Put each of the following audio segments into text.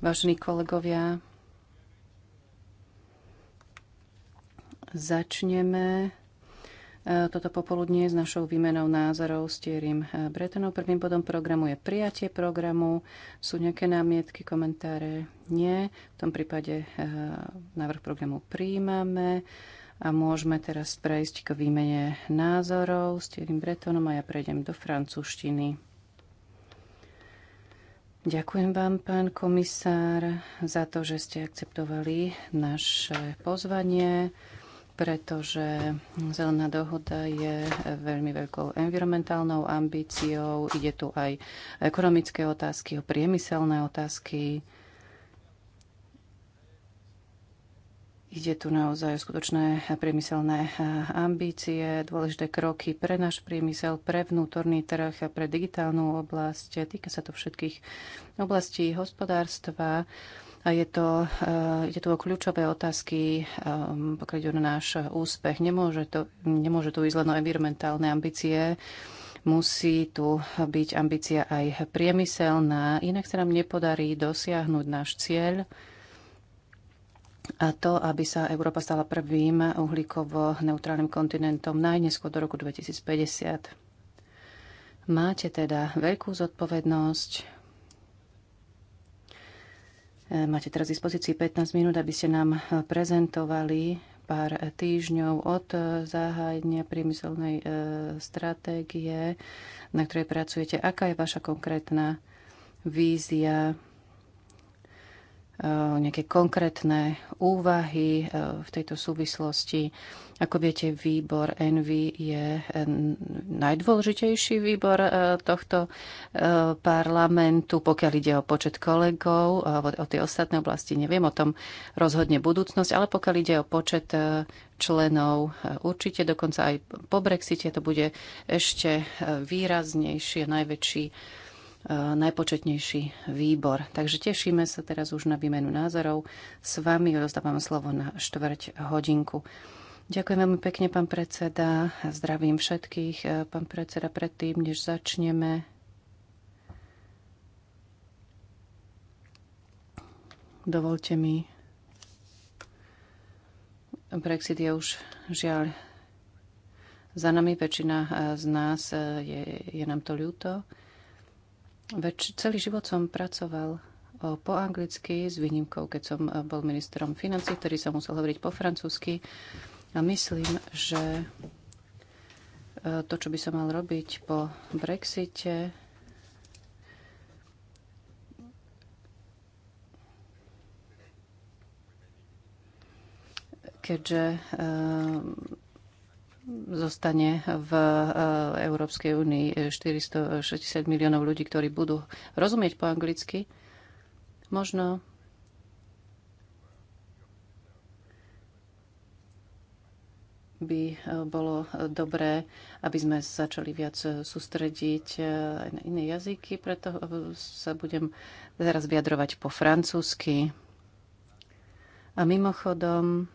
Vážení kolegovia, začneme e, toto popoludnie s našou výmenou názorov s tierim e, Bretonom. Prvým bodom programu je prijatie programu. Sú nejaké námietky, komentáre? Nie. V tom prípade e, návrh programu príjmame. A môžeme teraz prejsť k výmene názorov s Thierrym Bretonom a ja prejdem do francúzštiny. Ďakujem vám, pán komisár, za to, že ste akceptovali naše pozvanie, pretože zelená dohoda je veľmi veľkou environmentálnou ambíciou. Ide tu aj ekonomické otázky, o priemyselné otázky. Ide tu naozaj o skutočné priemyselné eh, ambície, dôležité kroky pre náš priemysel, pre vnútorný trh a pre digitálnu oblasť. Týka sa to všetkých oblastí hospodárstva. A je to, eh, je tu o kľúčové otázky, eh, pokiaľ ide o náš úspech. Nemôže, to, nemôže tu ísť len o environmentálne ambície, musí tu byť ambícia aj priemyselná, inak sa nám nepodarí dosiahnuť náš cieľ, a to, aby sa Európa stala prvým uhlíkovo neutrálnym kontinentom najneskôr do roku 2050. Máte teda veľkú zodpovednosť e, Máte teraz v dispozícii 15 minút, aby ste nám prezentovali pár týždňov od zahájenia priemyselnej e, stratégie, na ktorej pracujete. Aká je vaša konkrétna vízia Eh, nejaké konkrétne úvahy eh, v tejto súvislosti. Ako viete, výbor Envy je eh, najdôležitejší výbor tohto parlamentu, pokiaľ ide o počet kolegov. O tej ostatnej oblasti neviem, o tom rozhodne budúcnosť, ale pokiaľ ide o počet členov, určite dokonca aj po Brexite to bude ešte výraznejší a najväčší najpočetnejší výbor. Takže tešíme sa teraz už na výmenu názorov. S vami odostávam slovo na štvrť hodinku. Ďakujem veľmi pekne, pán predseda. Zdravím všetkých. Pán predseda, predtým, než začneme, dovolte mi. Brexit je už žiaľ za nami. Väčšina z nás eh, je, je nám to ľúto. Več, celý život som pracoval po anglicky, s výnimkou, keď som e, bol ministrom financí, ktorý som musel hovoriť po francúzsky. A myslím, že e, to, čo by som mal robiť po Brexite, keďže e, zostane v eh, Európskej únii 460 miliónov ľudí, ktorí budú rozumieť po anglicky. Možno by eh, bolo eh, dobré, aby sme začali viac sústrediť aj na iné jazyky, preto sa budem teraz vyjadrovať po francúzsky. A mimochodom,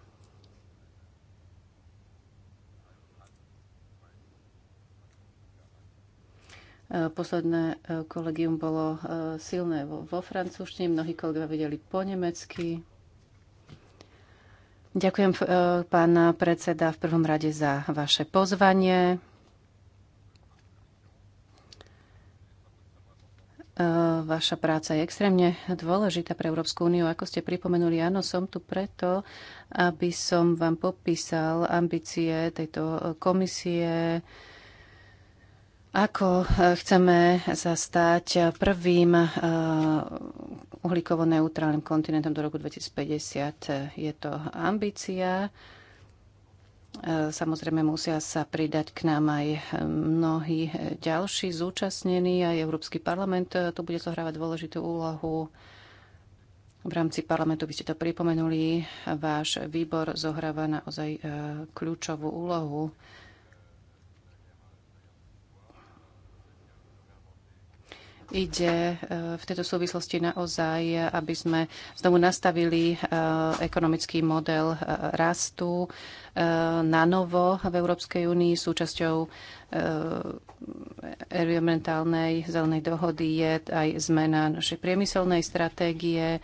Posledné e, kolegium bolo e, silné vo, vo francúzštine, mnohí kolegovia vedeli po nemecky. Ďakujem, e, pán predseda, v prvom rade za vaše pozvanie. Vaša práca je extrémne dôležitá pre Európsku úniu. Ako ste pripomenuli, áno, som tu preto, aby som vám popísal ambície tejto komisie, ako e, chceme sa stať prvým e, uhlíkovo neutrálnym kontinentom do roku 2050? E, je to ambícia. Samozrejme musia sa pridať k nám aj mnohí ďalší zúčastnení. Aj Európsky parlament tu bude zohrávať dôležitú úlohu. V rámci parlamentu by ste to pripomenuli. Váš výbor zohráva naozaj kľúčovú úlohu Ide eh, v tejto súvislosti naozaj, aby sme znovu nastavili eh, ekonomický model eh, rastu na novo v Európskej únii. Súčasťou environmentálnej zelenej dohody je aj zmena našej priemyselnej stratégie.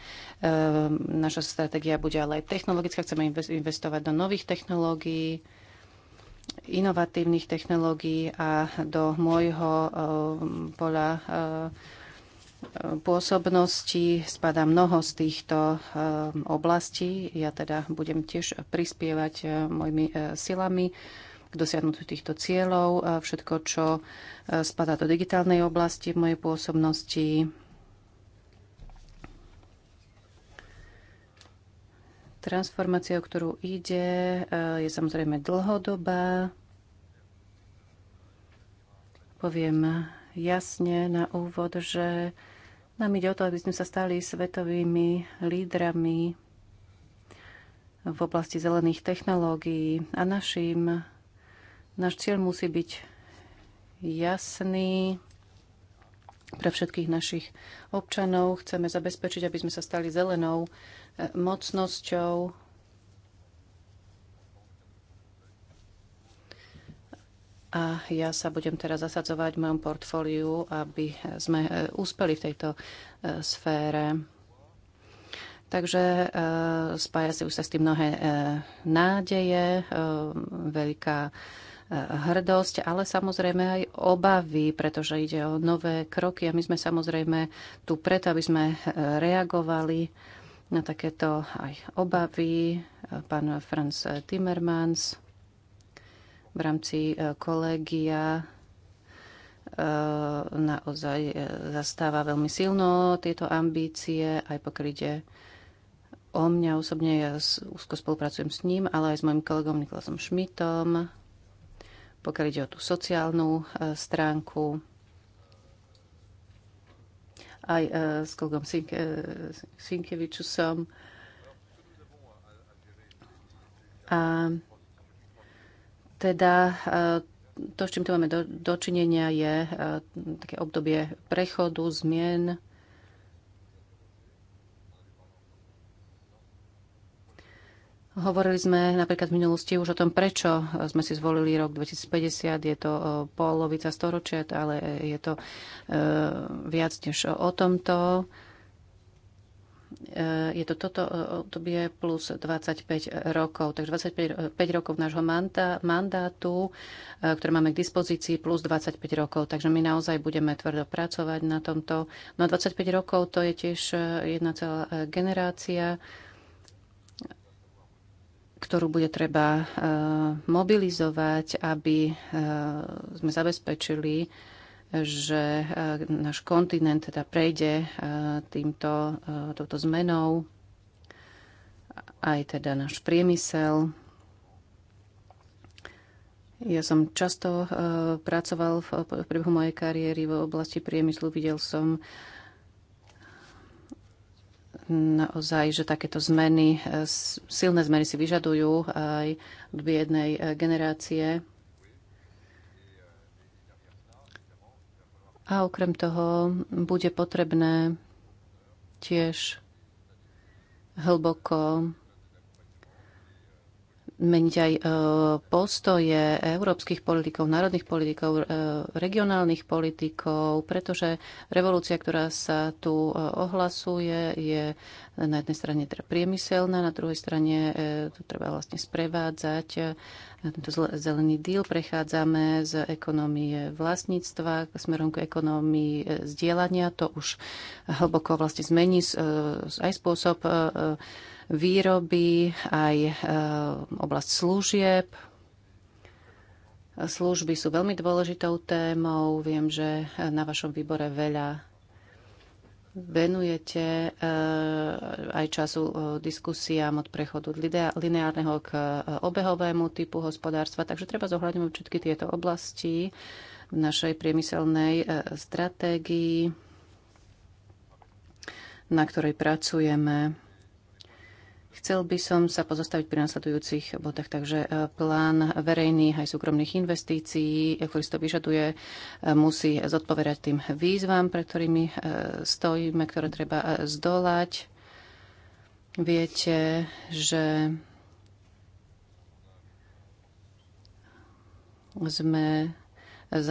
Naša stratégia bude ale aj technologická. Chceme investovať do nových technológií inovatívnych technológií a do môjho eh, pola eh, pôsobnosti spadá mnoho z týchto eh, oblastí. Ja teda budem tiež prispievať mojimi silami k dosiahnutiu týchto cieľov. Všetko, čo spadá do digitálnej oblasti v mojej pôsobnosti, transformácia, o ktorú ide, eh, je samozrejme dlhodobá. Poviem jasne na úvod, že nám ide o to, aby sme sa stali svetovými lídrami v oblasti zelených technológií a našim, náš cieľ musí byť jasný, pre všetkých našich občanov. Chceme zabezpečiť, aby sme sa stali zelenou e, mocnosťou. A ja sa budem teraz zasadzovať v mojom portfóliu, aby sme e, úspeli v tejto e, sfére. Takže spája si už sa s tým mnohé nádeje, veľká hrdosť, ale samozrejme aj obavy, pretože ide o nové kroky a my sme samozrejme tu preto, aby sme eh, reagovali na takéto aj obavy. Pán Franz Timmermans v rámci eh, kolegia eh, naozaj zastáva veľmi silno tieto ambície, aj pokryde o mňa osobne, ja úzko spolupracujem s ním, ale aj s mojim kolegom Niklasom Šmitom, pokiaľ ide o tú sociálnu e, stránku. Aj e, s kolegom e, Sinkevičusom. A teda to, s čím tu máme do, dočinenia, je také obdobie prechodu, zmien Hovorili sme napríklad v minulosti už o tom, prečo sme si zvolili rok 2050. Je to e, polovica storočia, ale e, je to e, viac než o tomto. Je to toto obdobie plus 25 rokov. Takže 25 rokov nášho mandátu, ktoré máme k dispozícii, plus 25 rokov. Takže my naozaj budeme tvrdo pracovať na tomto. No a 25 rokov to je tiež jedna celá generácia ktorú bude treba e, mobilizovať, aby e, sme zabezpečili, že e, náš kontinent teda prejde týmto, touto zmenou, aj teda náš priemysel. Ja som často pracoval v priebehu mojej kariéry v oblasti priemyslu. Videl som naozaj, že takéto zmeny, e, silné zmeny si vyžadujú aj v jednej e, generácie. A okrem toho bude potrebné tiež hlboko meniť aj e, postoje európskych politikov, národných politikov, e, regionálnych politikov, pretože revolúcia, ktorá sa tu e, ohlasuje, je na jednej strane teda priemyselná, na druhej strane tu treba vlastne sprevádzať. Na tento zelený díl prechádzame z ekonomie vlastníctva k smerom k ekonomii zdieľania. To už hlboko vlastne zmení aj spôsob výroby, aj e, oblasť služieb. Služby sú veľmi dôležitou témou. Viem, že na vašom výbore veľa venujete e, aj času e, diskusiám od prechodu lineárneho k obehovému typu hospodárstva, takže treba zohľadňovať všetky tieto oblasti v našej priemyselnej stratégii, na ktorej pracujeme. Chcel by som sa pozostaviť pri nasledujúcich bodách, takže e, plán verejných aj súkromných investícií, e, ktorý si to vyžaduje, e, musí zodpovedať tým výzvam, pre ktorými stojíme, ktoré treba zdolať. Viete, že sme E,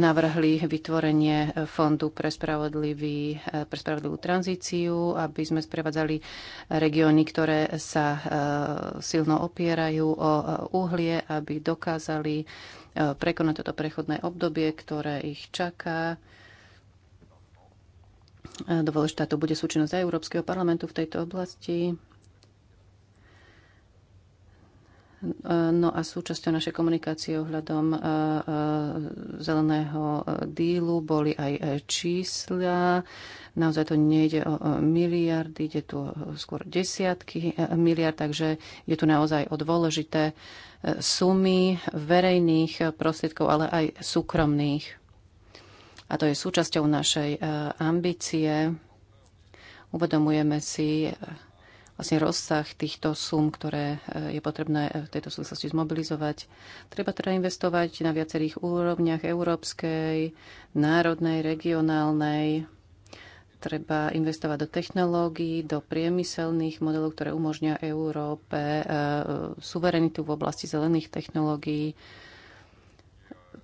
navrhli vytvorenie fondu pre, spravodlivý, e, pre spravodlivú tranzíciu, aby sme sprevádzali regióny, ktoré sa e, silno opierajú o uhlie, aby dokázali prekonať toto prechodné obdobie, ktoré ich čaká. Dôležitá to bude súčinnosť aj Európskeho parlamentu v tejto oblasti. No a súčasťou našej komunikácie ohľadom e, e, zeleného e, dílu boli aj čísla. Naozaj to nejde o miliardy, ide tu skôr desiatky miliard, takže je tu naozaj o dôležité sumy verejných prostriedkov, ale aj súkromných. A to je súčasťou našej ambície. Uvedomujeme si, vlastne rozsah týchto sum, ktoré e, je potrebné e, v tejto súvislosti zmobilizovať. Treba teda investovať na viacerých úrovniach európskej, národnej, regionálnej. Treba investovať do technológií, do priemyselných modelov, ktoré umožňujú Európe e, suverenitu v oblasti zelených technológií.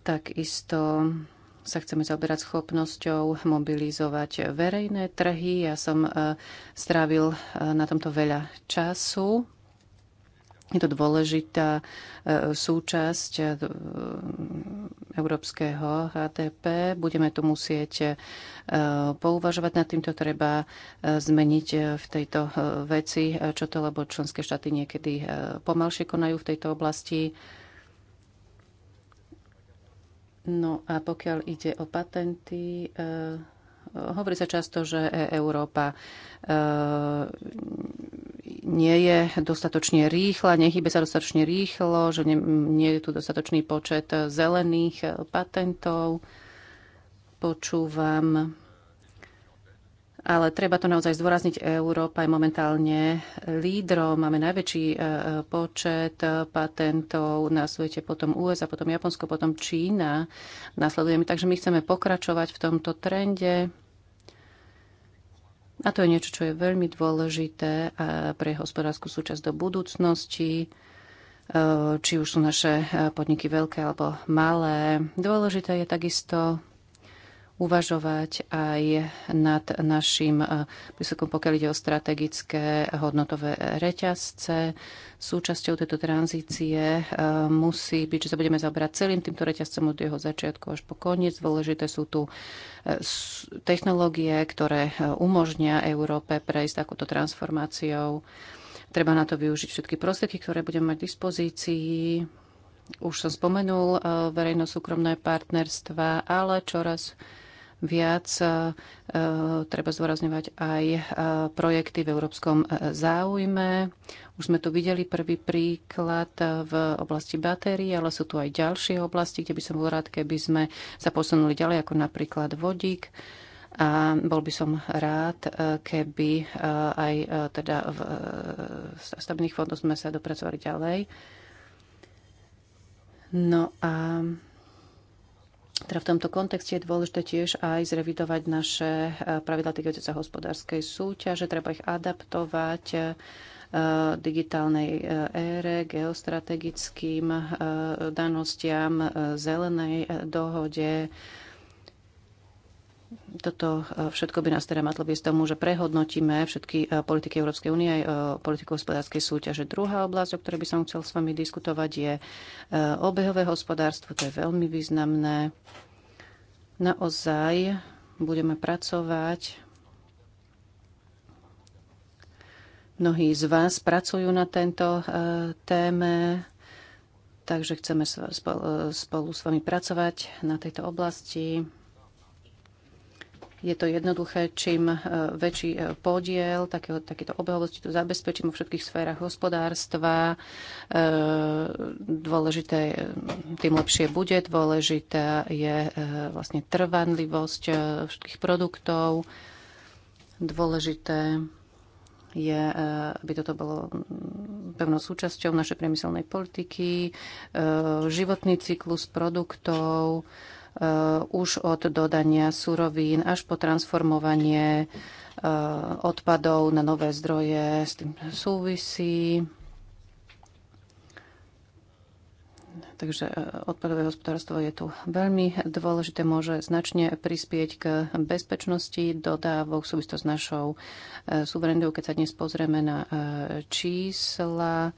Takisto sa chceme zaoberať schopnosťou mobilizovať verejné trhy. Ja som e, strávil e, na tomto veľa času. Je to dôležitá e, súčasť európskeho HDP. Budeme tu musieť pouvažovať nad týmto. Treba zmeniť v tejto veci, čo to, lebo členské štáty niekedy pomalšie konajú v tejto oblasti. No a pokiaľ ide o patenty, eh, hovorí sa často, že e- Európa eh, nie je dostatočne rýchla, nechybe sa dostatočne rýchlo, že nie je tu dostatočný počet zelených patentov. Počúvam ale treba to naozaj zdôrazniť. Európa je momentálne lídrom, máme najväčší e, e, počet e, patentov na svete, potom USA, potom Japonsko, potom Čína. Nasledujeme, takže my chceme pokračovať v tomto trende. A to je niečo, čo je veľmi dôležité pre hospodárskú súčasť do budúcnosti či už sú naše podniky veľké alebo malé. Dôležité je takisto uvažovať aj nad našim prísokom, e, pokiaľ ide o strategické hodnotové reťazce. Súčasťou tejto tranzície e, musí byť, že sa budeme zabrať celým týmto reťazcom od jeho začiatku až po koniec. Dôležité sú tu e, technológie, ktoré umožnia Európe prejsť takúto transformáciou. Treba na to využiť všetky prostriedky, ktoré budeme mať v dispozícii, už som spomenul verejno-súkromné partnerstva, ale čoraz viac e, treba zdôrazňovať aj e, projekty v európskom e, záujme. Už sme tu videli prvý príklad v oblasti batérií, ale sú tu aj ďalšie oblasti, kde by som bol rád, keby sme sa posunuli ďalej, ako napríklad vodík. A bol by som rád, keby aj teda v stavebných fondoch sme sa dopracovali ďalej. No a teda v tomto kontexte je dôležité tiež aj zrevidovať naše eh, pravidla týkajúce sa hospodárskej súťaže. Treba ich adaptovať eh, digitálnej eh, ére, geostrategickým danostiam, zelenej dohode, toto e, všetko by nás teda matlo viesť tomu, že prehodnotíme všetky e, politiky Európskej únie aj e, politiku hospodárskej súťaže. Druhá oblasť, o ktorej by som chcel s vami diskutovať, je obehové hospodárstvo. To je veľmi významné. Naozaj budeme pracovať mnohí z vás pracujú na tento téme, takže chceme spolu s vami pracovať na tejto oblasti. Je to jednoduché, čím e, väčší e, podiel takého, takéto obehovosti tu zabezpečím vo všetkých sférach hospodárstva. E, dôležité, tým lepšie bude. Dôležitá je vlastne trvanlivosť všetkých produktov. Dôležité je, aby toto bolo mm, pevnou súčasťou našej priemyselnej politiky, životný cyklus produktov, Eh, už od dodania surovín až po transformovanie eh, odpadov na nové zdroje. S tým súvisí. Takže eh, odpadové hospodárstvo je tu veľmi dôležité, môže značne prispieť k bezpečnosti dodávok v súvislosti s našou suverenitou. Keď sa dnes pozrieme na čísla,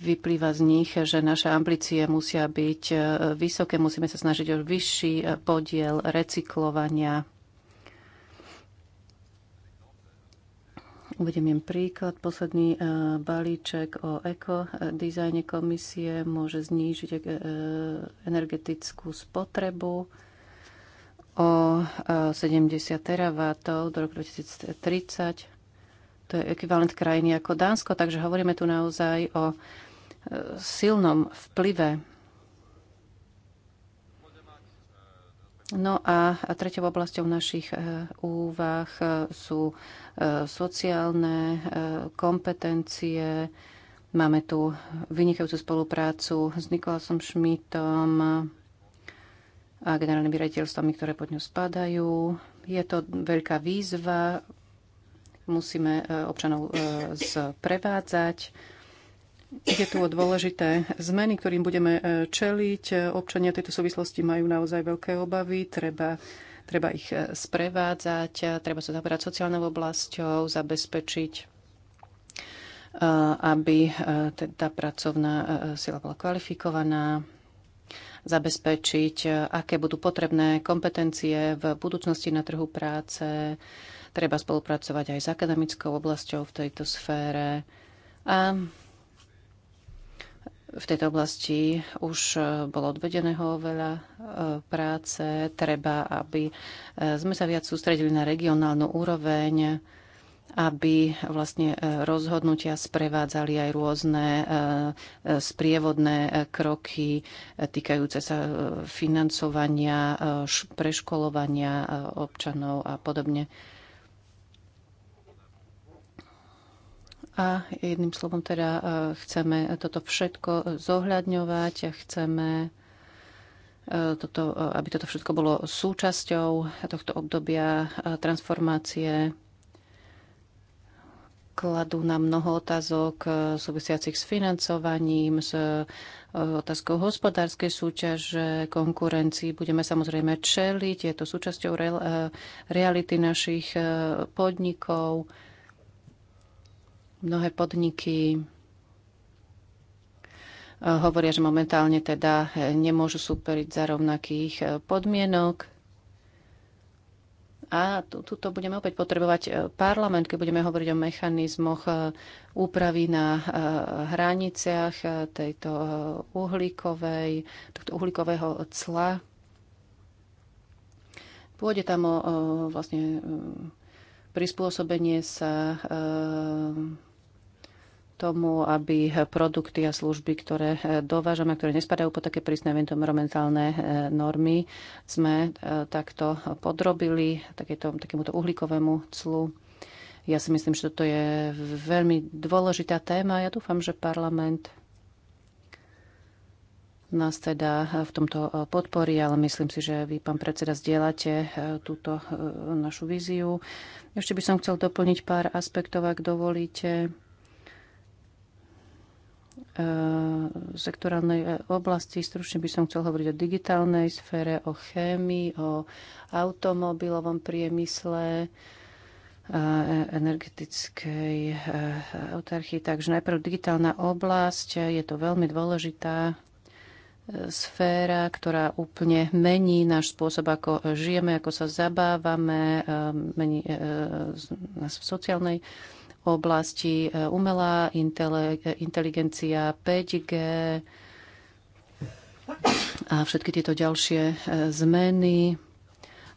Vyplýva z nich, že naše ambície musia byť e, vysoké, musíme sa snažiť o vyšší e, podiel recyklovania. Uvediem im príklad. Posledný e, balíček o ekodizajne komisie môže znížiť energetickú spotrebu o 70 teravátov do roku 2030 to je ekvivalent krajiny ako Dánsko, takže hovoríme tu naozaj o e, silnom vplyve. No a treťou oblasťou našich e, úvah e, sú sociálne kompetencie. Máme tu vynikajúcu spoluprácu s Nikolasom Šmitom a generálnym riaditeľstvami, ktoré pod ňu spadajú. Je to veľká výzva, musíme e, občanov sprevádzať. E, Je tu o dôležité zmeny, ktorým budeme e, čeliť. Občania tejto súvislosti majú naozaj veľké obavy. Treba, treba ich sprevádzať, treba sa zaberať sociálnou oblasťou, zabezpečiť aby tá pracovná sila bola kvalifikovaná, zabezpečiť, aké budú potrebné kompetencie v budúcnosti na trhu práce, Treba spolupracovať aj s akademickou oblasťou v tejto sfére. A v tejto oblasti už e, bolo odvedeného veľa e, práce. Treba, aby e, sme sa viac sústredili na regionálnu úroveň, aby vlastne rozhodnutia sprevádzali aj rôzne sprievodné kroky týkajúce sa financovania, preškolovania občanov a podobne. A jedným slovom teda e, chceme toto všetko zohľadňovať a chceme e, toto, e, aby toto všetko bolo súčasťou tohto obdobia transformácie. Kladú na mnoho otázok súvisiacich s financovaním, s otázkou hospodárskej súťaže, konkurencii. Budeme samozrejme čeliť, je to súčasťou reality našich podnikov Mnohé podniky eh, hovoria, že momentálne teda eh, nemôžu súperiť za rovnakých eh, podmienok. A tuto budeme opäť potrebovať parlament, keď budeme hovoriť o mechanizmoch úpravy na hraniciach tejto uhlíkovej, tohto uhlíkového cla. Pôjde tam o, vlastne prispôsobenie sa tomu, aby produkty a služby, ktoré eh, dovážame, ktoré nespadajú po také prísne environmentálne eh, normy, sme eh, takto podrobili takéto, takémuto uhlíkovému clu. Ja si myslím, že toto je veľmi dôležitá téma. Ja dúfam, že parlament nás teda v tomto podporí, ale myslím si, že vy, pán predseda, zdieľate túto našu víziu. Ešte by som chcel doplniť pár aspektov, ak dovolíte. Eh, sektorálnej eh, oblasti. Stručne by som chcel hovoriť o digitálnej sfére, o chémii, o automobilovom priemysle, eh, energetickej autarchii. Takže najprv digitálna oblasť, je to veľmi dôležitá sféra, ktorá úplne mení náš spôsob, ako žijeme, ako sa zabávame, mení nás v sociálnej oblasti e, umelá inteligencia, 5G a všetky tieto ďalšie e, zmeny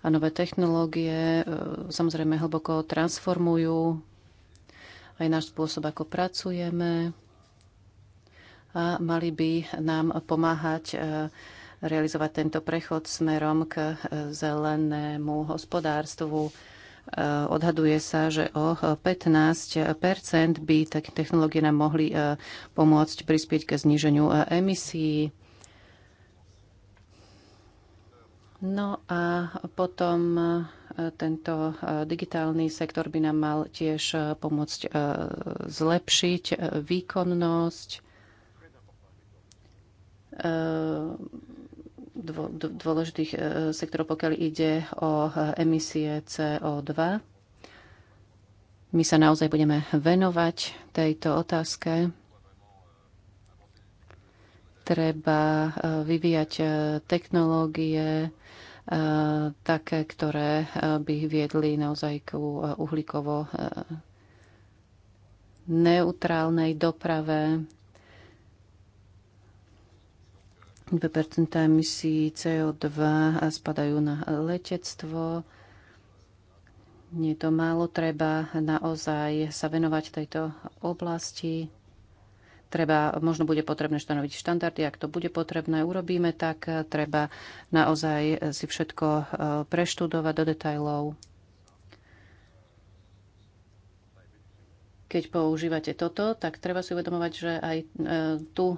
a nové technológie e, samozrejme hlboko transformujú aj náš spôsob, ako pracujeme a mali by nám pomáhať realizovať tento prechod smerom k zelenému hospodárstvu. Eh, odhaduje sa, že o 15 eh, by také technológie nám mohli eh, pomôcť prispieť ke zníženiu emisí. No a potom tento digitálny sektor by nám mal tiež pomôcť zlepšiť výkonnosť dôležitých e, sektorov, pokiaľ ide o e, emisie CO2. My sa naozaj budeme venovať tejto otázke. Treba e, vyvíjať technológie také, ktoré by viedli naozaj k uhlíkovo neutrálnej doprave 2% emisí CO2 spadajú na letectvo. Nie je to málo, treba naozaj sa venovať tejto oblasti. Treba, možno bude potrebné stanoviť štandardy, ak to bude potrebné, urobíme tak. Treba naozaj si všetko eh, preštudovať do detajlov. keď používate toto, tak treba si uvedomovať, že aj e, tu e,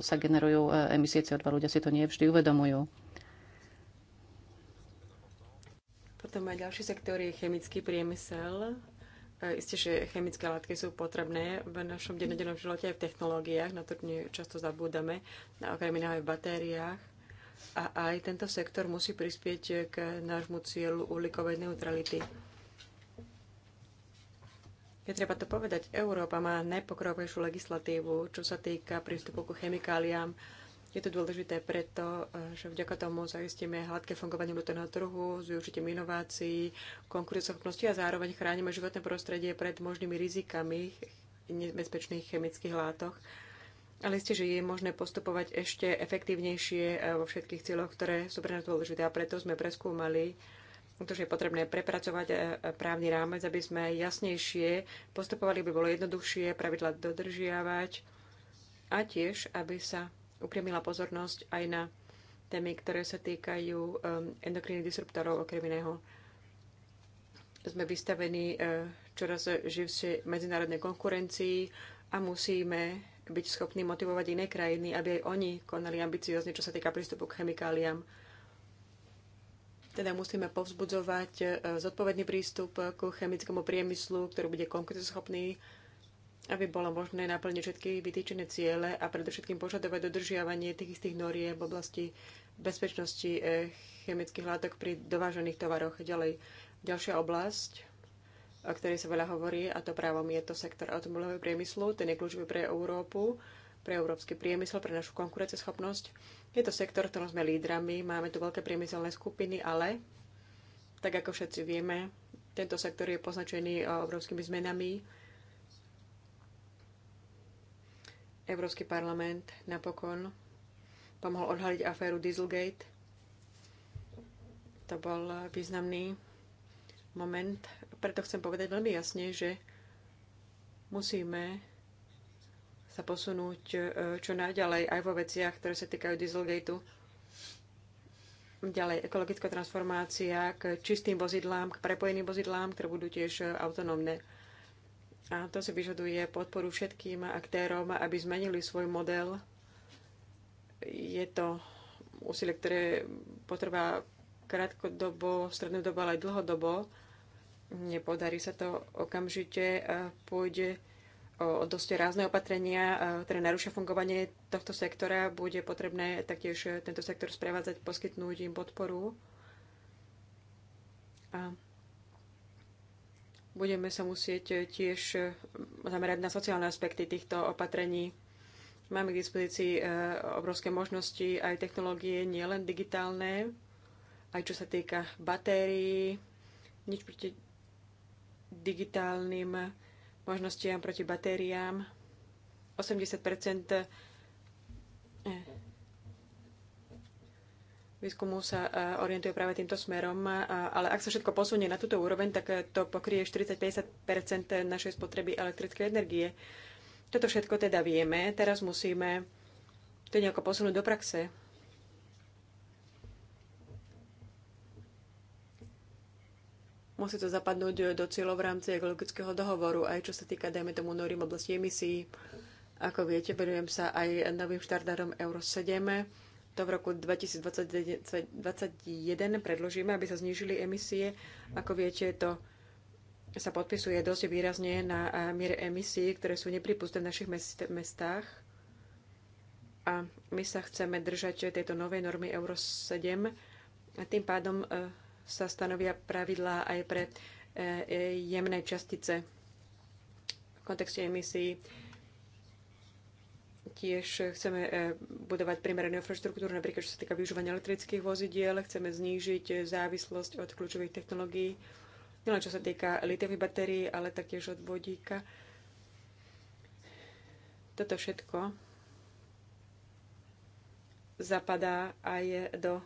sa generujú e, emisie CO2. Ľudia si to nie vždy uvedomujú. Potom aj ďalší sektor je chemický priemysel. Isté, že chemické látky sú potrebné v našom dennodennom živote aj v technológiách, na to často zabúdame, na okrem iného aj v batériách. A aj tento sektor musí prispieť k nášmu cieľu uhlíkovej neutrality. Je treba to povedať, Európa má najpokrokovejšiu legislatívu, čo sa týka prístupu ku chemikáliám. Je to dôležité preto, eh, že vďaka tomu zaistíme hladké fungovanie vnútorného trhu s využitím inovácií, konkurenceschopnosti a zároveň chránime životné prostredie pred možnými rizikami nebezpečných chemických látok. Ale ste, že je možné postupovať ešte efektívnejšie eh, vo všetkých cieľoch, ktoré sú pre nás dôležité. A preto sme preskúmali pretože je potrebné prepracovať e, e, právny rámec, aby sme jasnejšie postupovali, aby bolo jednoduchšie pravidla dodržiavať a tiež, aby sa upriemila pozornosť aj na témy, ktoré sa týkajú um, endokrinných disruptorov okrem iného. Sme vystavení e, čoraz živšie medzinárodnej konkurencii a musíme byť schopní motivovať iné krajiny, aby aj oni konali ambiciozne, čo sa týka prístupu k chemikáliám. Teda musíme povzbudzovať e, zodpovedný prístup k chemickému priemyslu, ktorý bude konkurenceschopný, aby bolo možné naplniť všetky vytýčené ciele a predovšetkým požadovať dodržiavanie tých istých noriem v oblasti bezpečnosti e, chemických látok pri dovážených tovaroch. Ďalej, ďalšia oblasť, o ktorej sa veľa hovorí, a to právom je to sektor automobilového priemyslu, ten je kľúčový pre Európu pre európsky priemysel, pre našu konkurenceschopnosť. Je to sektor, v ktorom sme lídrami, máme tu veľké priemyselné skupiny, ale tak ako všetci vieme, tento sektor je poznačený e, obrovskými zmenami. Európsky parlament napokon pomohol odhaliť aféru Dieselgate. To bol významný moment. Preto chcem povedať veľmi jasne, že musíme sa posunúť e, čo najďalej aj vo veciach, ktoré sa týkajú Dieselgateu. Ďalej, ekologická transformácia k čistým vozidlám, k prepojeným vozidlám, ktoré budú tiež e, autonómne. A to si vyžaduje podporu všetkým aktérom, aby zmenili svoj model. Je to úsilie, ktoré potrvá krátkodobo, strednodobo, ale aj dlhodobo. Nepodarí sa to okamžite. E, pôjde o dosť rázne opatrenia, eh, ktoré narúšia fungovanie tohto sektora. Bude potrebné taktiež eh, tento sektor sprevádzať, poskytnúť im podporu. A budeme sa musieť eh, tiež zamerať na sociálne aspekty týchto opatrení. Máme k dispozícii obrovské možnosti aj technológie, nielen digitálne, aj čo sa týka batérií, nič proti digitálnym možnostiam proti batériám. 80 eh, výskumu sa eh, orientuje práve týmto smerom, eh, ale ak sa všetko posunie na túto úroveň, tak to pokrie 40-50 našej spotreby elektrickej energie. Toto všetko teda vieme, teraz musíme to nejako posunúť do praxe. Musí to zapadnúť eh, do cieľov v rámci ekologického dohovoru, aj čo sa týka, dajme tomu, norím oblasti emisí. Ako viete, venujem sa aj novým štardárom Euro 7. To v roku 2021 predložíme, aby sa znížili emisie. Ako viete, to sa podpisuje dosť výrazne na eh, miere emisí, ktoré sú nepripustné v našich mestách. A my sa chceme držať eh, tejto novej normy Euro 7 a tým pádom sa stanovia pravidlá aj pre e, e, jemné častice v kontexte emisí. Tiež chceme e, budovať primeranú infraštruktúru, napríklad čo sa týka využívania elektrických vozidiel, chceme znížiť závislosť od kľúčových technológií, nielen čo sa týka litiových batérií, ale taktiež od vodíka. Toto všetko zapadá aj do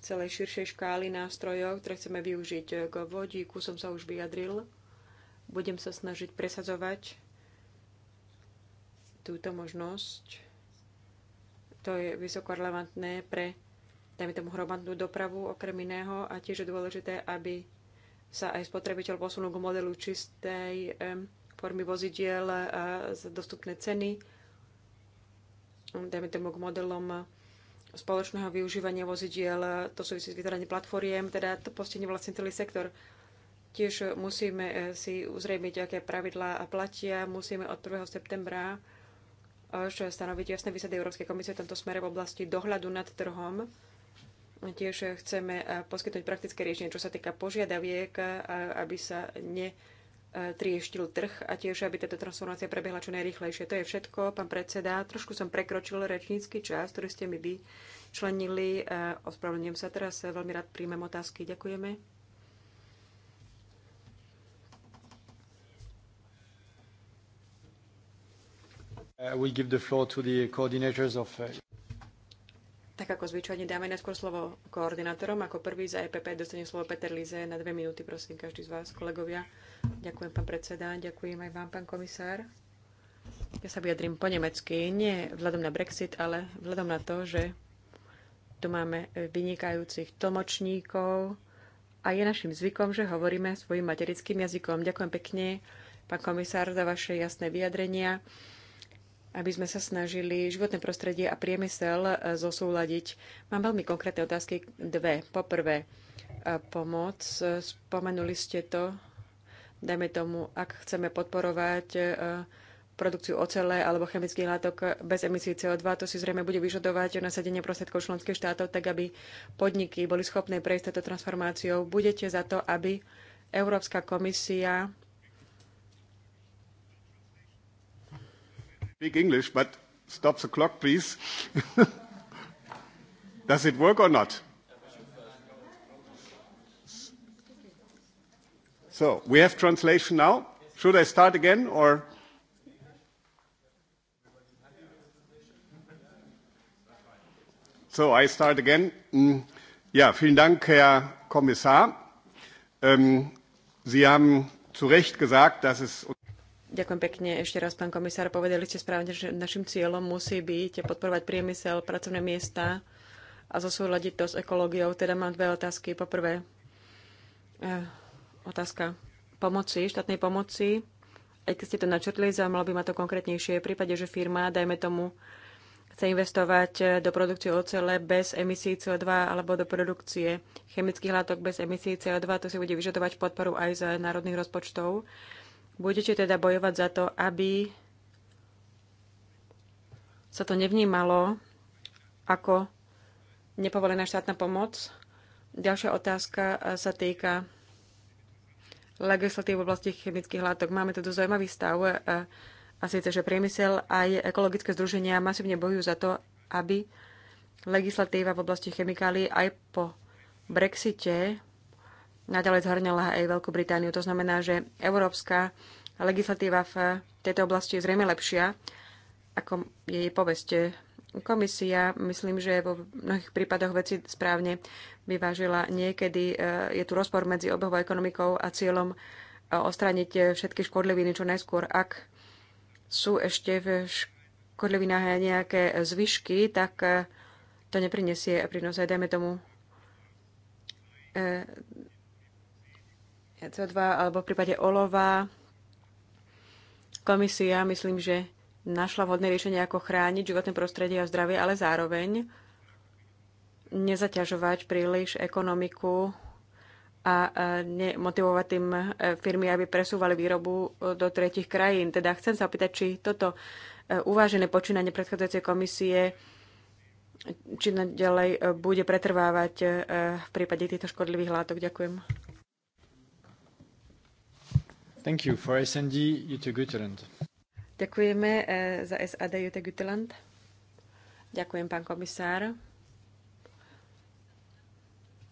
celej širšej škály nástrojov, ktoré chceme využiť. K vodíku som sa už vyjadril. Budem sa snažiť presadzovať túto možnosť. To je vysoko relevantné pre, dajme tomu, hromadnú dopravu okrem iného a tiež je dôležité, aby sa aj spotrebiteľ posunul k modelu čistej formy vozidiel za dostupné ceny, dajme tomu k modelom spoločného využívania vozidiel, to súvisí s vytváraním platformiem, teda to postihne vlastne celý sektor. Tiež musíme eh, si uzrejmiť, aké pravidlá platia. Musíme od 1. septembra už eh, stanoviť jasné výsady Európskej komisie v tomto smere v oblasti dohľadu nad trhom. Tiež chceme eh, poskytnúť praktické riešenie, čo sa týka požiadaviek, aby sa ne trieštil trh a tiež, aby táto transformácia prebehla čo najrychlejšie. To je všetko, pán predseda. Trošku som prekročil rečnícky čas, ktorý ste mi vyčlenili. E, ospravedlňujem sa teraz. Veľmi rád príjmem otázky. Ďakujeme. I give the floor to the coordinators of uh, tak ako zvyčajne dáme najskôr slovo koordinátorom. Ako prvý za EPP dostane slovo Peter Lize na dve minúty, prosím, každý z vás, kolegovia. Ďakujem, pán predseda, ďakujem aj vám, pán komisár. Ja sa vyjadrím po nemecky, nie vzhľadom na Brexit, ale vzhľadom na to, že tu máme vynikajúcich tlmočníkov a je našim zvykom, že hovoríme svojim materickým jazykom. Ďakujem pekne, pán komisár, za vaše jasné vyjadrenia aby sme sa snažili životné prostredie a priemysel e, zosúľadiť. Mám veľmi konkrétne otázky, dve. Poprvé, e, pomoc. E, spomenuli ste to, dajme tomu, ak chceme podporovať produkciu ocele alebo chemických látok bez emisí CO2, to si zrejme bude vyžadovať nasadenie prostriedkov členských štátov, tak aby podniky boli schopné prejsť touto transformáciou. Budete za to, aby Európska komisia speak English, but stop the clock, please. Does it work or not? So we have translation now. Should I start again or? So I start again. Mm, ja, vielen Dank, Herr Kommissar. Ähm, Sie haben zu Recht gesagt, dass es Ďakujem pekne ešte raz, pán komisár. Povedali ste správne, že našim cieľom musí byť podporovať priemysel, pracovné miesta a zosúľadiť to s ekológiou. Teda mám dve otázky. Poprvé, eh, otázka pomoci, štátnej pomoci. Aj keď ste to načrtli, zaujímalo by ma to konkrétnejšie. V prípade, že firma, dajme tomu, chce investovať eh, do produkcie ocele bez emisí CO2 alebo do produkcie chemických látok bez emisí CO2, to si bude vyžadovať podporu aj z národných rozpočtov. Eh, Budete teda bojovať za to, aby sa to nevnímalo ako nepovolená štátna pomoc. Ďalšia otázka eh, sa týka legislatívy v oblasti chemických látok. Máme tu zaujímavý stav eh, a síce, že priemysel aj ekologické združenia masívne bojujú za to, aby legislatíva v oblasti chemikálií aj po Brexite naďalej zhrňala aj Veľkú Britániu. To znamená, že európska legislatíva v tejto oblasti je zrejme lepšia, ako jej poveste. Komisia, myslím, že vo mnohých prípadoch veci správne vyvážila. Niekedy e, je tu rozpor medzi obehovou ekonomikou a cieľom e, ostraniť všetky škodliviny čo najskôr. Ak sú ešte v škodlivinách nejaké zvyšky, tak e, to neprinesie prínos aj dajme tomu CO2 alebo v prípade olova. Komisia, myslím, že našla vhodné riešenie, ako chrániť životné prostredie a zdravie, ale zároveň nezaťažovať príliš ekonomiku a nemotivovať tým e, firmy, aby presúvali výrobu e, do tretich krajín. Teda chcem sa opýtať, či toto e, uvážené počínanie predchádzajúcej komisie či naďalej bude pretrvávať v prípade týchto škodlivých látok. Ďakujem. Thank you for SND, Jutta Ďakujeme eh, za SAD Jutta Gutteland. Ďakujem, pán komisár.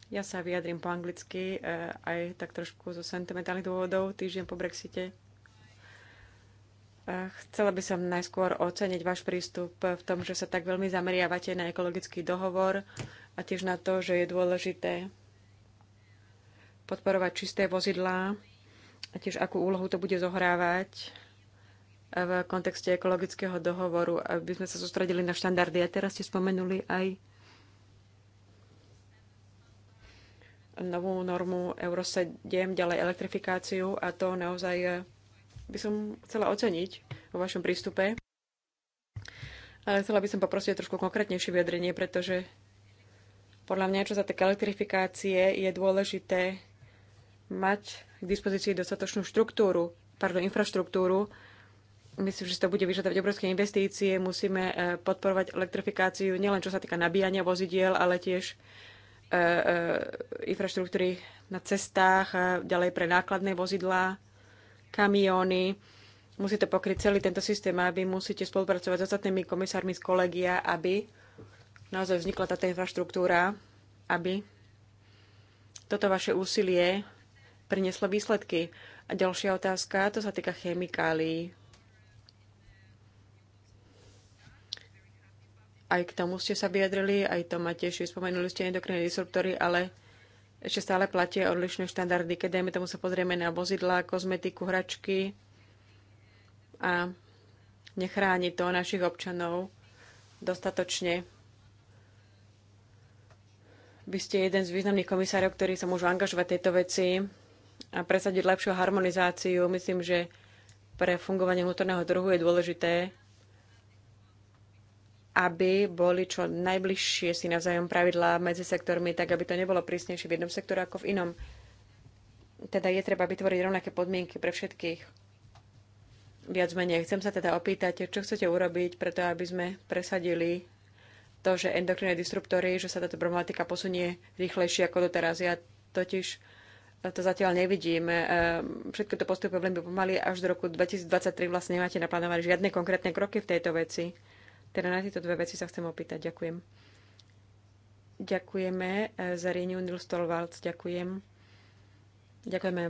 Ja sa vyjadrím po anglicky, eh, aj tak trošku zo sentimentálnych dôvodov, týždeň po Brexite. Eh, chcela by som najskôr oceniť váš prístup v tom, že sa tak veľmi zameriavate na ekologický dohovor a tiež na to, že je dôležité podporovať čisté vozidlá a tiež akú úlohu to bude zohrávať v kontexte ekologického dohovoru, aby sme sa sústredili na štandardy. A teraz ste spomenuli aj novú normu Euro 7, ďalej elektrifikáciu a to naozaj by som chcela oceniť vo vašom prístupe. Ale chcela by som poprosiť trošku konkrétnejšie vyjadrenie, pretože podľa mňa, čo sa týka elektrifikácie, je dôležité mať k dispozícii dostatočnú štruktúru, pardon, infraštruktúru. Myslím, že to bude vyžadovať obrovské investície. Musíme e, podporovať elektrifikáciu nielen čo sa týka nabíjania vozidiel, ale tiež e, e, infraštruktúry na cestách, ďalej pre nákladné vozidlá, kamióny. Musíte pokryť celý tento systém aby musíte spolupracovať s ostatnými komisármi z kolegia, aby naozaj vznikla táto infraštruktúra, aby toto vaše úsilie prinieslo výsledky. A ďalšia otázka, to sa týka chemikálií. Aj k tomu ste sa vyjadrili, aj to ma tiež Spomenuli ste endokrinné disruptory, ale ešte stále platia odlišné štandardy. Keď dajme tomu sa pozrieme na vozidlá, kozmetiku, hračky a nechráni to našich občanov dostatočne. Vy ste jeden z významných komisárov, ktorí sa môžu angažovať tejto veci a presadiť lepšiu harmonizáciu. Myslím, že pre fungovanie vnútorného trhu je dôležité, aby boli čo najbližšie si navzájom pravidlá medzi sektormi, tak aby to nebolo prísnejšie v jednom sektore ako v inom. Teda je treba vytvoriť rovnaké podmienky pre všetkých. Viac menej. Chcem sa teda opýtať, čo chcete urobiť preto, aby sme presadili to, že endokrinné disruptory, že sa táto problematika posunie rýchlejšie ako doteraz. Ja totiž to zatiaľ nevidím. Ehm, Všetko to postupuje veľmi pomaly. Až do roku 2023 vlastne nemáte naplánované žiadne konkrétne kroky v tejto veci. Teda na tieto dve veci sa chcem opýtať. Ďakujem. Ďakujeme eh, za Rieniu Nilstolvalc. Ďakujem. Ďakujeme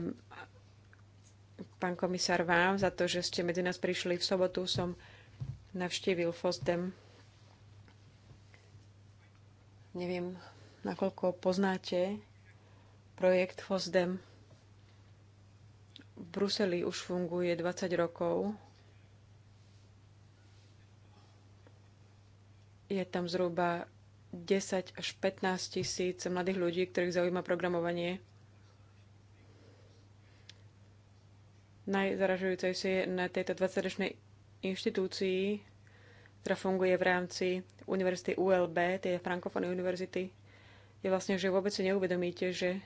pán komisár vám za to, že ste medzi nás prišli. V sobotu som navštívil FOSDEM. Neviem, nakoľko poznáte Projekt FOSDEM v Bruseli už funguje 20 rokov. Je tam zhruba 10 až 15 tisíc mladých ľudí, ktorých zaujíma programovanie. Najzaražujúcejšie je na tejto 20-ročnej inštitúcii, ktorá funguje v rámci univerzity ULB, tej frankofónnej univerzity, je vlastne, že vôbec si neuvedomíte, že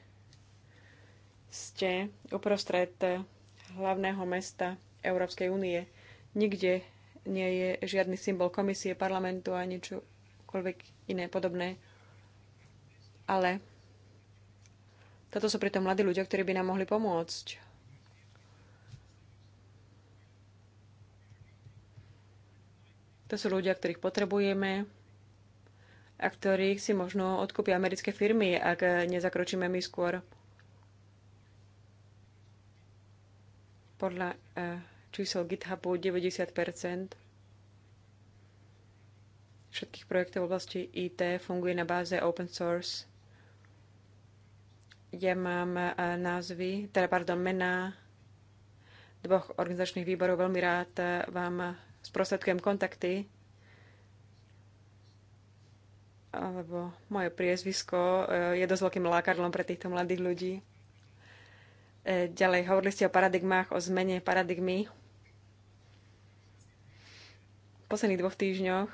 ste uprostred hlavného mesta Európskej únie. Nikde nie je žiadny symbol komisie, parlamentu a čokoľvek iné podobné. Ale toto sú pritom mladí ľudia, ktorí by nám mohli pomôcť. To sú ľudia, ktorých potrebujeme a ktorých si možno odkúpia americké firmy, ak nezakročíme my skôr. Podľa e, čísel GitHubu 90 všetkých projektov v oblasti IT funguje na báze open source. Ja mám e, názvy, teda pardon, mená dvoch organizačných výborov. Veľmi rád e, vám sprostredkujem kontakty alebo moje priezvisko je dosť veľkým lákadlom pre týchto mladých ľudí. E, ďalej, hovorili ste o paradigmách, o zmene paradigmy. V posledných dvoch týždňoch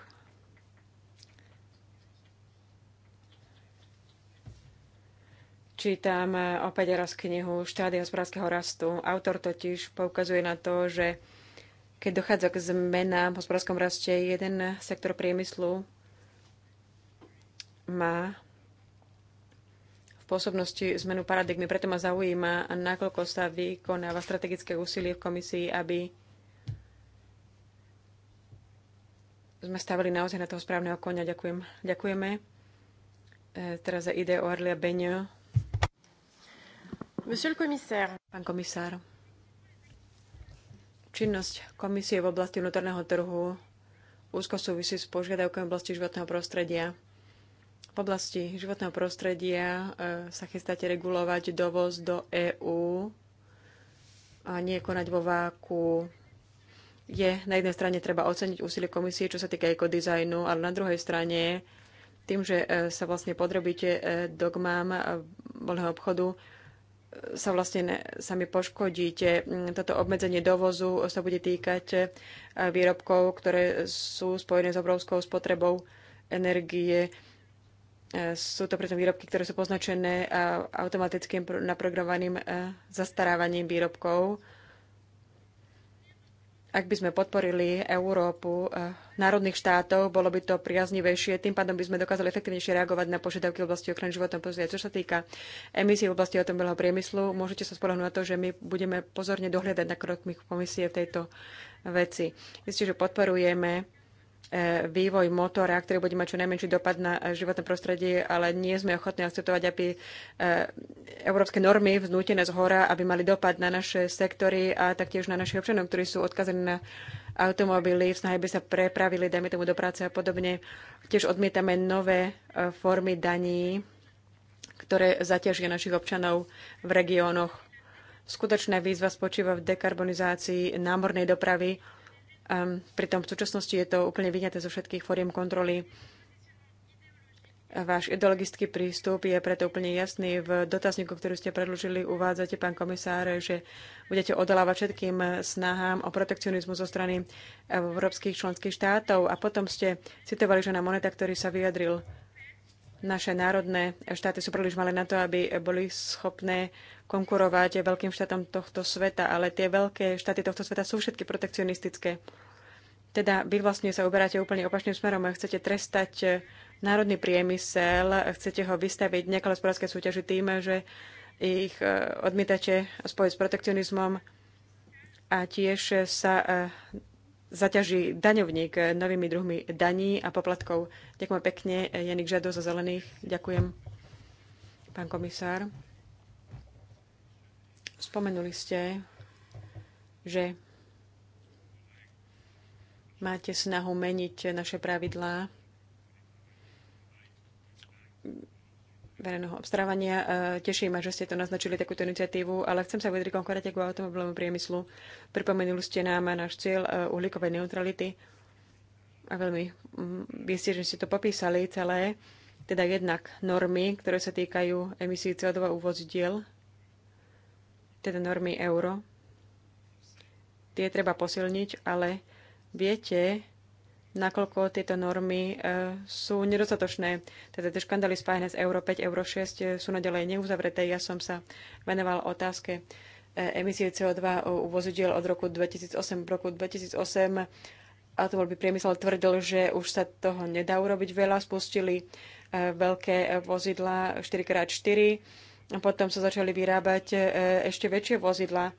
čítam e, opäť raz knihu Štády hospodárskeho rastu. Autor totiž poukazuje na to, že keď dochádza k zmenám v hospodárskom raste, jeden sektor priemyslu má pôsobnosti zmenu paradigmy. Preto ma zaujíma, nakoľko sa vykonáva strategické úsilie v komisii, aby sme stavili naozaj na toho správneho konia. Ďakujem. Ďakujeme. E, teraz za ide Arlia Beňo. Monsieur le commissaire. Pán komisár. Činnosť komisie v oblasti vnútorného trhu úzko súvisí s požiadavkami v oblasti životného prostredia v oblasti životného prostredia e, sa chystáte regulovať dovoz do EÚ a nie konať vo váku. Je na jednej strane treba oceniť úsilie komisie, čo sa týka ekodizajnu, ale na druhej strane tým, že e, sa vlastne podrobíte e, dogmám voľného obchodu, sa vlastne sami poškodíte. Mm, toto obmedzenie dovozu sa bude týkať výrobkov, ktoré sú spojené s obrovskou spotrebou energie. E, sú to preto výrobky, ktoré sú poznačené e, automatickým naprogramovaným e, zastarávaním výrobkov. Ak by sme podporili Európu národných štátov, bolo by to priaznivejšie. Tým pádom by sme dokázali efektívnejšie reagovať na požiadavky v oblasti ochrany životného prostredia. Čo sa týka emisí v oblasti automobilového priemyslu, môžete sa spolahnúť na to, že my budeme pozorne dohľadať na krokmi komisie v tejto veci. Myslím, že podporujeme E, vývoj motora, ktorý bude mať čo najmenší dopad na e, životné prostredie, ale nie sme ochotní akceptovať, aby e, európske normy vznútené z hora, aby mali dopad na naše sektory a taktiež na našich občanov, ktorí sú odkazaní na automobily, v snahe by sa prepravili, dajme tomu do práce a podobne. Tiež odmietame nové formy daní, ktoré zaťažia našich občanov v regiónoch. Skutočná výzva spočíva v dekarbonizácii námornej dopravy, Um, pritom v súčasnosti je to úplne vyňaté zo všetkých fóriem kontroly. Váš ideologický prístup je preto úplne jasný. V dotazníku, ktorý ste predložili, uvádzate, pán komisár, že budete odolávať všetkým snahám o protekcionizmu zo strany európskych členských štátov. A potom ste citovali na Moneta, ktorý sa vyjadril naše národné štáty sú príliš malé na to, aby boli schopné konkurovať veľkým štátom tohto sveta, ale tie veľké štáty tohto sveta sú všetky protekcionistické. Teda vy vlastne sa uberáte úplne opačným smerom a chcete trestať národný priemysel, chcete ho vystaviť nekalé hospodárskej súťaži tým, že ich e, odmietate spojiť s protekcionizmom a tiež sa e, zaťaží daňovník novými druhmi daní a poplatkov. Ďakujem pekne. Janik Žado zo Zelených. Ďakujem, pán komisár. Spomenuli ste, že máte snahu meniť naše pravidlá verejného obstarávania. E, Teší ma, že ste to naznačili takúto iniciatívu, ale chcem sa vyjadriť konkrétne k automobilovému priemyslu. Pripomenuli ste nám náš cieľ e, uhlíkovej neutrality a veľmi ste, mm, že ste to popísali celé, teda jednak normy, ktoré sa týkajú emisí CO2 uvozidiel, teda normy euro. Tie treba posilniť, ale viete, nakoľko tieto normy e, sú nedostatočné. Teda tie škandály spájené s Euro 5, Euro 6 e, sú nadalej neuzavreté. Ja som sa venoval otázke e, emisie CO2 u vozidiel od roku 2008. V roku 2008 a by priemysel tvrdil, že už sa toho nedá urobiť veľa. Spustili veľké vozidla 4x4, potom sa začali vyrábať ešte väčšie vozidla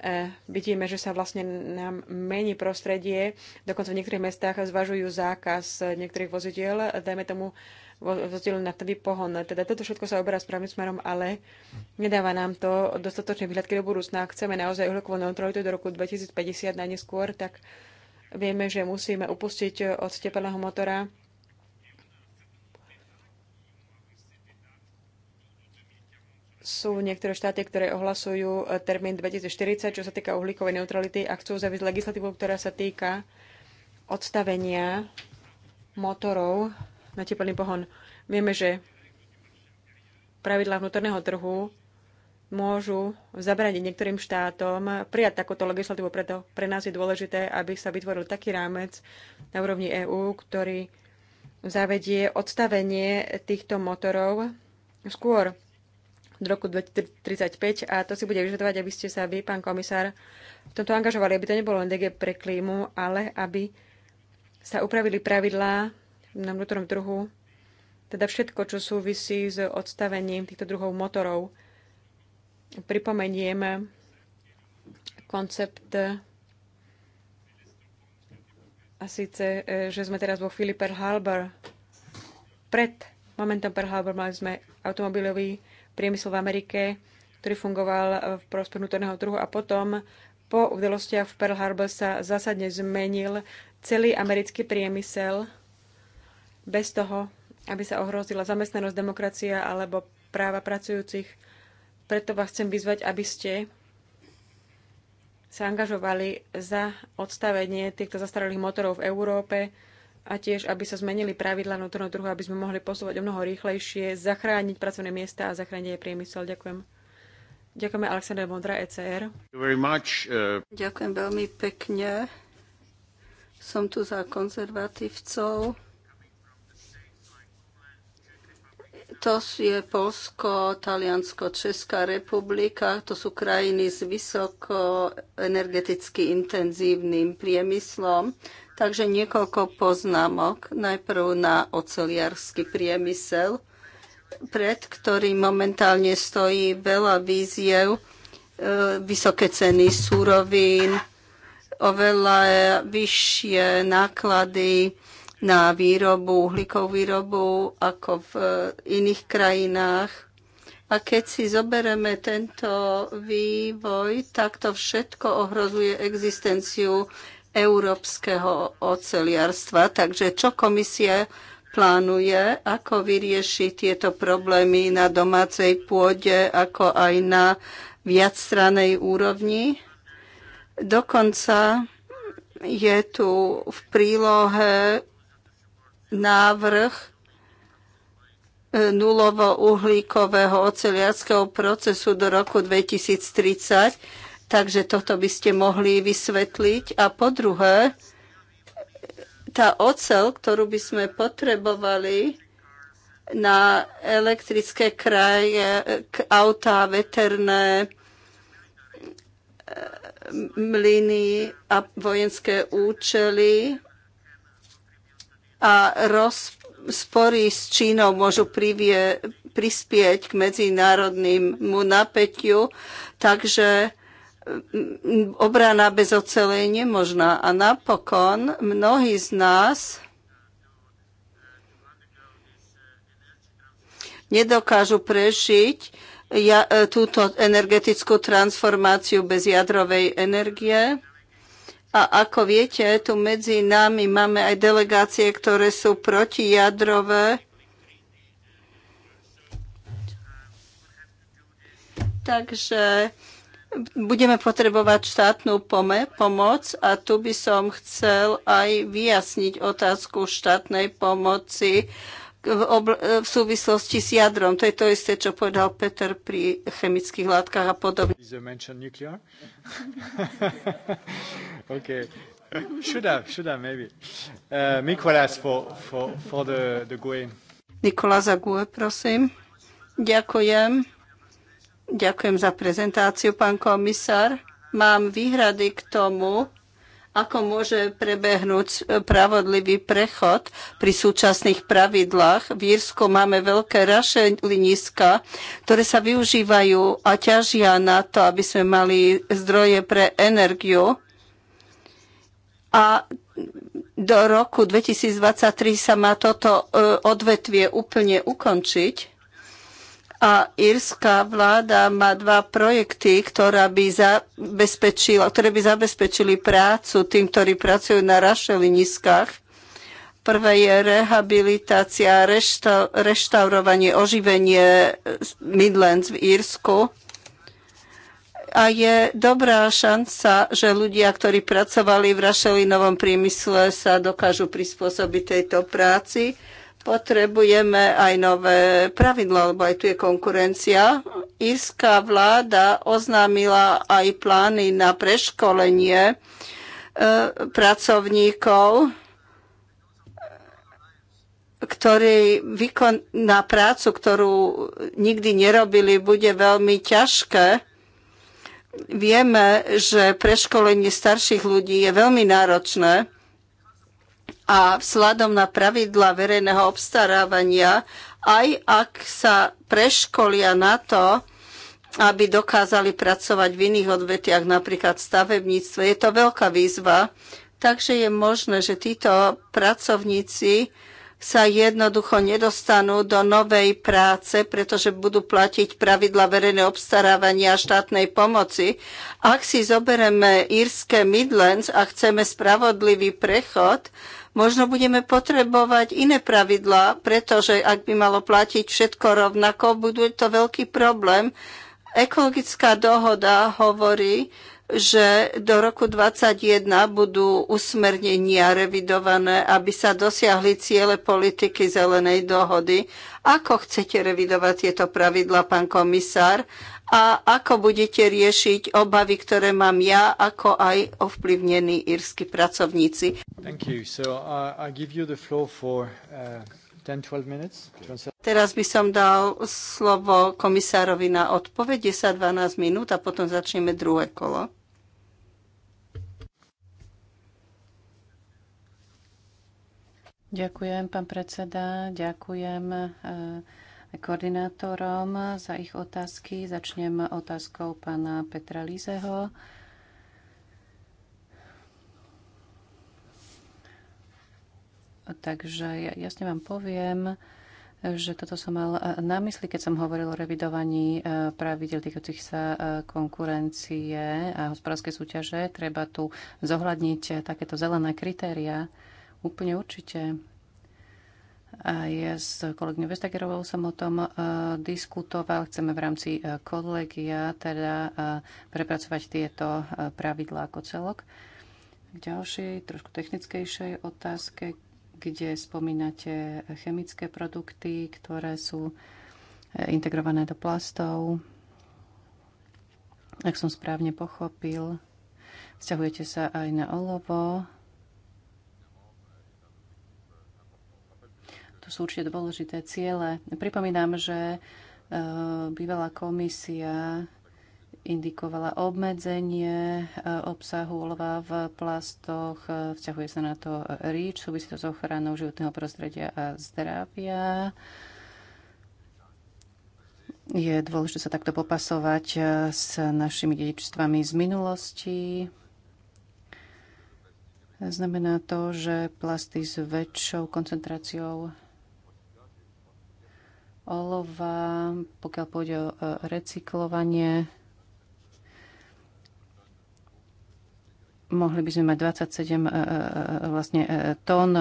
E, vidíme, že sa vlastne nám mení prostredie. Dokonca v niektorých mestách zvažujú zákaz niektorých vozidiel, dajme tomu vozidiel na tvý pohon. Teda toto všetko sa oberá správnym smerom, ale nedáva nám to dostatočné výhľadky do budúcna. Ak chceme naozaj uhlíkovú neutralitu do roku 2050 najneskôr, tak vieme, že musíme upustiť od tepelného motora sú niektoré štáty, ktoré ohlasujú eh, termín 2040, čo sa týka uhlíkovej neutrality a chcú zaviesť legislatívu, ktorá sa týka odstavenia motorov na teplný pohon. Vieme, že pravidlá vnútorného trhu môžu zabraniť niektorým štátom prijať takúto legislatívu. Preto pre nás je dôležité, aby sa vytvoril taký rámec na úrovni EÚ, ktorý zavedie odstavenie týchto motorov skôr do roku 2035 a to si bude vyžadovať, aby ste sa vy, pán komisár, v tomto angažovali, aby to nebolo len DG pre klímu, ale aby sa upravili pravidlá na vnútornom trhu, teda všetko, čo súvisí s odstavením týchto druhov motorov. Pripomeniem koncept a síce, e, že sme teraz vo chvíli Pearl Harbor. Pred momentom Pearl Harbor mali sme automobilový priemysel v Amerike, ktorý fungoval v prospech vnútorného trhu a potom po udalostiach v Pearl Harbor sa zásadne zmenil celý americký priemysel bez toho, aby sa ohrozila zamestnanosť, demokracia alebo práva pracujúcich. Preto vás chcem vyzvať, aby ste sa angažovali za odstavenie týchto zastaralých motorov v Európe, a tiež, aby sa zmenili pravidla vnútorného trhu, aby sme mohli posúvať o mnoho rýchlejšie, zachrániť pracovné miesta a zachrániť aj priemysel. Ďakujem. Ďakujeme Aleksandr Bondra, ECR. Uh, Ďakujem veľmi pekne. Som tu za konzervatívcov. To je Polsko, Taliansko, Česká republika. To sú krajiny s vysoko energeticky intenzívnym priemyslom. Takže niekoľko poznámok. Najprv na oceliarský priemysel, pred ktorým momentálne stojí veľa víziev, e, vysoké ceny súrovín, oveľa vyššie náklady na výrobu, uhlíkovú výrobu ako v iných krajinách. A keď si zobereme tento vývoj, tak to všetko ohrozuje existenciu európskeho oceliarstva. Takže čo komisia plánuje, ako vyriešiť tieto problémy na domácej pôde, ako aj na viacstranej úrovni? Dokonca je tu v prílohe návrh e, nulovo-uhlíkového oceliarského procesu do roku 2030 Takže toto by ste mohli vysvetliť. A po druhé, tá ocel, ktorú by sme potrebovali na elektrické kraje, autá, veterné mlyny a vojenské účely a rozpory s Čínou môžu privie, prispieť k medzinárodnému napätiu. Takže obrana bez ocele je nemožná. A napokon mnohí z nás nedokážu prežiť ja, e, túto energetickú transformáciu bez jadrovej energie. A ako viete, tu medzi nami máme aj delegácie, ktoré sú protijadrové. Takže budeme potrebovať štátnu pomoc a tu by som chcel aj vyjasniť otázku štátnej pomoci v, v súvislosti s jadrom. To je to isté, čo povedal Peter pri chemických látkach a podobne. okay. Should have, should have maybe. Uh, Nicolas for, for, for the, the GUE. Nikola za prosím. Ďakujem. Ďakujem za prezentáciu, pán komisár. Mám výhrady k tomu, ako môže prebehnúť e, pravodlivý prechod pri súčasných pravidlách. V Írsku máme veľké rašeliniska, ktoré sa využívajú a ťažia na to, aby sme mali zdroje pre energiu. A do roku 2023 sa má toto e, odvetvie úplne ukončiť a írska vláda má dva projekty, ktorá by zabezpečila, ktoré by zabezpečili prácu tým, ktorí pracujú na rašeliniskách. Prvé je rehabilitácia, rešta, reštaurovanie, oživenie Midlands v Írsku. A je dobrá šanca, že ľudia, ktorí pracovali v rašelinovom priemysle, sa dokážu prispôsobiť tejto práci potrebujeme aj nové pravidlo, lebo aj tu je konkurencia. Írská vláda oznámila aj plány na preškolenie e, pracovníkov, ktorí výkon na prácu, ktorú nikdy nerobili, bude veľmi ťažké. Vieme, že preškolenie starších ľudí je veľmi náročné a vzhľadom na pravidla verejného obstarávania, aj ak sa preškolia na to, aby dokázali pracovať v iných odvetiach, napríklad v stavebníctve. Je to veľká výzva, takže je možné, že títo pracovníci sa jednoducho nedostanú do novej práce, pretože budú platiť pravidla verejného obstarávania a štátnej pomoci. Ak si zobereme írske Midlands a chceme spravodlivý prechod, Možno budeme potrebovať iné pravidlá, pretože ak by malo platiť všetko rovnako, bude to veľký problém. Ekologická dohoda hovorí, že do roku 2021 budú usmernenia revidované, aby sa dosiahli ciele politiky zelenej dohody. Ako chcete revidovať tieto pravidla, pán komisár? a ako budete riešiť obavy, ktoré mám ja, ako aj ovplyvnení írsky pracovníci. So, uh, for, uh, 10, Teraz by som dal slovo komisárovi na odpoveď 10-12 minút a potom začneme druhé kolo. Ďakujem, pán predseda. Ďakujem. Uh, koordinátorom za ich otázky. Začnem otázkou pána Petra Lízeho. Takže jasne vám poviem, že toto som mal na mysli, keď som hovoril o revidovaní eh, pravidel týkajúcich sa eh, konkurencie a hospodárskej súťaže. Treba tu zohľadniť takéto zelené kritéria. Úplne určite. Ja s kolegňou Vestagerovou som o tom e, diskutoval. Chceme v rámci e, kolegia teda e, prepracovať tieto pravidlá ako celok. K ďalšej, trošku technickejšej otázke, kde spomínate chemické produkty, ktoré sú integrované do plastov. Ak som správne pochopil, vzťahujete sa aj na olovo, sú určite dôležité ciele. Pripomínam, že e, bývalá komisia indikovala obmedzenie e, obsahu olova v plastoch, e, vzťahuje sa na to REACH, súvisí to s ochranou životného prostredia a zdravia. Je dôležité sa takto popasovať s našimi dedičstvami z minulosti. Znamená to, že plasty s väčšou koncentráciou olova, pokiaľ pôjde o e, recyklovanie, mohli by sme mať 27 e, e, vlastne tón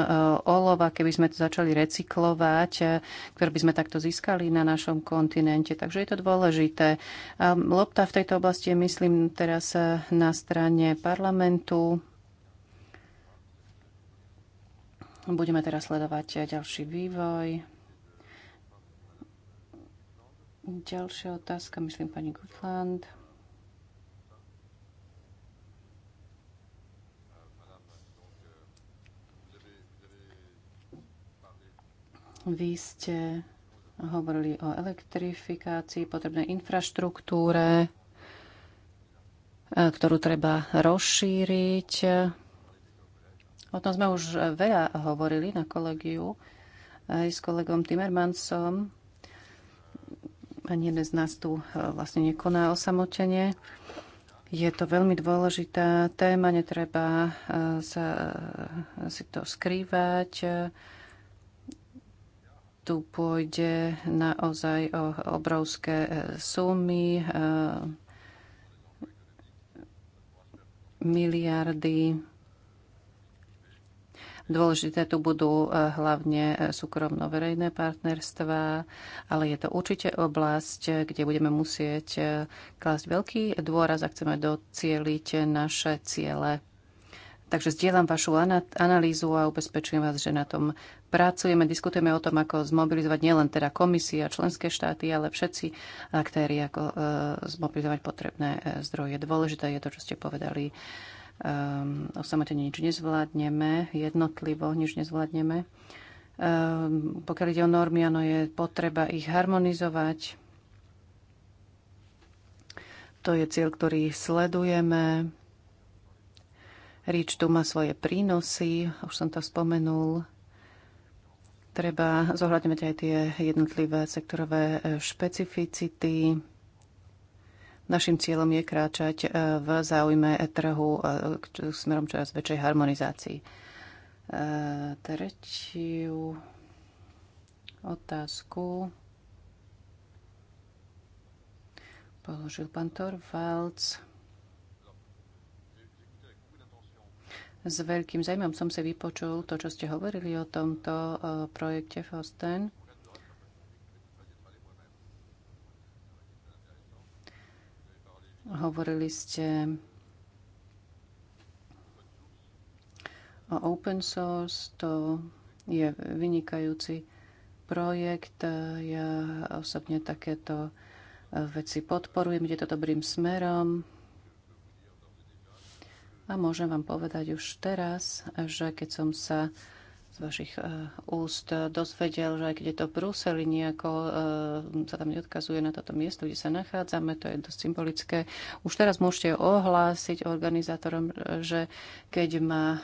olova, keby sme to začali recyklovať, ktoré by sme takto získali na našom kontinente. Takže je to dôležité. A lopta v tejto oblasti je, myslím, teraz na strane parlamentu. Budeme teraz sledovať ďalší vývoj. Ďalšia otázka, myslím, pani Gutland. Vy ste hovorili o elektrifikácii, potrebnej infraštruktúre, e, ktorú treba rozšíriť. O tom sme už veľa hovorili na kolegiu aj s kolegom Timmermansom. Ani jeden z nás tu e, vlastne nekoná osamotenie. Je to veľmi dôležitá téma, netreba e, sa, e, si to skrývať. Tu pôjde naozaj o obrovské sumy, miliardy Dôležité tu budú e, hlavne e, súkromno-verejné partnerstva, ale je to určite oblasť, e, kde budeme musieť klásť veľký dôraz, ak chceme docieliť naše ciele. Takže zdieľam vašu analýzu a ubezpečujem vás, že na tom pracujeme, diskutujeme o tom, ako zmobilizovať nielen teda komisie a členské štáty, ale všetci aktéry, ako zmobilizovať potrebné zdroje. Dôležité je to, čo ste povedali um, ehm, osamotene nič nezvládneme, jednotlivo nič nezvládneme. Um, pokiaľ ide o normy, áno, je potreba ich harmonizovať. To je cieľ, ktorý sledujeme. Rič tu má svoje prínosy, už som to spomenul. Treba zohľadňovať aj tie jednotlivé sektorové eh, špecificity. Našim cieľom je kráčať e, v záujme trhu e, smerom čoraz väčšej harmonizácii. E, tretiu otázku položil pán Torvalds. S veľkým zaujímavom som si vypočul to, čo ste hovorili o tomto projekte Fosten. Hovorili ste o open source, to je vynikajúci projekt. Ja osobne takéto eh, veci podporujem, ide to dobrým smerom. A môžem vám povedať už teraz, že keď som sa vašich eh, úst dozvedel, že aj keď je to Bruseli, nejako eh, sa tam neodkazuje na toto miesto, kde sa nachádzame, to je dosť symbolické. Už teraz môžete ohlásiť organizátorom, že keď ma eh,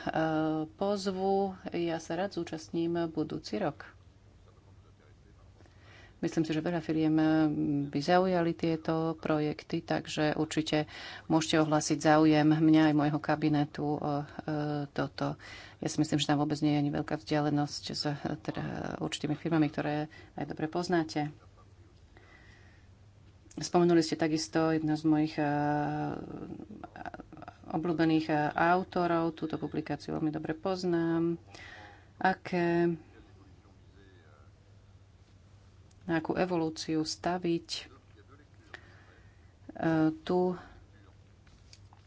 pozvu, ja sa rád zúčastním budúci rok. Myslím si, že veľa firiem eh, by zaujali tieto projekty, takže určite môžete ohlásiť záujem mňa aj môjho kabinetu o eh, toto. Ja si myslím, že tam vôbec nie je ani veľká vzdialenosť s eh, teda, určitými firmami, ktoré aj dobre poznáte. Spomenuli ste takisto jedno z mojich obľúbených autorov. Túto publikáciu veľmi dobre poznám. Aké nejakú evolúciu staviť. E, tu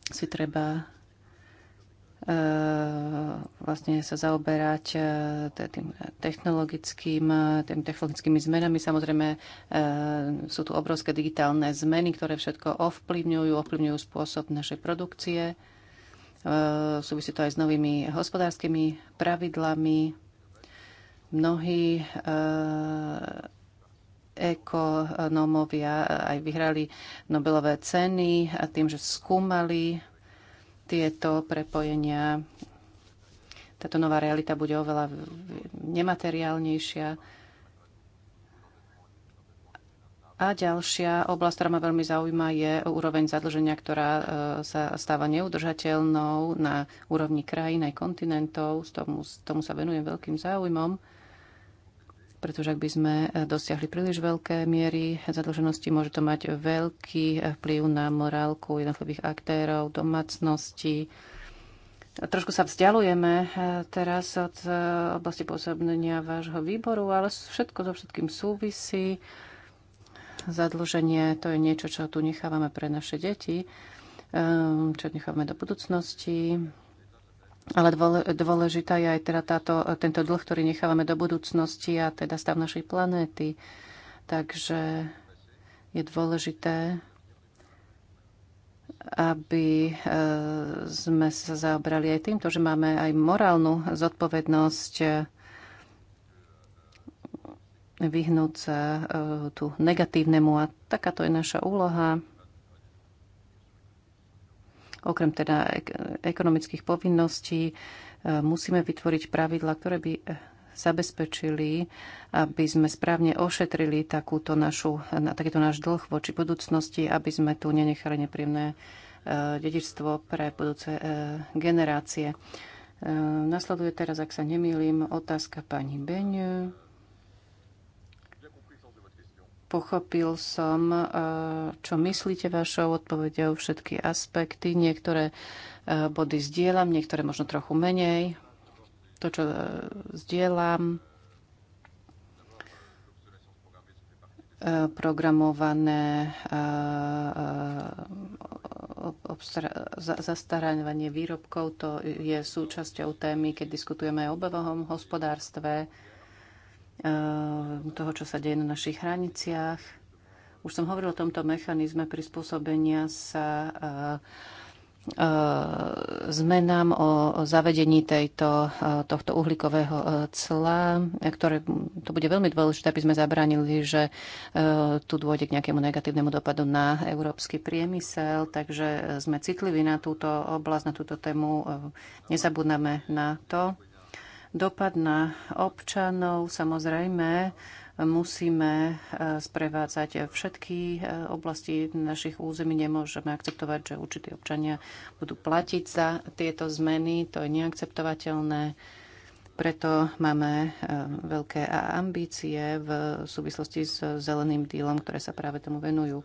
si treba e, vlastne sa zaoberať e, tým technologickým, tým technologickými zmenami. Samozrejme sú tu obrovské digitálne zmeny, ktoré všetko ovplyvňujú, ovplyvňujú spôsob našej produkcie. Súvisí to aj s novými hospodárskymi pravidlami. Mnohí ekonómovia aj vyhrali Nobelové ceny a tým, že skúmali tieto prepojenia. Táto nová realita bude oveľa nemateriálnejšia. A ďalšia oblasť, ktorá ma veľmi zaujíma, je úroveň zadlženia, ktorá e, sa stáva neudržateľnou na úrovni krajín aj kontinentov. Tomu, tomu sa venujem veľkým záujmom pretože ak by sme eh, dosiahli príliš veľké miery zadlženosti, môže to mať veľký eh, vplyv na morálku jednotlivých aktérov, domácnosti. Trošku sa vzdialujeme eh, teraz od oblasti pôsobenia vášho výboru, ale všetko so všetkým súvisí. Zadlženie to je niečo, čo tu nechávame pre naše deti, čo nechávame do budúcnosti ale dôležitá je aj teda táto, tento dlh, ktorý nechávame do budúcnosti a teda stav našej planéty. Takže je dôležité, aby e, sme sa zaobrali aj týmto, že máme aj morálnu zodpovednosť e, vyhnúť sa e, tu negatívnemu a takáto je naša úloha. Okrem teda ekonomických povinností e, musíme vytvoriť pravidla, ktoré by e, zabezpečili, aby sme správne ošetrili takúto našu, takýto náš dlh voči budúcnosti, aby sme tu nenechali nepríjemné e, dedičstvo pre budúce generácie. Nasleduje teraz, ak sa nemýlim, otázka pani Beňu. Pochopil som, e, čo myslíte vašou odpovedou, všetky aspekty. Niektoré e, body zdieľam, niektoré možno trochu menej. To, čo e, zdieľam, programované zastarávanie výrobkov. To je súčasťou témy, keď diskutujeme o obehovom hospodárstve. Ehm, toho, čo sa deje na našich hraniciach. Už som hovoril o tomto mechanizme prispôsobenia sa ehm, ehm, zmenám o zavedení tejto, tohto uhlíkového cla, ktoré hm, to bude veľmi dôležité, aby sme zabránili, že tu dôjde k nejakému negatívnemu dopadu na európsky priemysel, takže sme citliví na túto oblasť, na túto tému, nezabudname na to. Dopad na občanov samozrejme musíme e, sprevádzať všetky e, oblasti našich území. Nemôžeme akceptovať, že určití občania budú platiť za tieto zmeny. To je neakceptovateľné. Preto máme e, veľké ambície v súvislosti s zeleným dílom, ktoré sa práve tomu venujú.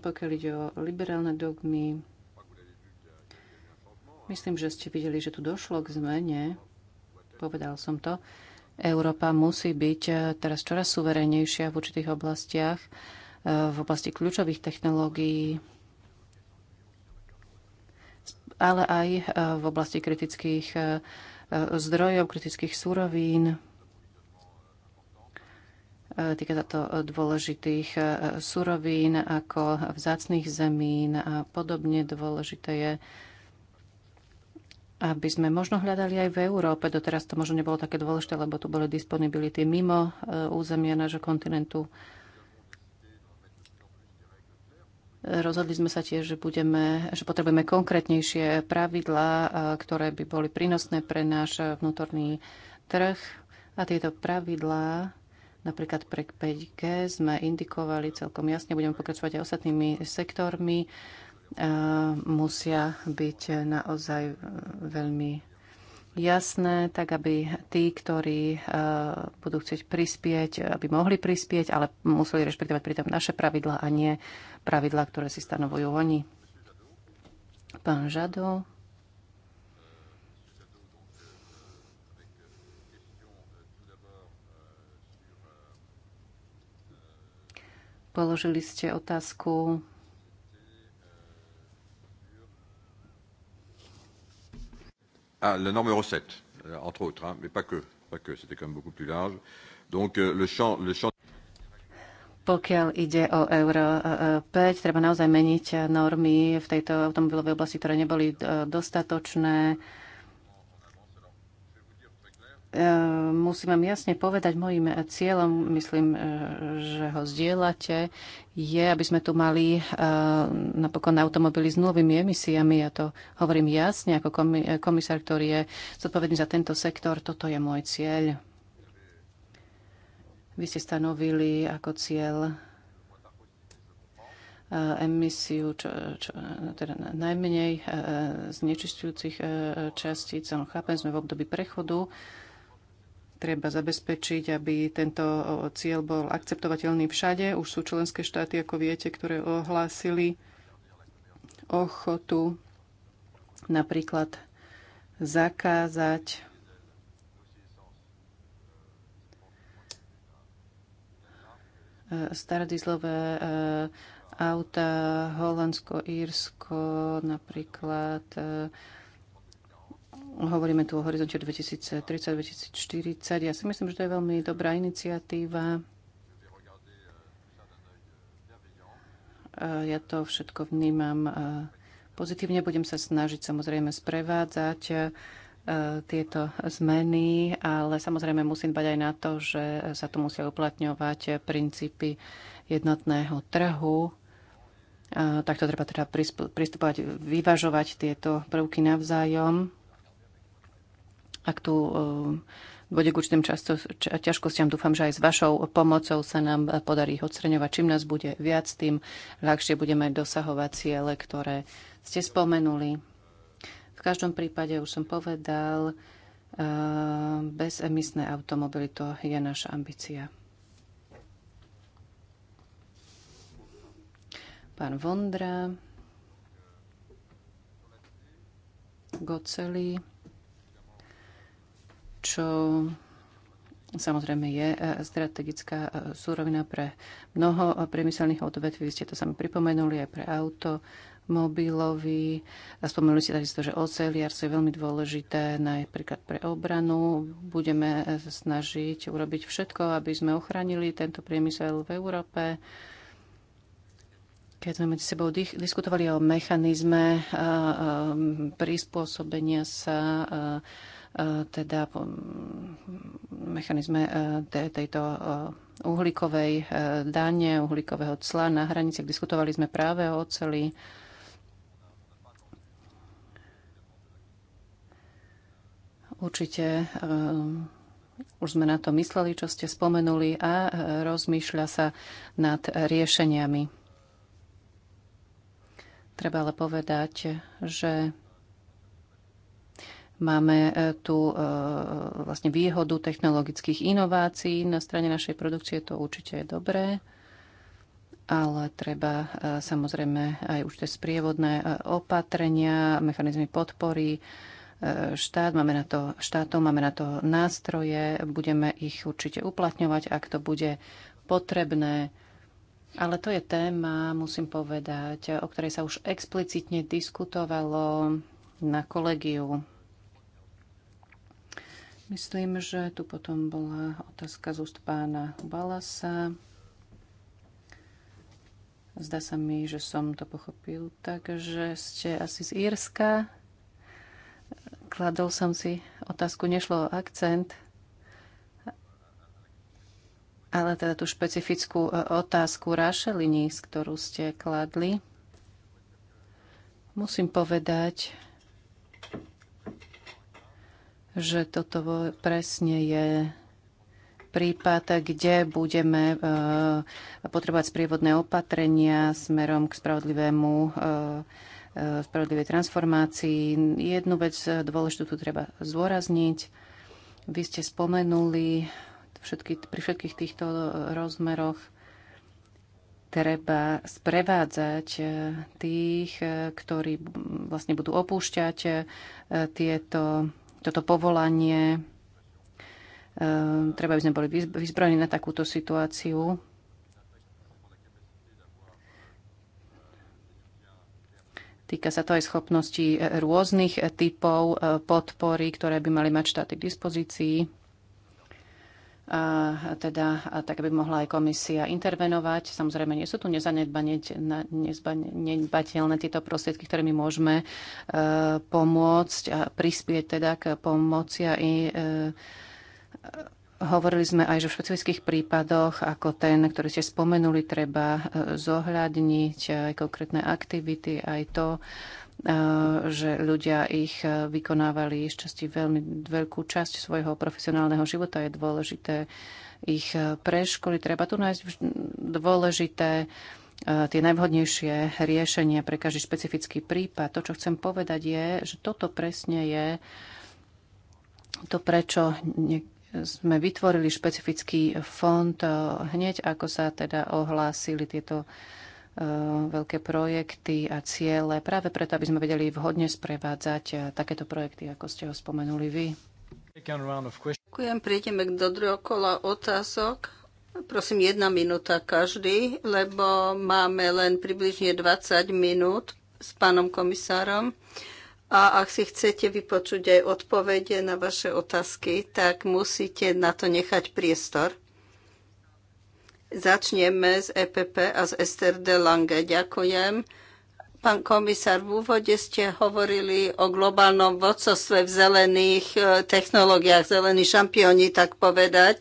Pokiaľ ide o liberálne dogmy, Myslím, že ste videli, že tu došlo k zmene. Povedal som to. Európa musí byť eh, teraz čoraz suverenejšia v určitých oblastiach, eh, v oblasti kľúčových technológií, ale aj eh, v oblasti kritických zdrojov, kritických surovín. Týka sa to dôležitých surovín ako vzácných zemín a podobne dôležité je aby sme možno hľadali aj v Európe. Doteraz to možno nebolo také dôležité, lebo tu boli disponibility mimo e, územia nášho kontinentu. Rozhodli sme sa tiež, že, budeme, že potrebujeme konkrétnejšie pravidlá, e, ktoré by boli prínosné pre náš vnútorný trh. A tieto pravidlá, napríklad pre 5G, sme indikovali celkom jasne, budeme pokračovať aj ostatnými sektormi musia byť naozaj e, veľmi jasné, tak aby tí, ktorí e, budú chcieť prispieť, aby mohli prispieť, ale museli rešpektovať pritom naše pravidla a nie pravidla, ktoré si stanovujú oni. Pán Žado. Položili ste otázku Ah, la norme Euro 7, euh, entre autres, hein, mais pas que. Pas que, c'était quand même beaucoup plus large. Donc euh, le champ, le champ... Pokiaľ ide o euro 5, e, e, treba naozaj meniť normy v tejto automobilovej oblasti, ktoré neboli e, dostatočné E, musím vám jasne povedať, mojim cieľom, myslím, e, že ho zdieľate, je, aby sme tu mali e, napokon automobily s nulovými emisiami. Ja to hovorím jasne ako komisár, ktorý je zodpovedný za tento sektor. Toto je môj cieľ. Vy ste stanovili ako cieľ emisiu čo, čo, teda najmenej znečistujúcich častíc. Chápem, sme v období prechodu Treba zabezpečiť, aby tento cieľ bol akceptovateľný všade. Už sú členské štáty, ako viete, ktoré ohlásili ochotu napríklad zakázať starodizlové e, auta Holandsko, Írsko napríklad e, Hovoríme tu o horizonte 2030-2040. Ja si myslím, že to je veľmi dobrá iniciatíva. E, ja to všetko vnímam e, pozitívne. Budem sa snažiť samozrejme sprevádzať e, tieto zmeny, ale samozrejme musím dbať aj na to, že sa tu musia uplatňovať princípy jednotného trhu. Takto treba teda pristupovať, vyvažovať tieto prvky navzájom ak tu e, bude k určitým často, ťažkostiam. Dúfam, že aj s vašou pomocou sa nám podarí ich odstraňovať. Čím nás bude viac, tým ľahšie budeme dosahovať ciele, ktoré ste spomenuli. V každom prípade, už som povedal, e, bezemisné automobily, to je naša ambícia. Pán Vondra, Goceli čo samozrejme je e, strategická e, súrovina pre mnoho e, priemyselných odvetví. Vy ste to sami pripomenuli aj pre auto, mobilový. Spomenuli ste takisto, že oceliarstvo je veľmi dôležité napríklad pre obranu. Budeme snažiť urobiť všetko, aby sme ochránili tento priemysel v Európe. Keď sme medzi sebou diskutovali o mechanizme prispôsobenia sa E, teda mechanizme e, tejto e, uhlíkovej dane, uhlíkového cla na hranici. Diskutovali sme práve o oceli. Určite už sme na to mysleli, čo ste spomenuli a rozmýšľa sa nad riešeniami. Treba ale povedať, že Máme e, tu e, vlastne výhodu technologických inovácií na strane našej produkcie, to určite je dobré, ale treba e, samozrejme aj už tie sprievodné opatrenia, mechanizmy podpory, štát, máme na to štátov, máme na to nástroje, budeme ich určite uplatňovať, ak to bude potrebné. Ale to je téma, musím povedať, o ktorej sa už explicitne diskutovalo na kolegiu Myslím, že tu potom bola otázka z úst pána Balasa. Zdá sa mi, že som to pochopil takže ste asi z Írska. Kladol som si otázku, nešlo o akcent, ale teda tú špecifickú e, otázku z ktorú ste kladli. Musím povedať, že toto presne je prípad, kde budeme e, potrebovať sprievodné opatrenia smerom k spravodlivému e, e, spravodlivej transformácii. Jednu vec dôležitú tu treba zdôrazniť. Vy ste spomenuli všetky, pri všetkých týchto rozmeroch treba sprevádzať tých, ktorí vlastne budú opúšťať tieto toto povolanie. E, treba by sme boli vyzbrojení na takúto situáciu. Týka sa to aj schopností rôznych typov e, podpory, ktoré by mali mať štáty k dispozícii teda tak, aby mohla aj komisia intervenovať. Samozrejme, nie sú tu nezanedbateľné tieto prostriedky, ktorými môžeme e, pomôcť a prispieť teda k pomoci a i e, Hovorili sme aj, že v špecifických prípadoch, ako ten, ktorý ste spomenuli, treba e, zohľadniť aj konkrétne aktivity, aj to, že ľudia ich vykonávali z časti veľmi veľkú časť svojho profesionálneho života. Je dôležité ich preškoly. Treba tu nájsť dôležité tie najvhodnejšie riešenia pre každý špecifický prípad. To, čo chcem povedať, je, že toto presne je to, prečo sme vytvorili špecifický fond hneď, ako sa teda ohlásili tieto Eh, veľké projekty a ciele, práve preto, aby sme vedeli vhodne sprevádzať eh, takéto projekty, ako ste ho spomenuli vy. Ďakujem, prídeme do druhého kola otázok. Prosím, jedna minúta každý, lebo máme len približne 20 minút s pánom komisárom. A ak si chcete vypočuť aj odpovede na vaše otázky, tak musíte na to nechať priestor. Začneme z EPP a z Ester de Lange. Ďakujem. Pán komisár, v úvode ste hovorili o globálnom vodcovstve v zelených e, technológiách, zelení šampióni, tak povedať.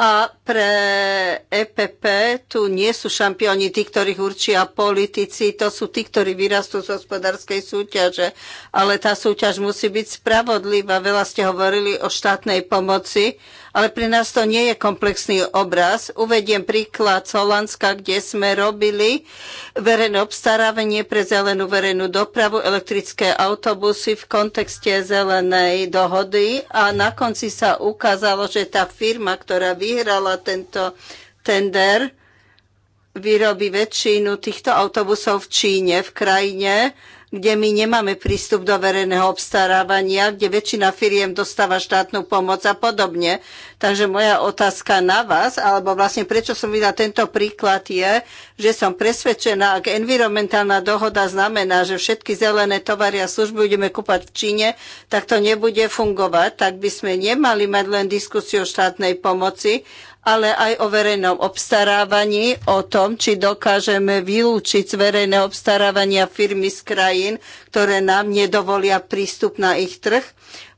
A pre EPP tu nie sú šampióni tí, ktorých určia politici, to sú tí, ktorí vyrastú z hospodárskej súťaže. Ale tá súťaž musí byť spravodlivá. Veľa ste hovorili o štátnej pomoci ale pre nás to nie je komplexný obraz. Uvediem príklad z Holandska, kde sme robili verejné obstarávanie pre zelenú verejnú dopravu, elektrické autobusy v kontexte zelenej dohody a na konci sa ukázalo, že tá firma, ktorá vyhrala tento tender, vyrobí väčšinu týchto autobusov v Číne, v krajine, kde my nemáme prístup do verejného obstarávania, kde väčšina firiem dostáva štátnu pomoc a podobne. Takže moja otázka na vás, alebo vlastne prečo som vydala tento príklad je, že som presvedčená, ak environmentálna dohoda znamená, že všetky zelené tovary a služby budeme kúpať v Číne, tak to nebude fungovať. Tak by sme nemali mať len diskusiu o štátnej pomoci, ale aj o verejnom obstarávaní, o tom, či dokážeme vylúčiť z verejného obstarávania firmy z krajín, ktoré nám nedovolia prístup na ich trh.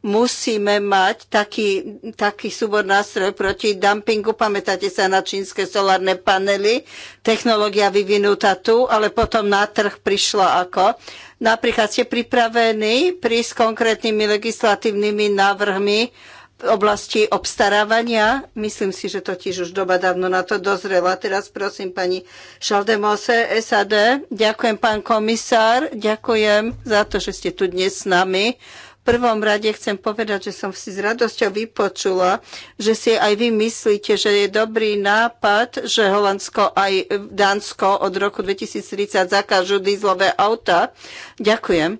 Musíme mať taký, taký súbor nástroj proti dumpingu. Pamätáte sa na čínske solárne panely? Technológia vyvinutá tu, ale potom na trh prišla ako? Napríklad ste pripravení prísť s konkrétnymi legislatívnymi návrhmi, oblasti obstarávania. Myslím si, že totiž už doba dávno na to dozrela. Teraz prosím pani Šaldemose, SAD. Ďakujem, pán komisár. Ďakujem za to, že ste tu dnes s nami. V prvom rade chcem povedať, že som si s radosťou vypočula, že si aj vy myslíte, že je dobrý nápad, že Holandsko aj Dánsko od roku 2030 zakážu dízlové auta. Ďakujem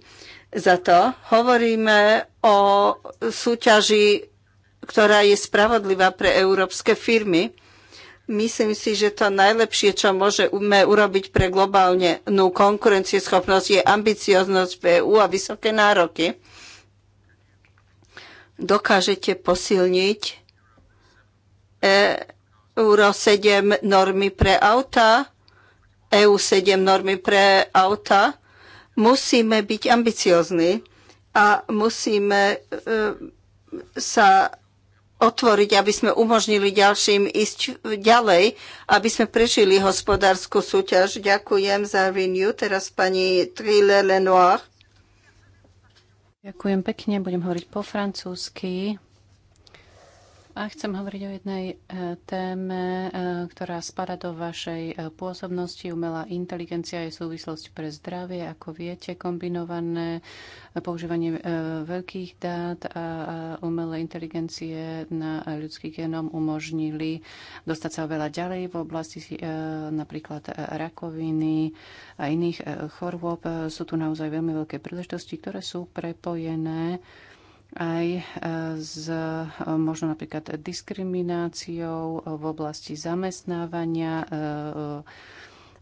za to. Hovoríme o súťaži ktorá je spravodlivá pre európske firmy. Myslím si, že to najlepšie, čo môžeme urobiť pre globálnu no, konkurencieschopnosť, je ambicioznosť v EU a vysoké nároky. Dokážete posilniť Euro 7 normy pre auta, EU 7 normy pre auta. Musíme byť ambiciozni a musíme e, sa otvoriť, aby sme umožnili ďalším ísť ďalej, aby sme prežili hospodárskú súťaž. Ďakujem za Renew. Teraz pani Trille Lenoir. Ďakujem pekne, budem hovoriť po francúzsky. A chcem hovoriť o jednej e, téme, e, ktorá spada do vašej e, pôsobnosti. Umelá inteligencia je súvislosť pre zdravie. Ako viete, kombinované používanie veľkých dát a umelé inteligencie na ľudský genom umožnili dostať sa oveľa ďalej v oblasti napríklad rakoviny a iných chorôb. Sú tu naozaj veľmi veľké príležitosti, ktoré sú prepojené aj e, s e, možno napríklad diskrimináciou v oblasti zamestnávania e,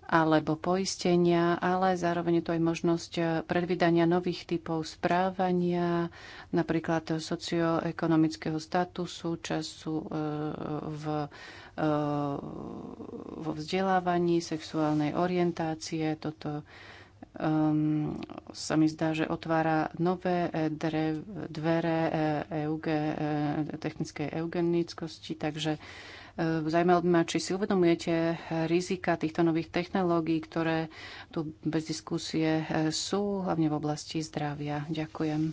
alebo poistenia, ale zároveň je tu aj možnosť predvídania nových typov správania, napríklad socioekonomického statusu, času v, vo vzdelávaní, sexuálnej orientácie. Toto um, sa mi zdá, že otvára nové e, drev, dvere e, euge, e, technickej eugenickosti, takže Zajímalo by ma, či si uvedomujete rizika týchto nových technológií, ktoré tu bez diskusie sú, hlavne v oblasti zdravia. Ďakujem.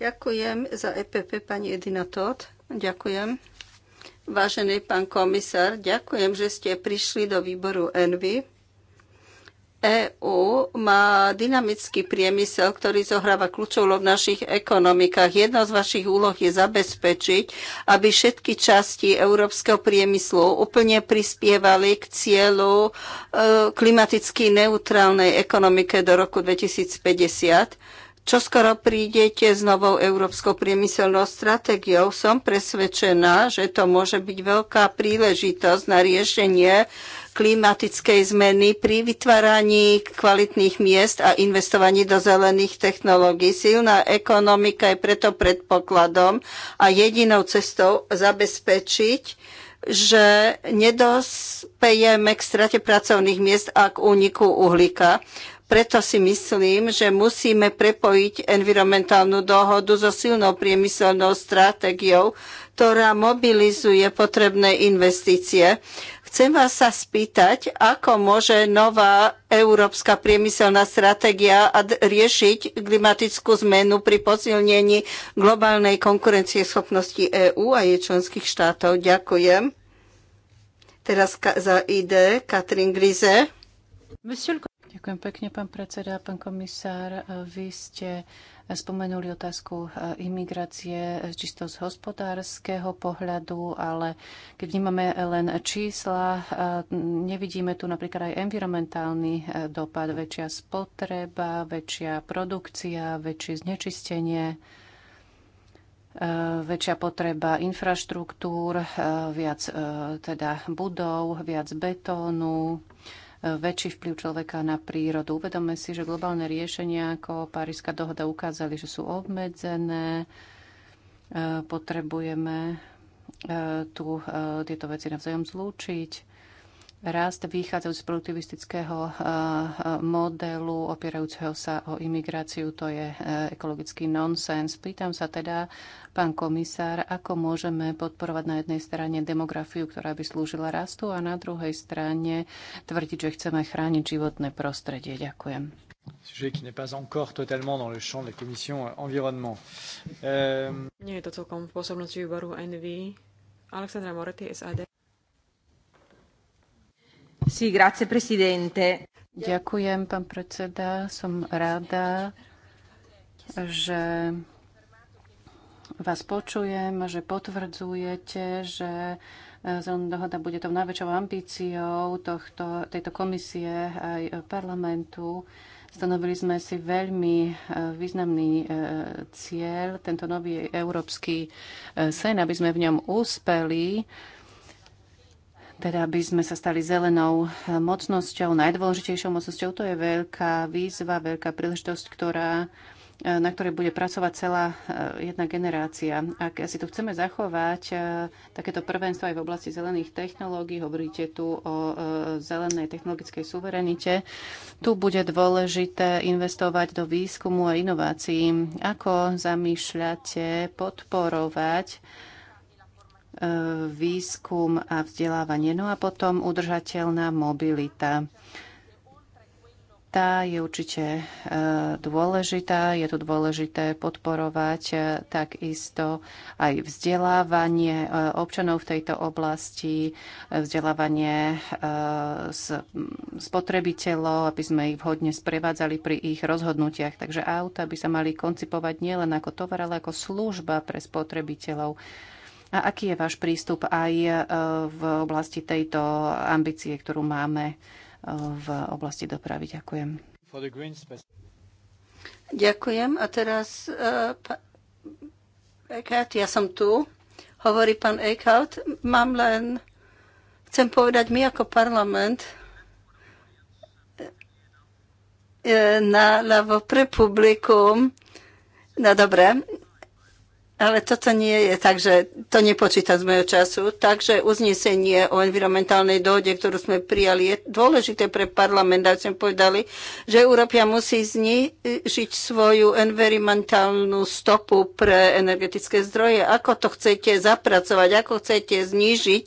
Ďakujem za EPP pani Edina Todd. Ďakujem. Vážený pán komisár, ďakujem, že ste prišli do výboru Envy. EÚ má dynamický priemysel, ktorý zohráva kľúčovú v našich ekonomikách. Jedna z vašich úloh je zabezpečiť, aby všetky časti európskeho priemyslu úplne prispievali k cieľu e, klimaticky neutrálnej ekonomike do roku 2050. Čo skoro prídete s novou európskou priemyselnou stratégiou, som presvedčená, že to môže byť veľká príležitosť na riešenie klimatickej zmeny pri vytváraní kvalitných miest a investovaní do zelených technológií. Silná ekonomika je preto predpokladom a jedinou cestou zabezpečiť, že nedospejeme k strate pracovných miest a k úniku uhlíka. Preto si myslím, že musíme prepojiť environmentálnu dohodu so silnou priemyselnou stratégiou, ktorá mobilizuje potrebné investície. Chcem vás sa spýtať, ako môže nová európska priemyselná stratégia riešiť klimatickú zmenu pri posilnení globálnej konkurencieschopnosti EÚ a jej členských štátov. Ďakujem. Teraz za ID Katrin Grize. Ďakujem pekne, pán predseda, pán komisár. Vy ste spomenuli otázku e, imigrácie e, čisto z hospodárskeho pohľadu, ale keď vnímame len čísla, e, nevidíme tu napríklad aj environmentálny dopad, väčšia spotreba, väčšia produkcia, väčšie znečistenie väčšia potreba infraštruktúr, viac teda budov, viac betónu, väčší vplyv človeka na prírodu. Uvedome si, že globálne riešenia ako Paríska dohoda ukázali, že sú obmedzené. E, potrebujeme e, tu e, tieto veci navzájom zlúčiť Rast vychádzajú z produktivistického eh, modelu opierajúceho sa o imigráciu, to je eh, ekologický nonsens. Pýtam sa teda, pán komisár, ako môžeme podporovať na jednej strane demografiu, ktorá by slúžila rastu a na druhej strane tvrdiť, že chceme chrániť životné prostredie. Ďakujem. Sujet qui n'est pas encore totalement dans le champ de la commission euh, environnement. Euh... Nie je to celkom v pôsobnosti výboru NV. Alexandra Moretti, SAD. Ďakujem, pán predseda. Som rada, že vás počujem, že potvrdzujete, že eh, zelená dohoda bude tou najväčšou ambíciou tohto, tejto komisie aj parlamentu. Stanovili sme si veľmi eh, významný eh, cieľ, tento nový európsky sen, aby sme v ňom úspeli teda aby sme sa stali zelenou mocnosťou, najdôležitejšou mocnosťou. To je veľká výzva, veľká príležitosť, ktorá, e, na ktorej bude pracovať celá e, jedna generácia. Ak si tu chceme zachovať e, takéto prvenstvo aj v oblasti zelených technológií, hovoríte tu o zelenej technologickej suverenite, tu bude dôležité investovať do výskumu a inovácií. Ako zamýšľate podporovať výskum a vzdelávanie. No a potom udržateľná mobilita. Tá je určite e, dôležitá, je tu dôležité podporovať e, takisto aj vzdelávanie e, občanov v tejto oblasti, vzdelávanie spotrebiteľov, aby sme ich vhodne sprevádzali pri ich rozhodnutiach. Takže auta by sa mali koncipovať nielen ako tovar, ale ako služba pre spotrebiteľov a aký je váš prístup aj e, v oblasti tejto ambície, ktorú máme e, v oblasti dopravy? Ďakujem. Ďakujem. A teraz uh, e, Eckhout, ja som tu. Hovorí pán Eckhout. Mám len, chcem povedať, my ako parlament na ľavo pre publikum. No dobre, ale toto nie je, takže to nepočíta z mojho času. Takže uznesenie o environmentálnej dohode, ktorú sme prijali, je dôležité pre parlament, ak sme povedali, že Európia musí znižiť svoju environmentálnu stopu pre energetické zdroje. Ako to chcete zapracovať, ako chcete znížiť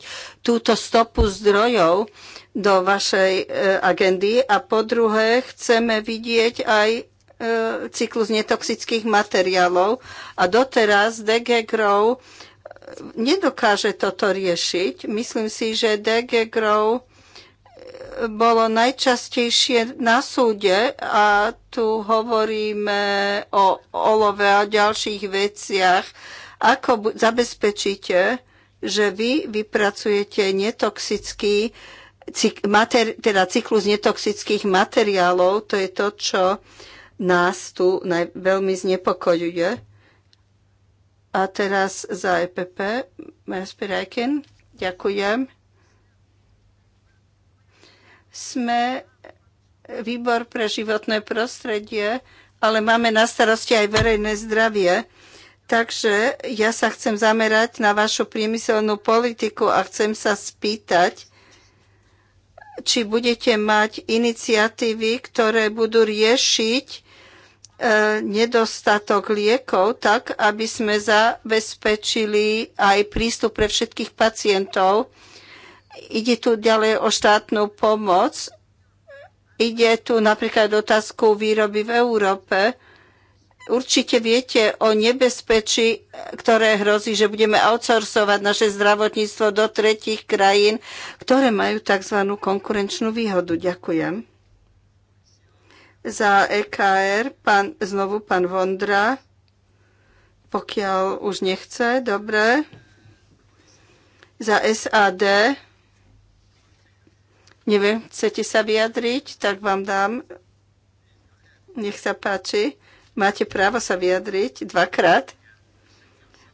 túto stopu zdrojov do vašej e, agendy. A po druhé, chceme vidieť aj E, cyklus netoxických materiálov a doteraz DG Grow nedokáže toto riešiť. Myslím si, že DG Grow bolo najčastejšie na súde a tu hovoríme o olove a ďalších veciach. Ako zabezpečíte, že vy vypracujete netoxický cyk, mater, teda cyklus netoxických materiálov, to je to, čo nás tu veľmi znepokojuje. A teraz za EPP, Merspirajkin, ďakujem. Sme výbor pre životné prostredie, ale máme na starosti aj verejné zdravie. Takže ja sa chcem zamerať na vašu priemyselnú politiku a chcem sa spýtať, či budete mať iniciatívy, ktoré budú riešiť E, nedostatok liekov, tak aby sme zabezpečili aj prístup pre všetkých pacientov. Ide tu ďalej o štátnu pomoc. Ide tu napríklad otázku výroby v Európe. Určite viete o nebezpečí, ktoré hrozí, že budeme outsourcovať naše zdravotníctvo do tretich krajín, ktoré majú tzv. konkurenčnú výhodu. Ďakujem. Za EKR pán, znovu pán Vondra, pokiaľ už nechce, dobre. Za SAD, neviem, chcete sa vyjadriť, tak vám dám. Nech sa páči. Máte právo sa vyjadriť dvakrát.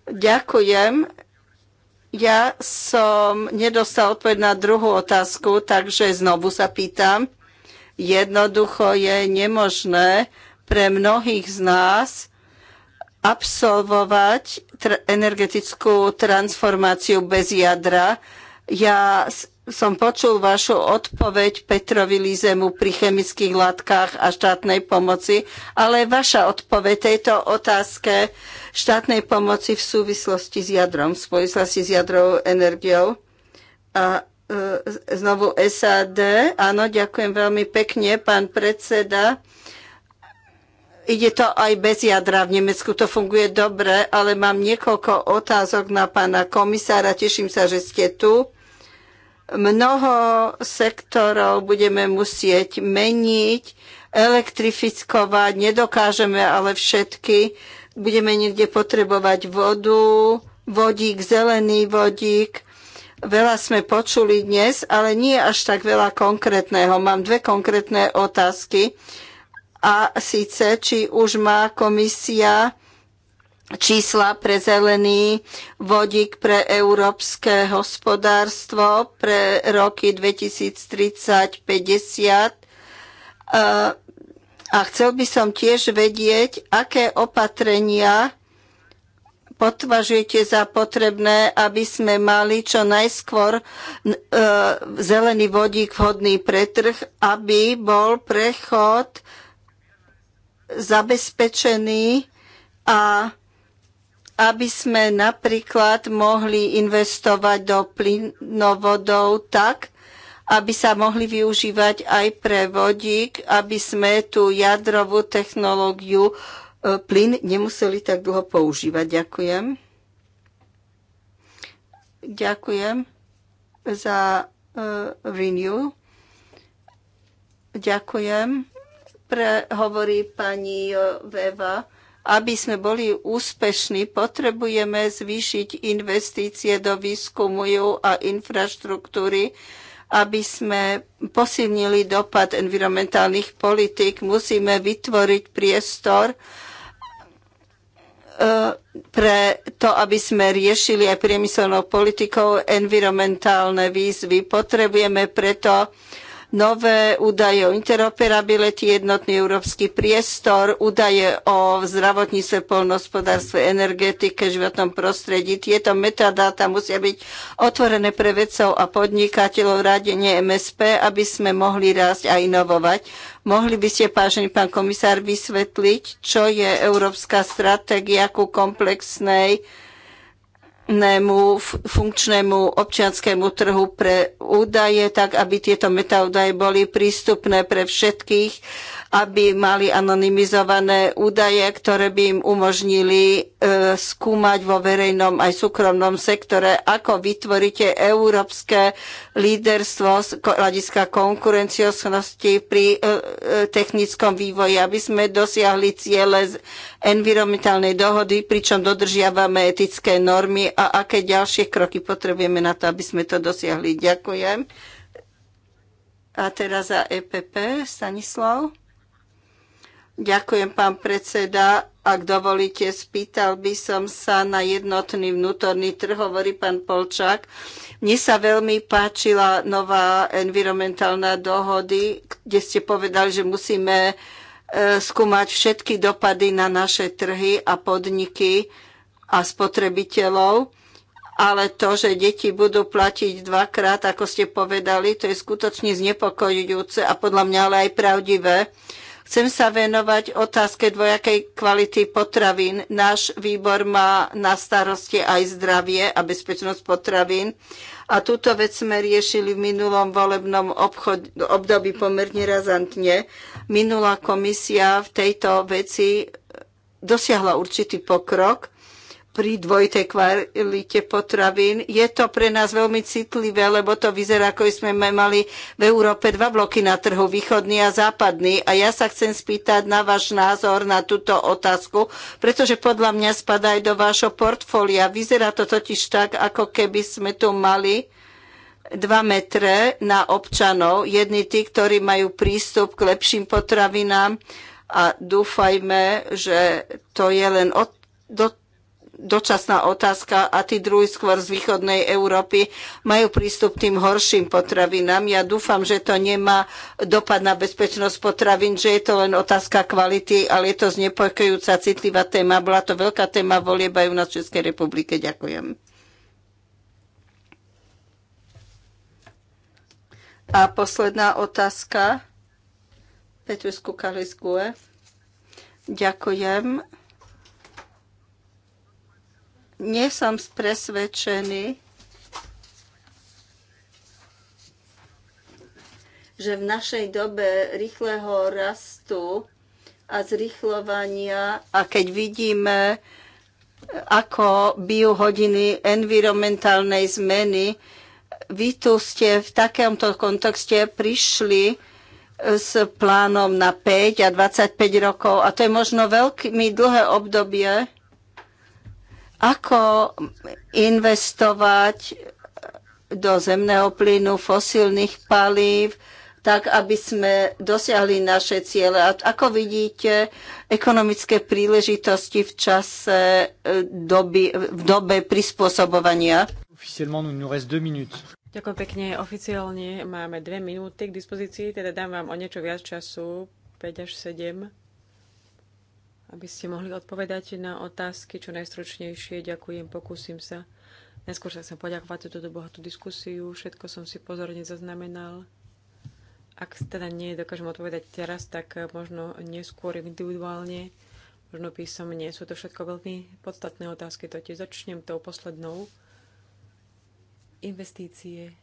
Ďakujem. Ja som nedostal odpoveď na druhú otázku, takže znovu sa pýtam. Jednoducho je nemožné pre mnohých z nás absolvovať tr- energetickú transformáciu bez jadra. Ja som počul vašu odpoveď Petrovi Lízemu pri chemických látkach a štátnej pomoci, ale vaša odpoveď tejto otázke štátnej pomoci v súvislosti s jadrom, v súvislosti s jadrovou energiou. A E, znovu SAD. Áno, ďakujem veľmi pekne, pán predseda. Ide to aj bez jadra. V Nemecku to funguje dobre, ale mám niekoľko otázok na pána komisára. Teším sa, že ste tu. Mnoho sektorov budeme musieť meniť, elektrifikovať, nedokážeme ale všetky. Budeme niekde potrebovať vodu, vodík, zelený vodík Veľa sme počuli dnes, ale nie až tak veľa konkrétneho. Mám dve konkrétne otázky. A síce, či už má komisia čísla pre zelený vodík pre európske hospodárstvo pre roky 2030-50. A chcel by som tiež vedieť, aké opatrenia potvažujete za potrebné, aby sme mali čo najskôr e, zelený vodík vhodný pre trh, aby bol prechod zabezpečený a aby sme napríklad mohli investovať do plynovodov tak, aby sa mohli využívať aj pre vodík, aby sme tú jadrovú technológiu E, plyn nemuseli tak dlho používať. Ďakujem. Ďakujem za e, Renew. Ďakujem. Pre, hovorí pani e, Veva aby sme boli úspešní, potrebujeme zvýšiť investície do výskumu a infraštruktúry, aby sme posilnili dopad environmentálnych politik. Musíme vytvoriť priestor, pre to, aby sme riešili aj priemyselnou politikou environmentálne výzvy. Potrebujeme preto uh, nové údaje o interoperabilite, jednotný európsky priestor, údaje o zdravotníctve, polnohospodárstve, energetike, životnom prostredí. Tieto metadáta musia byť otvorené pre vedcov a podnikateľov radenie MSP, aby sme mohli rásť a inovovať. Mohli by ste, vážený pán komisár, vysvetliť, čo je európska stratégia ku komplexnej jednotnému funkčnému občianskému trhu pre údaje, tak aby tieto metaúdaje boli prístupné pre všetkých aby mali anonymizované údaje, ktoré by im umožnili e, skúmať vo verejnom aj súkromnom sektore, ako vytvoríte európske líderstvo z hľadiska konkurencioschnosti pri e, e, technickom vývoji, aby sme dosiahli ciele z environmentálnej dohody, pričom dodržiavame etické normy a aké ďalšie kroky potrebujeme na to, aby sme to dosiahli. Ďakujem. A teraz za EPP Stanislav. Ďakujem, pán predseda. Ak dovolíte, spýtal by som sa na jednotný vnútorný trh, hovorí pán Polčák. Mne sa veľmi páčila nová environmentálna dohody, kde ste povedali, že musíme e, skúmať všetky dopady na naše trhy a podniky a spotrebiteľov. Ale to, že deti budú platiť dvakrát, ako ste povedali, to je skutočne znepokojujúce a podľa mňa ale aj pravdivé Chcem sa venovať otázke dvojakej kvality potravín. Náš výbor má na starosti aj zdravie a bezpečnosť potravín. A túto vec sme riešili v minulom volebnom obchod, období pomerne razantne. Minulá komisia v tejto veci dosiahla určitý pokrok pri dvojitej kvalite potravín. Je to pre nás veľmi citlivé, lebo to vyzerá, ako sme mali v Európe dva bloky na trhu, východný a západný. A ja sa chcem spýtať na váš názor na túto otázku, pretože podľa mňa spadá aj do vášho portfólia. Vyzerá to totiž tak, ako keby sme tu mali 2 metre na občanov, jedni tí, ktorí majú prístup k lepším potravinám a dúfajme, že to je len od, do, dočasná otázka a tí druhí skôr z východnej Európy majú prístup tým horším potravinám. Ja dúfam, že to nemá dopad na bezpečnosť potravín, že je to len otázka kvality, ale je to znepokojujúca citlivá téma. Bola to veľká téma volieb aj u nás v Českej republike. Ďakujem. A posledná otázka. Petrus Kukaliskue. Ďakujem. Nie som presvedčený, že v našej dobe rýchleho rastu a zrychľovania a keď vidíme, ako bijú hodiny environmentálnej zmeny, vy tu ste v takomto kontexte prišli e, s plánom na 5 a 25 rokov a to je možno veľmi dlhé obdobie, ako investovať do zemného plynu, fosílnych palív, tak aby sme dosiahli naše ciele. A ako vidíte, ekonomické príležitosti v čase e, doby, v dobe prispôsobovania? Ďakujem pekne. Oficiálne máme dve minúty k dispozícii, teda dám vám o niečo viac času, 5 až 7 aby ste mohli odpovedať na otázky čo najstručnejšie. Ďakujem, pokúsim sa. Neskôr sa chcem poďakovať za túto bohatú diskusiu. Všetko som si pozorne zaznamenal. Ak teda nie dokážem odpovedať teraz, tak možno neskôr individuálne, možno písomne. Sú to všetko veľmi podstatné otázky. Totiž začnem tou poslednou. Investície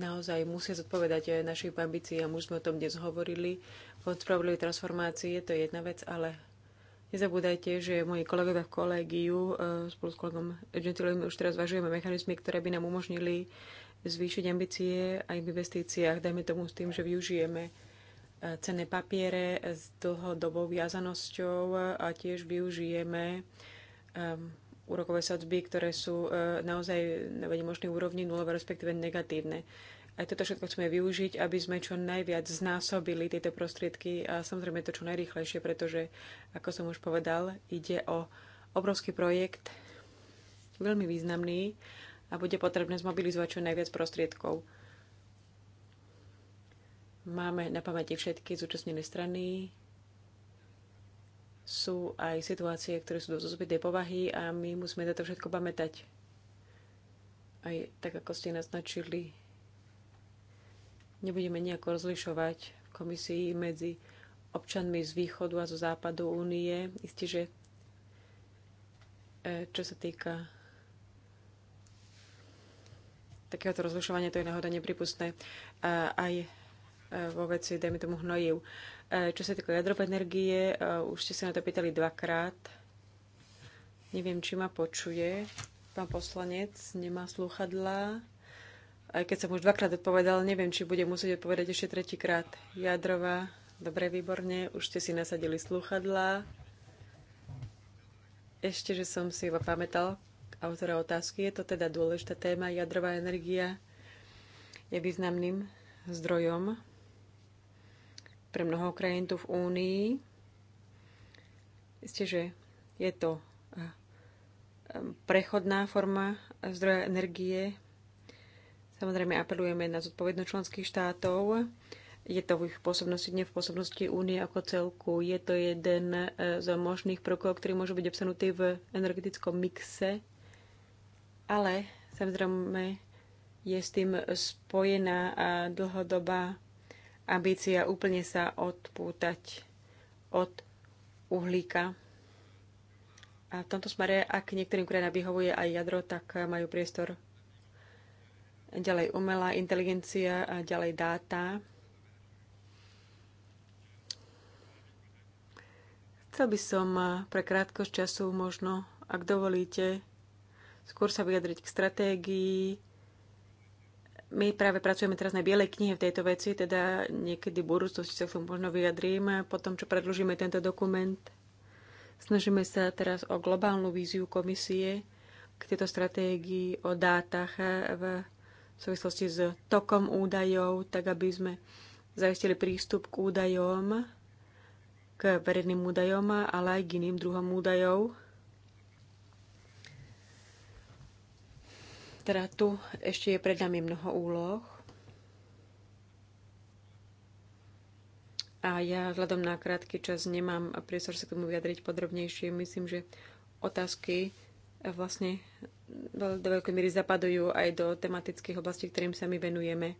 naozaj musia zodpovedať aj našich ambícií a už sme o tom dnes hovorili. Fond spravodlivej transformácie to je jedna vec, ale Nezabúdajte, že moji kolegovia v kolegiu e, spolu s kolegom Gentilovým už teraz zvažujeme mechanizmy, ktoré by nám umožnili zvýšiť ambície aj v investíciách, dajme tomu s tým, že využijeme e, cenné papiere s dlhodobou viazanosťou a tiež využijeme e, úrokové sadzby, ktoré sú naozaj na možné úrovni nulové, respektíve negatívne. Aj toto všetko chceme využiť, aby sme čo najviac znásobili tieto prostriedky a samozrejme to čo najrýchlejšie, pretože, ako som už povedal, ide o obrovský projekt, veľmi významný a bude potrebné zmobilizovať čo najviac prostriedkov. Máme na pamäti všetky zúčastnené strany, sú aj situácie, ktoré sú dosť zbytej povahy a my musíme toto všetko pamätať. Aj tak, ako ste naznačili, nebudeme nejako rozlišovať v komisii medzi občanmi z východu a zo západu únie. Isté, že e, čo sa týka takéhoto rozlišovania, to je náhoda nepripustné e, aj e, vo veci, dajme tomu, hnojiv. Čo sa týka jadrovej energie, už ste sa na to pýtali dvakrát. Neviem, či ma počuje. Pán poslanec nemá slúchadlá. Aj keď som už dvakrát odpovedal, neviem, či budem musieť odpovedať ešte tretíkrát. Jadrová, dobre, výborne, už ste si nasadili sluchadlá. Ešte, že som si pamätal autora otázky, je to teda dôležitá téma. Jadrová energia je významným zdrojom pre mnoho krajín tu v Únii. Ešte, že je to eh, eh, prechodná forma zdroja energie, Samozrejme apelujeme na zodpovednosť členských štátov. Je to v ich pôsobnosti, nie v pôsobnosti únie ako celku. Je to jeden e, z možných prvkov, ktorý môže byť obsanutý v energetickom mixe. Ale samozrejme je s tým spojená a dlhodobá ambícia úplne sa odpútať od uhlíka. A v tomto smere, ak niektorým krajinám vyhovuje aj jadro, tak majú priestor ďalej umelá inteligencia a ďalej dáta. Chcel by som pre krátkosť času možno, ak dovolíte, skôr sa vyjadriť k stratégii. My práve pracujeme teraz na bielej knihe v tejto veci, teda niekedy v budúcnosti sa k tomu možno vyjadrím, po tom, čo predložíme tento dokument. Snažíme sa teraz o globálnu víziu komisie k tejto stratégii, o dátach v v súvislosti s tokom údajov, tak aby sme zaistili prístup k údajom, k verejným údajom, ale aj k iným druhom údajov. Teda tu ešte je pred nami mnoho úloh. A ja vzhľadom na krátky čas nemám priestor sa k tomu vyjadriť podrobnejšie. Myslím, že otázky eh, vlastne do veľkej miery zapadujú aj do tematických oblastí, ktorým sa my venujeme.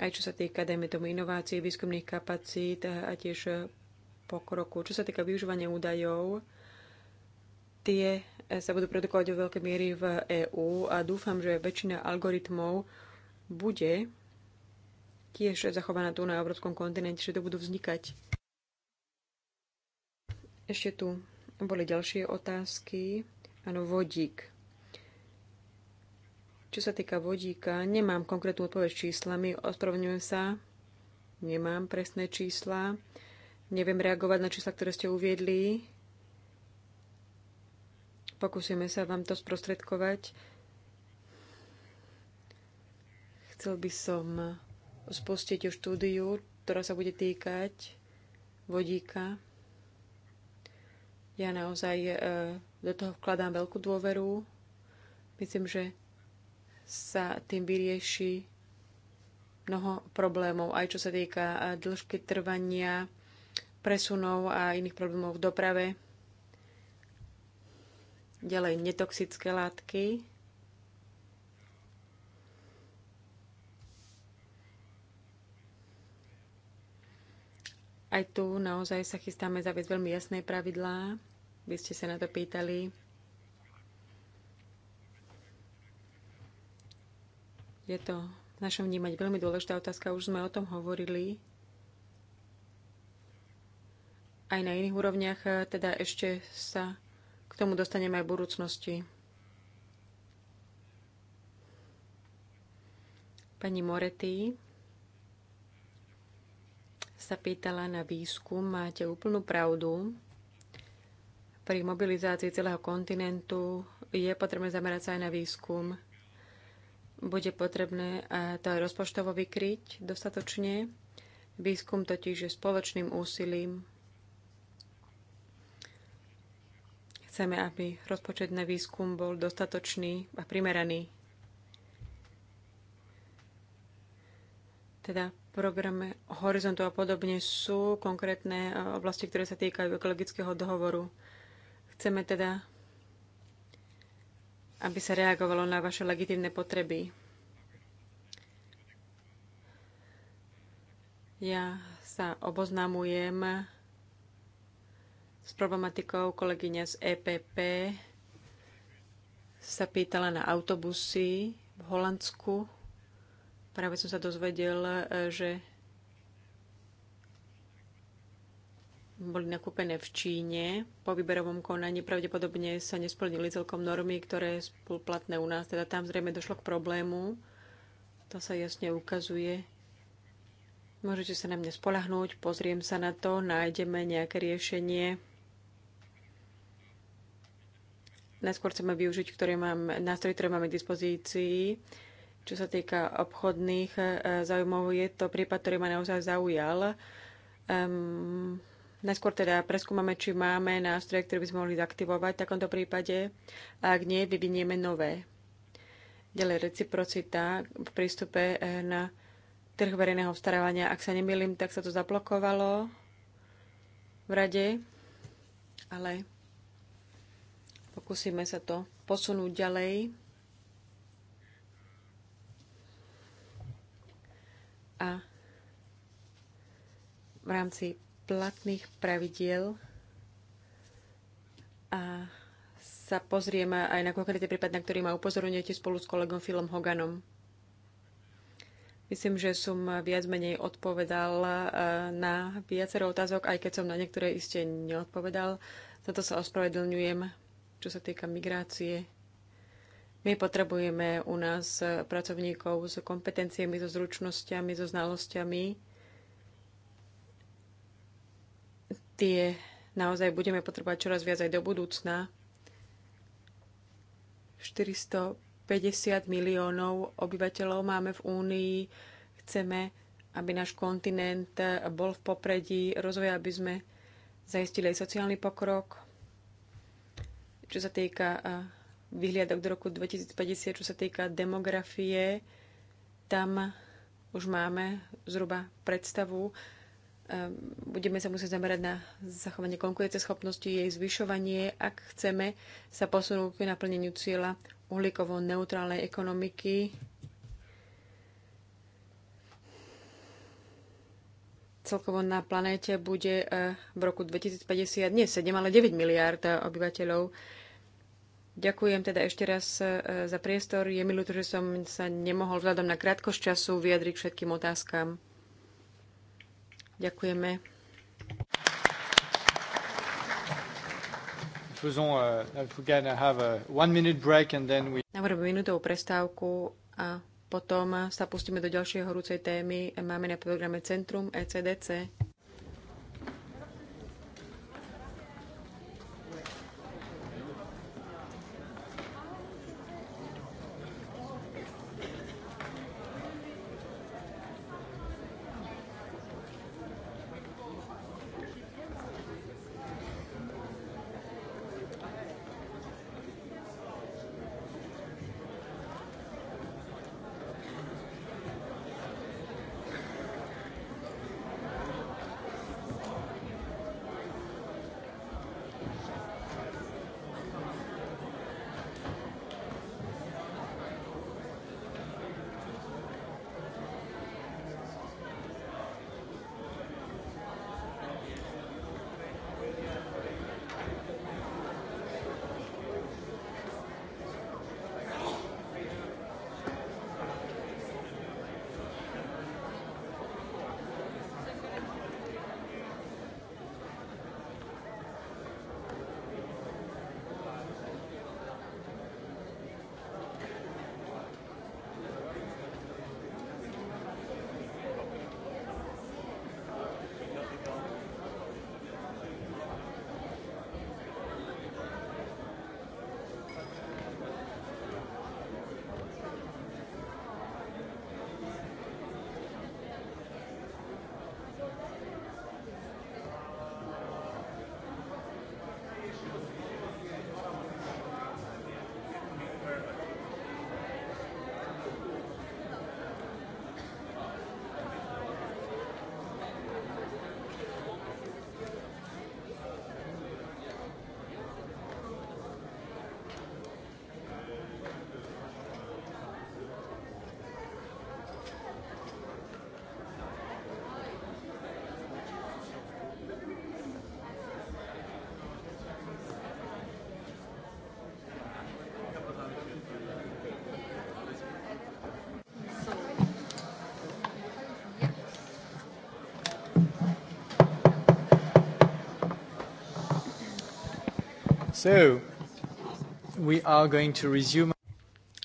Aj čo sa týka, dajme tomu, inovácií, výskumných kapacít a tiež pokroku. Čo sa týka využívania údajov, tie sa budú produkovať do veľkej miery v EÚ a dúfam, že väčšina algoritmov bude tiež zachovaná tu na európskom kontinente, že to budú vznikať. Ešte tu boli ďalšie otázky. Áno, vodík. Čo sa týka vodíka, nemám konkrétnu odpoveď s číslami, ospravedlňujem sa, nemám presné čísla, neviem reagovať na čísla, ktoré ste uviedli. Pokúsime sa vám to sprostredkovať. Chcel by som spustiť štúdiu, ktorá sa bude týkať vodíka. Ja naozaj e, do toho vkladám veľkú dôveru. Myslím, že sa tým vyrieši mnoho problémov, aj čo sa týka dĺžky trvania, presunov a iných problémov v doprave. Ďalej netoxické látky. Aj tu naozaj sa chystáme zaviesť veľmi jasné pravidlá. By ste sa na to pýtali. Je to v našom vnímať veľmi dôležitá otázka. Už sme o tom hovorili aj na iných úrovniach, eh, teda ešte sa k tomu dostaneme aj v budúcnosti. Pani Moretti sa pýtala na výskum. Máte úplnú pravdu pri mobilizácii celého kontinentu je potrebné zamerať sa aj na výskum. Bude potrebné to aj rozpočtovo vykryť dostatočne. Výskum totiž je spoločným úsilím. Chceme, aby rozpočet na výskum bol dostatočný a primeraný. Teda programe Horizontu a podobne sú konkrétne oblasti, ktoré sa týkajú ekologického dohovoru. Chceme teda, aby sa reagovalo na vaše legitimné potreby. Ja sa oboznamujem s problematikou kolegyňa z EPP. Sa pýtala na autobusy v Holandsku. Práve som sa dozvedel, že boli nakúpené v Číne. Po výberovom konaní pravdepodobne sa nesplnili celkom normy, ktoré sú platné u nás. Teda tam zrejme došlo k problému. To sa jasne ukazuje. Môžete sa na mňa spolahnúť, pozriem sa na to, nájdeme nejaké riešenie. Najskôr chceme využiť ktoré mám, nástroj, ktoré máme k dispozícii. Čo sa týka obchodných e, e, záujmov, je to prípad, ktorý ma naozaj zaujal. Um, Najskôr teda preskúmame, či máme nástroje, ktoré by sme mohli zaktivovať v takomto prípade a ak nie, vyvinieme nové. Ďalej reciprocita v prístupe eh, na trh verejného vstarávania. Ak sa nemýlim, tak sa to zablokovalo v rade, ale pokúsime sa to posunúť ďalej. A v rámci platných pravidiel a sa pozrieme aj na konkrétny prípad, na ktorý ma upozorňujete spolu s kolegom Filom Hoganom. Myslím, že som viac menej odpovedal e, na viacero otázok, aj keď som na niektoré iste neodpovedal. Za to sa ospravedlňujem, čo sa týka migrácie. My potrebujeme u nás pracovníkov s kompetenciami, so zručnosťami, so znalosťami, tie naozaj budeme potrebovať čoraz viac aj do budúcna. 450 miliónov obyvateľov máme v Únii. Chceme, aby náš kontinent bol v popredí rozvoja, aby sme zaistili aj sociálny pokrok. Čo sa týka vyhliadok do roku 2050, čo sa týka demografie, tam už máme zhruba predstavu, Ehm, budeme sa musieť zamerať na zachovanie schopnosti, jej zvyšovanie, ak chceme sa posunúť k naplneniu cieľa uhlíkovo-neutrálnej ekonomiky. Celkovo na planéte bude eh, v roku 2050 nie 7, ale 9 miliárd eh, obyvateľov. Ďakujem teda ešte raz eh, za priestor. Je mi ľúto, že som sa nemohol vzhľadom na krátkosť času vyjadriť všetkým otázkam. Ďakujeme. Euh, uh, Navrhujeme minútovú prestávku a potom sa pustíme do ďalšej horúcej témy. Máme na programe Centrum ECDC.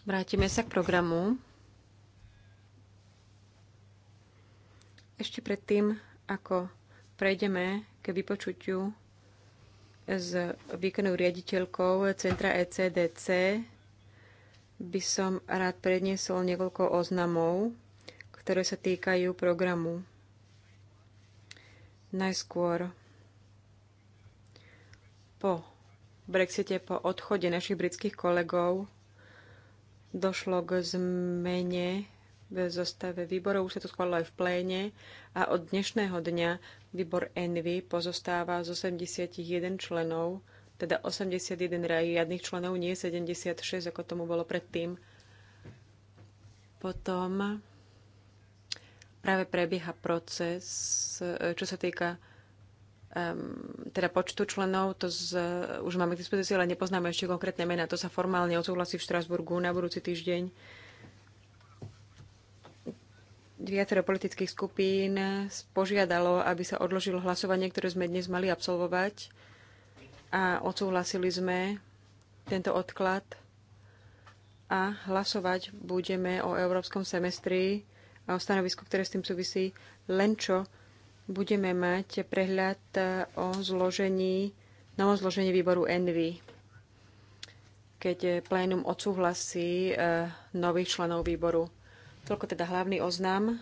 Vrátime sa k programu. Ešte predtým, ako prejdeme k vypočutiu s výkonnou riaditeľkou Centra ECDC, by som rád predniesol niekoľko oznamov, ktoré sa týkajú programu. Najskôr po Brexite po odchode našich britských kolegov došlo k zmene v zostave výborov, už sa to schválilo aj v pléne a od dnešného dňa výbor Envy pozostáva z 81 členov, teda 81 riadnych členov, nie 76, ako tomu bolo predtým. Potom práve prebieha proces, čo sa týka teda počtu členov, to z, už máme k dispozícii, ale nepoznáme ešte konkrétne mená. To sa formálne odsúhlasí v Štrasburgu na budúci týždeň. Viacero politických skupín požiadalo, aby sa odložilo hlasovanie, ktoré sme dnes mali absolvovať a odsúhlasili sme tento odklad a hlasovať budeme o európskom semestri a o stanovisku, ktoré s tým súvisí, len čo budeme mať prehľad e, o zložení, novom zložení výboru Envy, keď e, plénum odsúhlasí e, nových členov výboru. Toľko teda hlavný oznam.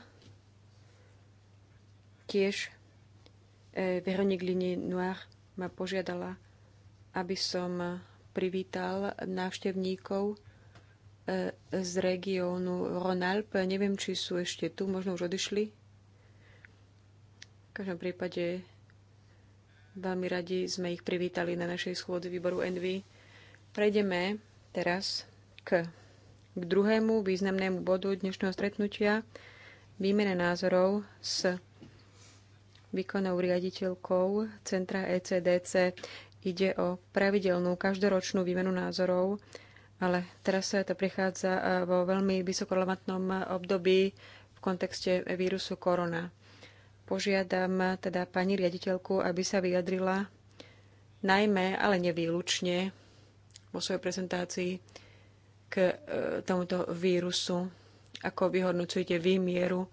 Tiež Veronique Ligny Noir ma požiadala, aby som privítal návštevníkov z regiónu Ronalp. Neviem, či sú ešte tu, možno už odišli. V každom prípade veľmi radi sme ich privítali na našej schôdzi výboru Envy. Prejdeme teraz k, k druhému významnému bodu dnešného stretnutia výmene názorov s výkonnou riaditeľkou Centra ECDC. Ide o pravidelnú každoročnú výmenu názorov, ale teraz sa to prichádza eh, vo veľmi vysokorelevantnom období v kontexte vírusu korona. Požiadam teda pani riaditeľku, aby sa vyjadrila najmä, ale nevýlučne vo svojej prezentácii k e, tomuto vírusu. Ako vyhodnocujete výmieru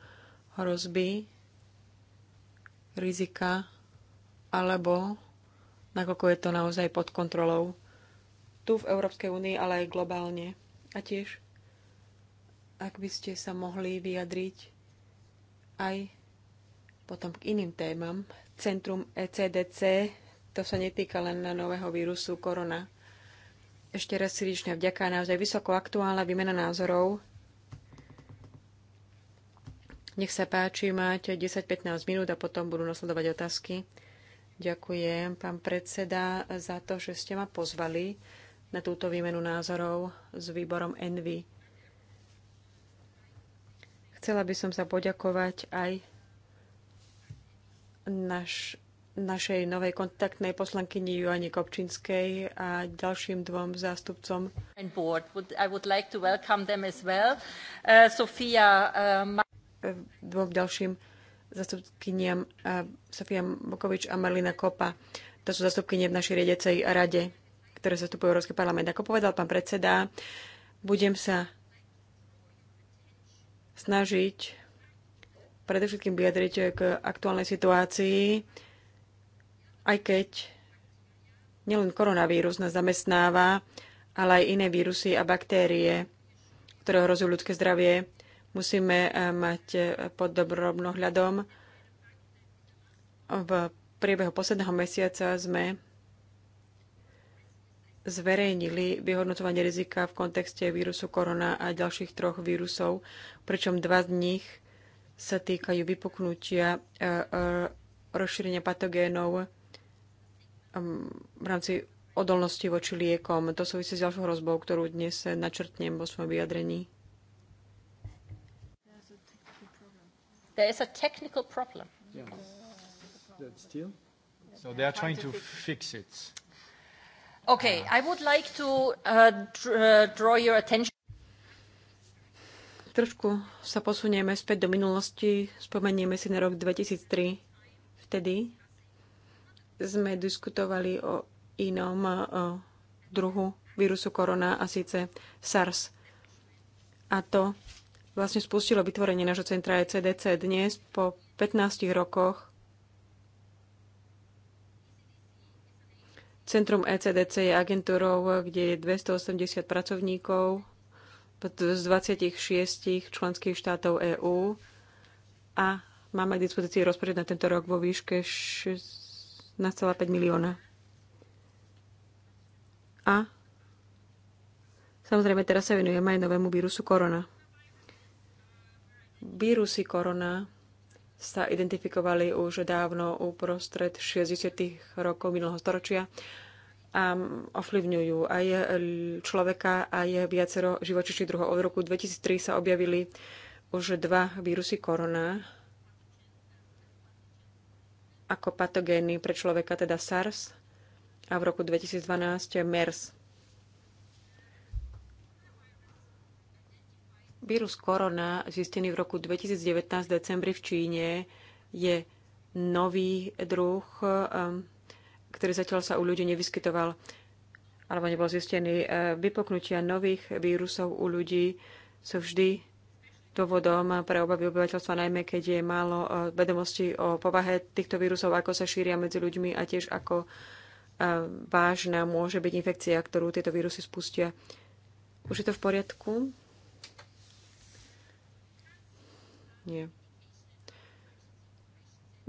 hrozby, rizika, alebo nakoľko je to naozaj pod kontrolou tu v Európskej únii, ale aj globálne. A tiež, ak by ste sa mohli vyjadriť aj potom k iným témam. Centrum ECDC, to sa netýka len na nového vírusu korona. Ešte raz srdečne vďaka, naozaj vysoko aktuálna výmena názorov. Nech sa páči, máte 10-15 minút a potom budú nasledovať otázky. Ďakujem, pán predseda, za to, že ste ma pozvali na túto výmenu názorov s výborom Envy. Chcela by som sa poďakovať aj naš, našej novej kontaktnej poslankyni Joani Kopčinskej a ďalším dvom zástupcom. Uh, uh, dvom ďalším zastupkyniam uh, Sofia Mokovič a Marlina Kopa. To sú zastupkynie v našej riedecej rade, ktoré zastupujú Európsky parlament. Ako povedal pán predseda, budem sa snažiť predovšetkým vyjadriť k aktuálnej situácii, aj keď nielen koronavírus nás zamestnáva, ale aj iné vírusy a baktérie, ktoré hrozujú ľudské zdravie, musíme eh, mať eh, pod hľadom. V priebehu posledného mesiaca sme zverejnili vyhodnocovanie rizika v kontexte vírusu korona a ďalších troch vírusov, pričom dva z nich sa týkajú vypuknutia e, e, rozšírenia patogénov e, v rámci odolnosti voči liekom. To súvisí s ďalšou hrozbou, ktorú dnes načrtnem vo svojom vyjadrení. There is a technical problem. Yeah. still. So they are trying to fix it. Okay, I would like to uh, uh draw your attention Trošku sa posunieme späť do minulosti. Spomenieme si na rok 2003. Vtedy sme diskutovali o inom o druhu vírusu korona a síce SARS. A to vlastne spustilo vytvorenie nášho centra ECDC dnes po 15 rokoch. Centrum ECDC je agentúrou, kde je 280 pracovníkov z 26 členských štátov EÚ a máme k dispozícii rozpočet na tento rok vo výške 16,5 milióna. A samozrejme teraz sa venujeme aj novému vírusu korona. Vírusy korona sa identifikovali už dávno uprostred 60. rokov minulého storočia a ovplyvňujú aj človeka, aj viacero živočíšnych druhov. Od roku 2003 sa objavili už dva vírusy korona ako patogény pre človeka, teda SARS a v roku 2012 MERS. Vírus korona, zistený v roku 2019 v decembri v Číne, je nový druh um, ktorý zatiaľ sa u ľudí nevyskytoval alebo nebol zistený. E, Vypoknutia nových vírusov u ľudí sú vždy dôvodom pre obavy obyvateľstva, najmä keď je málo e, vedomostí o povahe týchto vírusov, ako sa šíria medzi ľuďmi a tiež ako e, vážna môže byť infekcia, ktorú tieto vírusy spustia. Už je to v poriadku? Nie.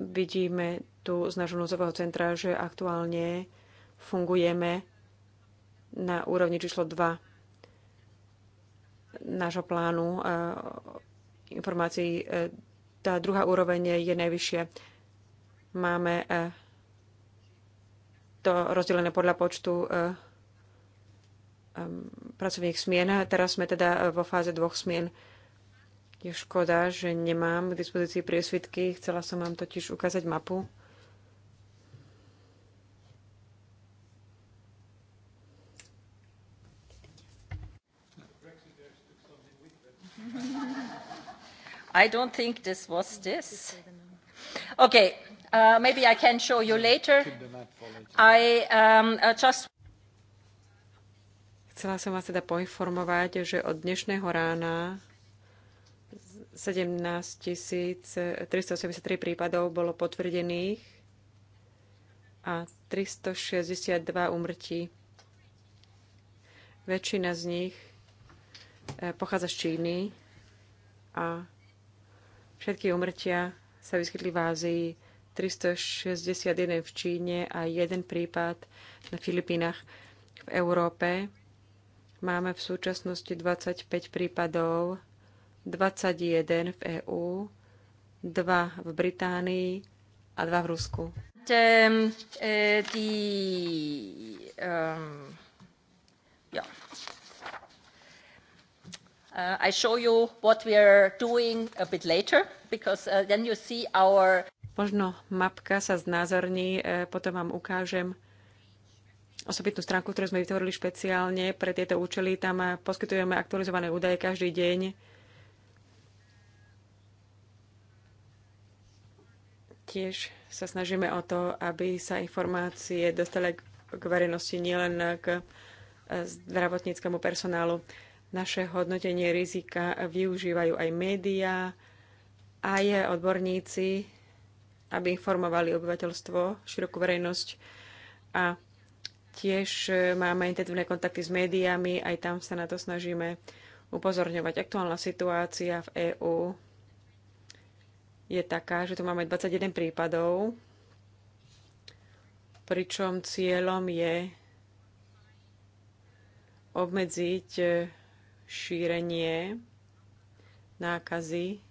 Vidíme tu z nášho núzového centra, že aktuálne fungujeme na úrovni číslo 2 nášho plánu e, informácií. E, tá druhá úroveň je najvyššia. Máme e, to rozdelené podľa počtu pracovných smien. Teraz sme teda vo fáze dvoch smien. Je škoda, že nemám k dispozícii priesvitky. Chcela som vám totiž ukázať mapu. I don't think this was this. Okay, uh, maybe I can show you later. I um, uh, just... Chcela som vás teda poinformovať, že od dnešného rána 17 383 prípadov bolo potvrdených a 362 umrtí. Väčšina z nich eh, pochádza z Číny a Všetky umrtia sa vyskytli v Ázii, 361 v Číne a jeden prípad na Filipínach. V Európe máme v súčasnosti 25 prípadov, 21 v EÚ, 2 v Británii a 2 v Rusku. Um, uh, the, um, yeah. Uh, I show you what we are doing a bit later, because uh, then you see our... Možno mapka sa znázorní, uh, potom vám ukážem osobitnú stránku, ktorú sme vytvorili špeciálne pre tieto účely. Tam uh, poskytujeme aktualizované údaje každý deň. Tiež sa snažíme o to, aby sa informácie dostali k verejnosti, nielen k uh, zdravotníckému personálu naše hodnotenie rizika využívajú aj médiá, aj odborníci, aby informovali obyvateľstvo, širokú verejnosť a tiež e, máme intenzívne kontakty s médiami, aj tam sa na to snažíme upozorňovať. Aktuálna situácia v EÚ je taká, že tu máme 21 prípadov, pričom cieľom je obmedziť e, šírenie nákazy.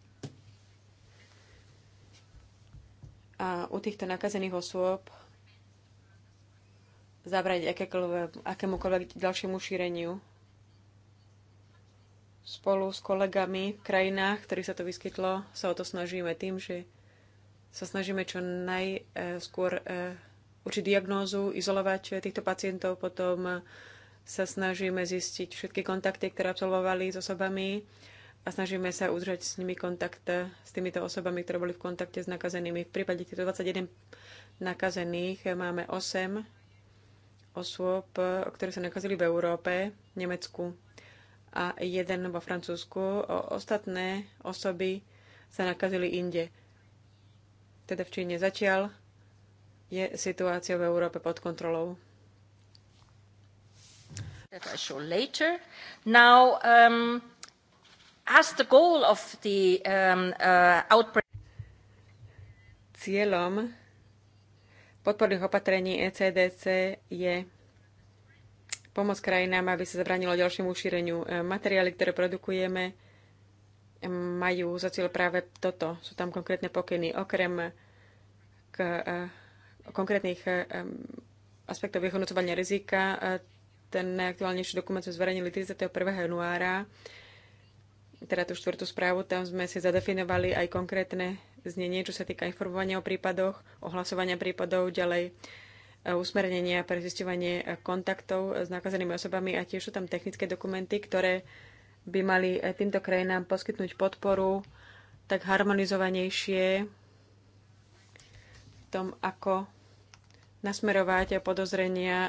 A u týchto nakazených osôb zabrať akémukoľvek ďalšiemu šíreniu. Spolu s kolegami v krajinách, ktorých sa to vyskytlo, sa o to snažíme tým, že sa snažíme čo najskôr eh, určiť diagnózu, izolovať eh, týchto pacientov, potom eh, sa snažíme zistiť všetky kontakty, ktoré absolvovali s osobami a snažíme sa udržať s nimi kontakt s týmito osobami, ktoré boli v kontakte s nakazenými. V prípade týchto 21 nakazených máme 8 osôb, ktoré sa nakazili v Európe, v Nemecku a jeden vo Francúzsku. O ostatné osoby sa nakazili inde. Teda v Číne zatiaľ je situácia v Európe pod kontrolou that I show later. Now, um, as the goal of the um, uh, outbreak... Cieľom podporných opatrení ECDC je pomoc krajinám, aby sa zabránilo ďalšiemu šíreniu. E, materiály, ktoré produkujeme, majú za cieľ práve toto. Sú tam konkrétne pokyny. Okrem k, e, konkrétnych e, aspektov vyhodnocovania rizika, ten najaktuálnejší dokument sme zverejnili 31. januára, teda tú štvrtú správu, tam sme si zadefinovali aj konkrétne znenie, čo sa týka informovania o prípadoch, ohlasovania prípadov, ďalej e, usmernenia pre zistovanie kontaktov s nakazenými osobami a tiež sú tam technické dokumenty, ktoré by mali e, týmto krajinám poskytnúť podporu tak harmonizovanejšie v tom, ako nasmerovať podozrenia,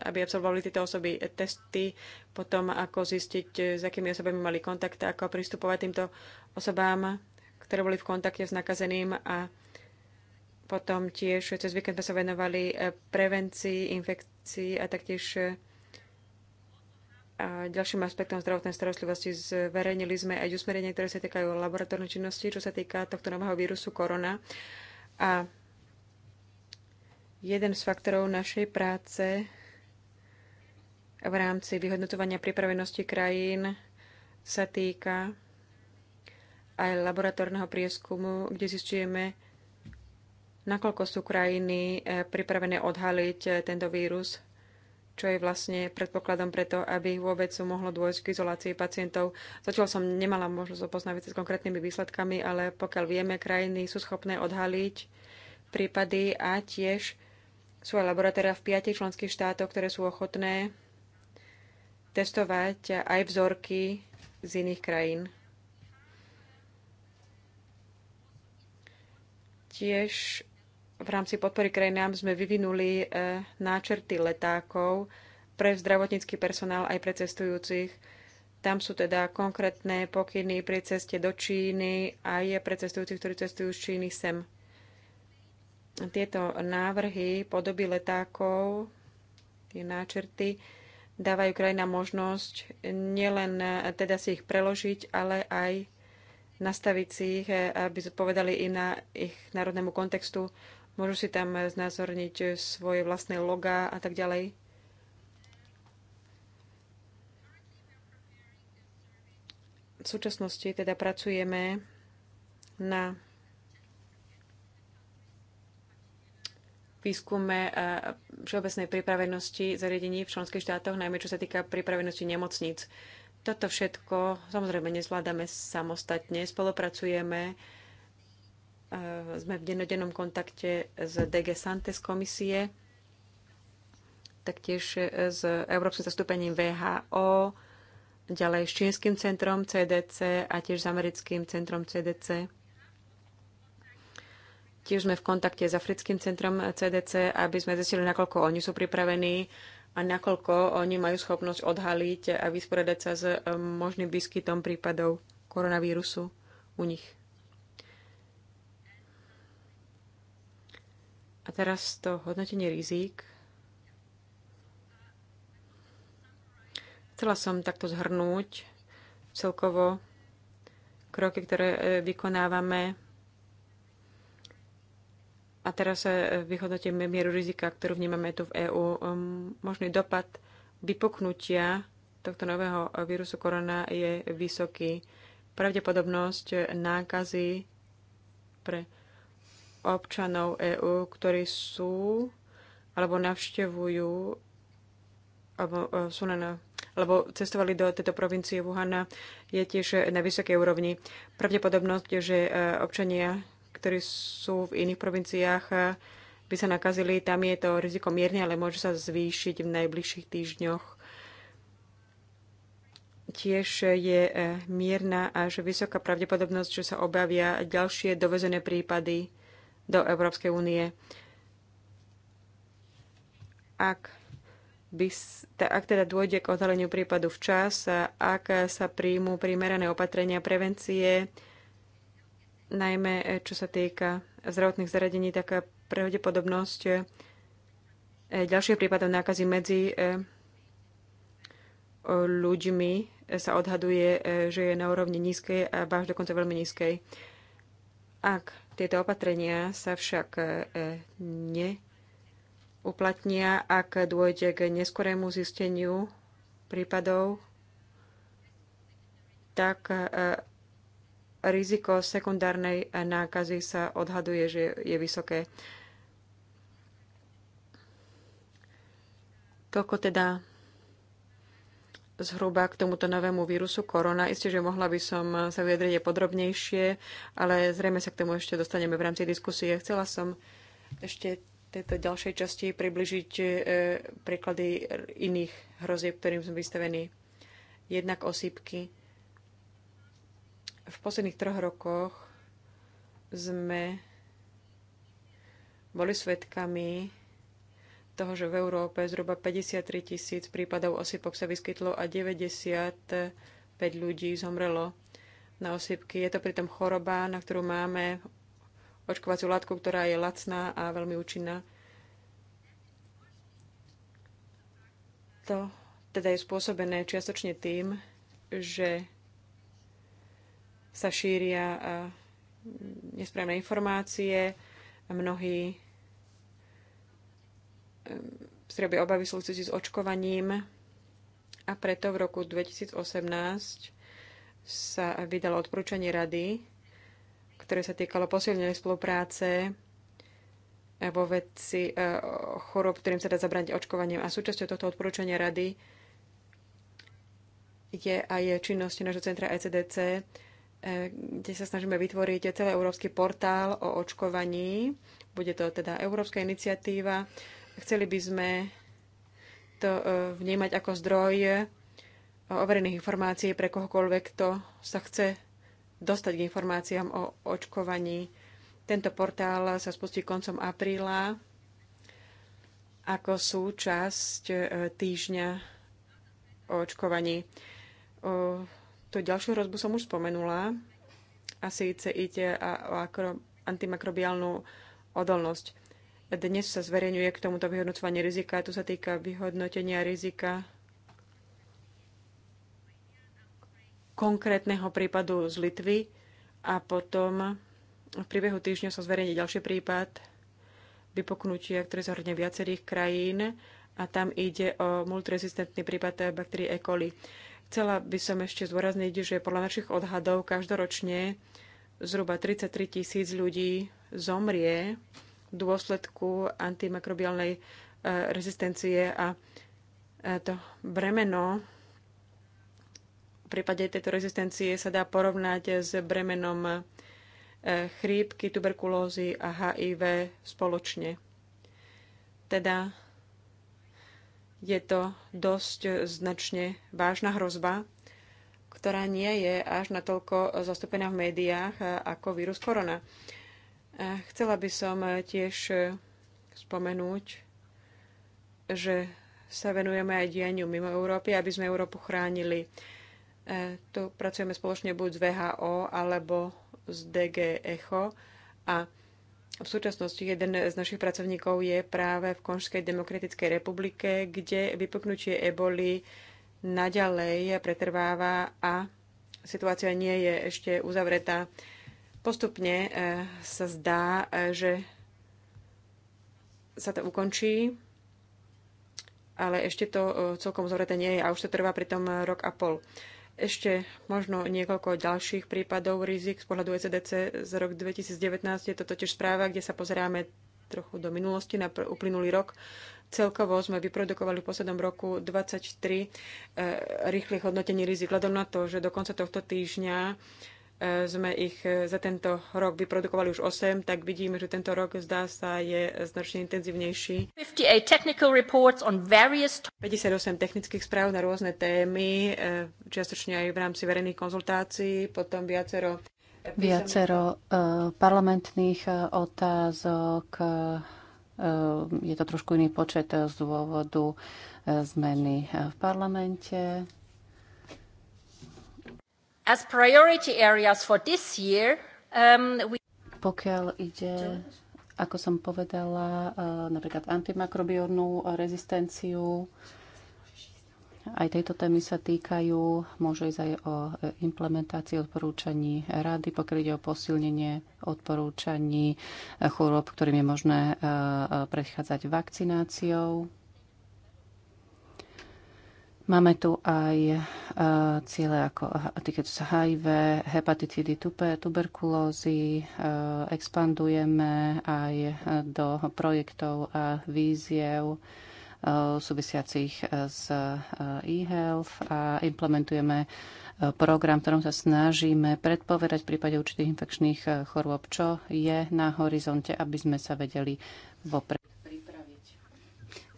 aby absolvovali tieto osoby testy, potom ako zistiť, s akými osobami mali kontakt, ako pristupovať týmto osobám, ktoré boli v kontakte s nakazeným a potom tiež cez víkend sme sa venovali e, prevencii, infekcii a taktiež e, a ďalším aspektom zdravotnej starostlivosti zverejnili sme aj usmerenie, ktoré sa týkajú laboratórnej činnosti, čo sa týka tohto nového vírusu korona. A Jeden z faktorov našej práce v rámci vyhodnotovania pripravenosti krajín sa týka aj laboratórneho prieskumu, kde zistujeme, nakoľko sú krajiny eh, pripravené odhaliť eh, tento vírus, čo je vlastne predpokladom preto, aby vôbec mohlo dôjsť k izolácii pacientov. Zatiaľ som nemala možnosť opoznať sa s konkrétnymi výsledkami, ale pokiaľ vieme, krajiny sú schopné odhaliť prípady a tiež sú aj laboratória v piatich členských štátoch, ktoré sú ochotné testovať aj vzorky z iných krajín. Tiež v rámci podpory krajinám sme vyvinuli e, náčrty letákov pre zdravotnícky personál aj pre cestujúcich. Tam sú teda konkrétne pokyny pri ceste do Číny a je pre cestujúcich, ktorí cestujú z Číny sem. Tieto návrhy podoby letákov, tie náčrty, dávajú krajina možnosť nielen eh, teda si ich preložiť, ale aj nastaviť si ich, eh, aby zodpovedali i na ich národnému kontextu. Môžu si tam eh, znázorniť svoje vlastné logá a tak ďalej. V súčasnosti teda pracujeme na výskume eh, všeobecnej pripravenosti zariadení v členských štátoch, najmä čo sa týka pripravenosti nemocníc. Toto všetko samozrejme nezvládame samostatne, spolupracujeme, eh, sme v dennodennom kontakte s DG Santes komisie, taktiež eh, s Európskym zastúpením VHO, ďalej s Čínskym centrom CDC a tiež s Americkým centrom CDC Tiež sme v kontakte s Africkým centrom CDC, aby sme zistili, nakoľko oni sú pripravení a nakoľko oni majú schopnosť odhaliť a vysporiadať sa s e, možným výskytom prípadov koronavírusu u nich. A teraz to hodnotenie rizík. Chcela som takto zhrnúť celkovo kroky, ktoré e, vykonávame a teraz eh, vyhodnotíme mieru rizika, ktorú vnímame tu v EÚ. Ehm, možný dopad vypuknutia tohto nového eh, vírusu korona je vysoký. Pravdepodobnosť nákazy pre občanov EÚ, ktorí sú alebo navštevujú alebo eh, sú na alebo cestovali do tejto provincie Wuhana, je tiež na vysokej úrovni. Pravdepodobnosť, že občania ktorí sú v iných provinciách, e, by sa nakazili. Tam je to riziko mierne, ale môže sa zvýšiť v najbližších týždňoch. Tiež je e, mierna až vysoká pravdepodobnosť, že sa objavia ďalšie dovezené prípady do Európskej únie. Ak, by, ak teda dôjde k odhaleniu prípadu včas, ak sa príjmú primerané opatrenia prevencie, najmä e, čo sa týka zdravotných zariadení, taká e, pravdepodobnosť e, ďalších prípadov nákazy medzi ľuďmi sa odhaduje, že je na úrovni nízkej a až dokonca veľmi nízkej. Ak tieto opatrenia sa však neuplatnia, ak dôjde k neskorému zisteniu prípadov, tak riziko sekundárnej nákazy sa odhaduje, že je vysoké. Toľko teda zhruba k tomuto novému vírusu korona. Isté, že mohla by som sa vyjadriť podrobnejšie, ale zrejme sa k tomu ešte dostaneme v rámci diskusie. Chcela som ešte tejto ďalšej časti približiť e, príklady iných hrozieb, ktorým sme vystavení. Jednak osýpky, v posledných troch rokoch sme boli svedkami toho, že v Európe zhruba 53 tisíc prípadov osypok sa vyskytlo a 95 ľudí zomrelo na osypky. Je to pritom choroba, na ktorú máme očkovaciu látku, ktorá je lacná a veľmi účinná. To teda je spôsobené čiastočne tým, že sa šíria nesprávne informácie a mnohí si robia obavy súvisiaci s očkovaním a preto v roku 2018 sa vydalo odporúčanie rady, ktoré sa týkalo posilnenej spolupráce e, vo veci e, chorob, ktorým sa dá zabrať očkovaním. A súčasťou tohto odporúčania rady je aj činnosť nášho centra ECDC, E, kde sa snažíme vytvoriť celý európsky portál o očkovaní. Bude to teda európska iniciatíva. Chceli by sme to e, vnímať ako zdroj e, overených informácií pre kohokoľvek, kto sa chce dostať k informáciám o očkovaní. Tento portál sa spustí koncom apríla ako súčasť týždňa o očkovaní to ďalšiu hrozbu som už spomenula, a síce ide o antimakrobiálnu odolnosť. Dnes sa zverejňuje k tomuto vyhodnocovanie rizika. Tu sa týka vyhodnotenia rizika konkrétneho prípadu z Litvy a potom v priebehu týždňa sa zverejní ďalší prípad vypoknutia, ktoré zahrňa viacerých krajín a tam ide o multirezistentný prípad baktérie E. coli. Chcela by som ešte zdôrazniť, že podľa našich odhadov každoročne zhruba 33 tisíc ľudí zomrie v dôsledku antimakrobiálnej e, rezistencie a e, to bremeno v prípade tejto rezistencie sa dá porovnať s bremenom e, chrípky, tuberkulózy a HIV spoločne. Teda je to dosť značne vážna hrozba, ktorá nie je až natoľko zastúpená v médiách eh, ako vírus korona. Eh, chcela by som tiež spomenúť, že sa venujeme aj dianiu mimo Európy, aby sme Európu chránili. Eh, tu pracujeme spoločne buď s VHO alebo s DG ECHO a v súčasnosti jeden z našich pracovníkov je práve v Konžskej demokratickej republike, kde vypuknutie eboli naďalej pretrváva a situácia nie je ešte uzavretá. Postupne eh, sa zdá, eh, že sa to ukončí, ale ešte to eh, celkom uzavreté nie je a už to trvá pritom rok a pol. Ešte možno niekoľko ďalších prípadov rizik z pohľadu ECDC z rok 2019. Je to totiž správa, kde sa pozeráme trochu do minulosti, na uplynulý rok. Celkovo sme vyprodukovali v poslednom roku 23 eh, rýchlych hodnotení rizik. Hľadom na to, že do konca tohto týždňa E, sme ich e, za tento rok vyprodukovali už 8, tak vidíme, že tento rok zdá sa je značne intenzívnejší. 58 technických správ na rôzne témy, e, čiastočne aj v rámci verejných konzultácií, potom viacero viacero parlamentných otázok. Je to trošku iný počet z dôvodu zmeny v parlamente. As priority areas for this year, um, we... Pokiaľ ide, ako som povedala, uh, napríklad antimakrobiornú rezistenciu, aj tejto témy sa týkajú, môže ísť aj o e, implementácii odporúčaní rady, pokiaľ ide o posilnenie odporúčaní e, chorôb, ktorým je možné e, predchádzať vakcináciou. Máme tu aj e, ciele ako týkajú sa HIV, hepatitidy, tuberkulózy. E, expandujeme aj e, do projektov a víziev súvisiacich s e-health a implementujeme program, ktorom sa snažíme predpovedať v prípade určitých infekčných chorôb, čo je na horizonte, aby sme sa vedeli vopred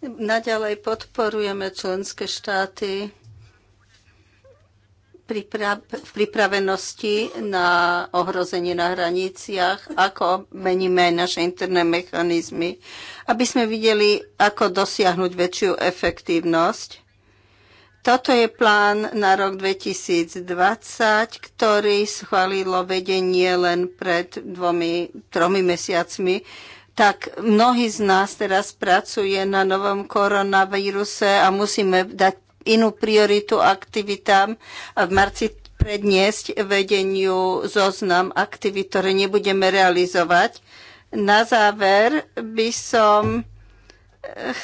Naďalej podporujeme členské štáty v pripravenosti na ohrozenie na hraniciach, ako meníme aj naše interné mechanizmy, aby sme videli, ako dosiahnuť väčšiu efektívnosť. Toto je plán na rok 2020, ktorý schválilo vedenie len pred dvomi, tromi mesiacmi tak mnohí z nás teraz pracuje na novom koronavíruse a musíme dať inú prioritu aktivitám a v marci predniesť vedeniu zoznam aktivít, ktoré nebudeme realizovať. Na záver by som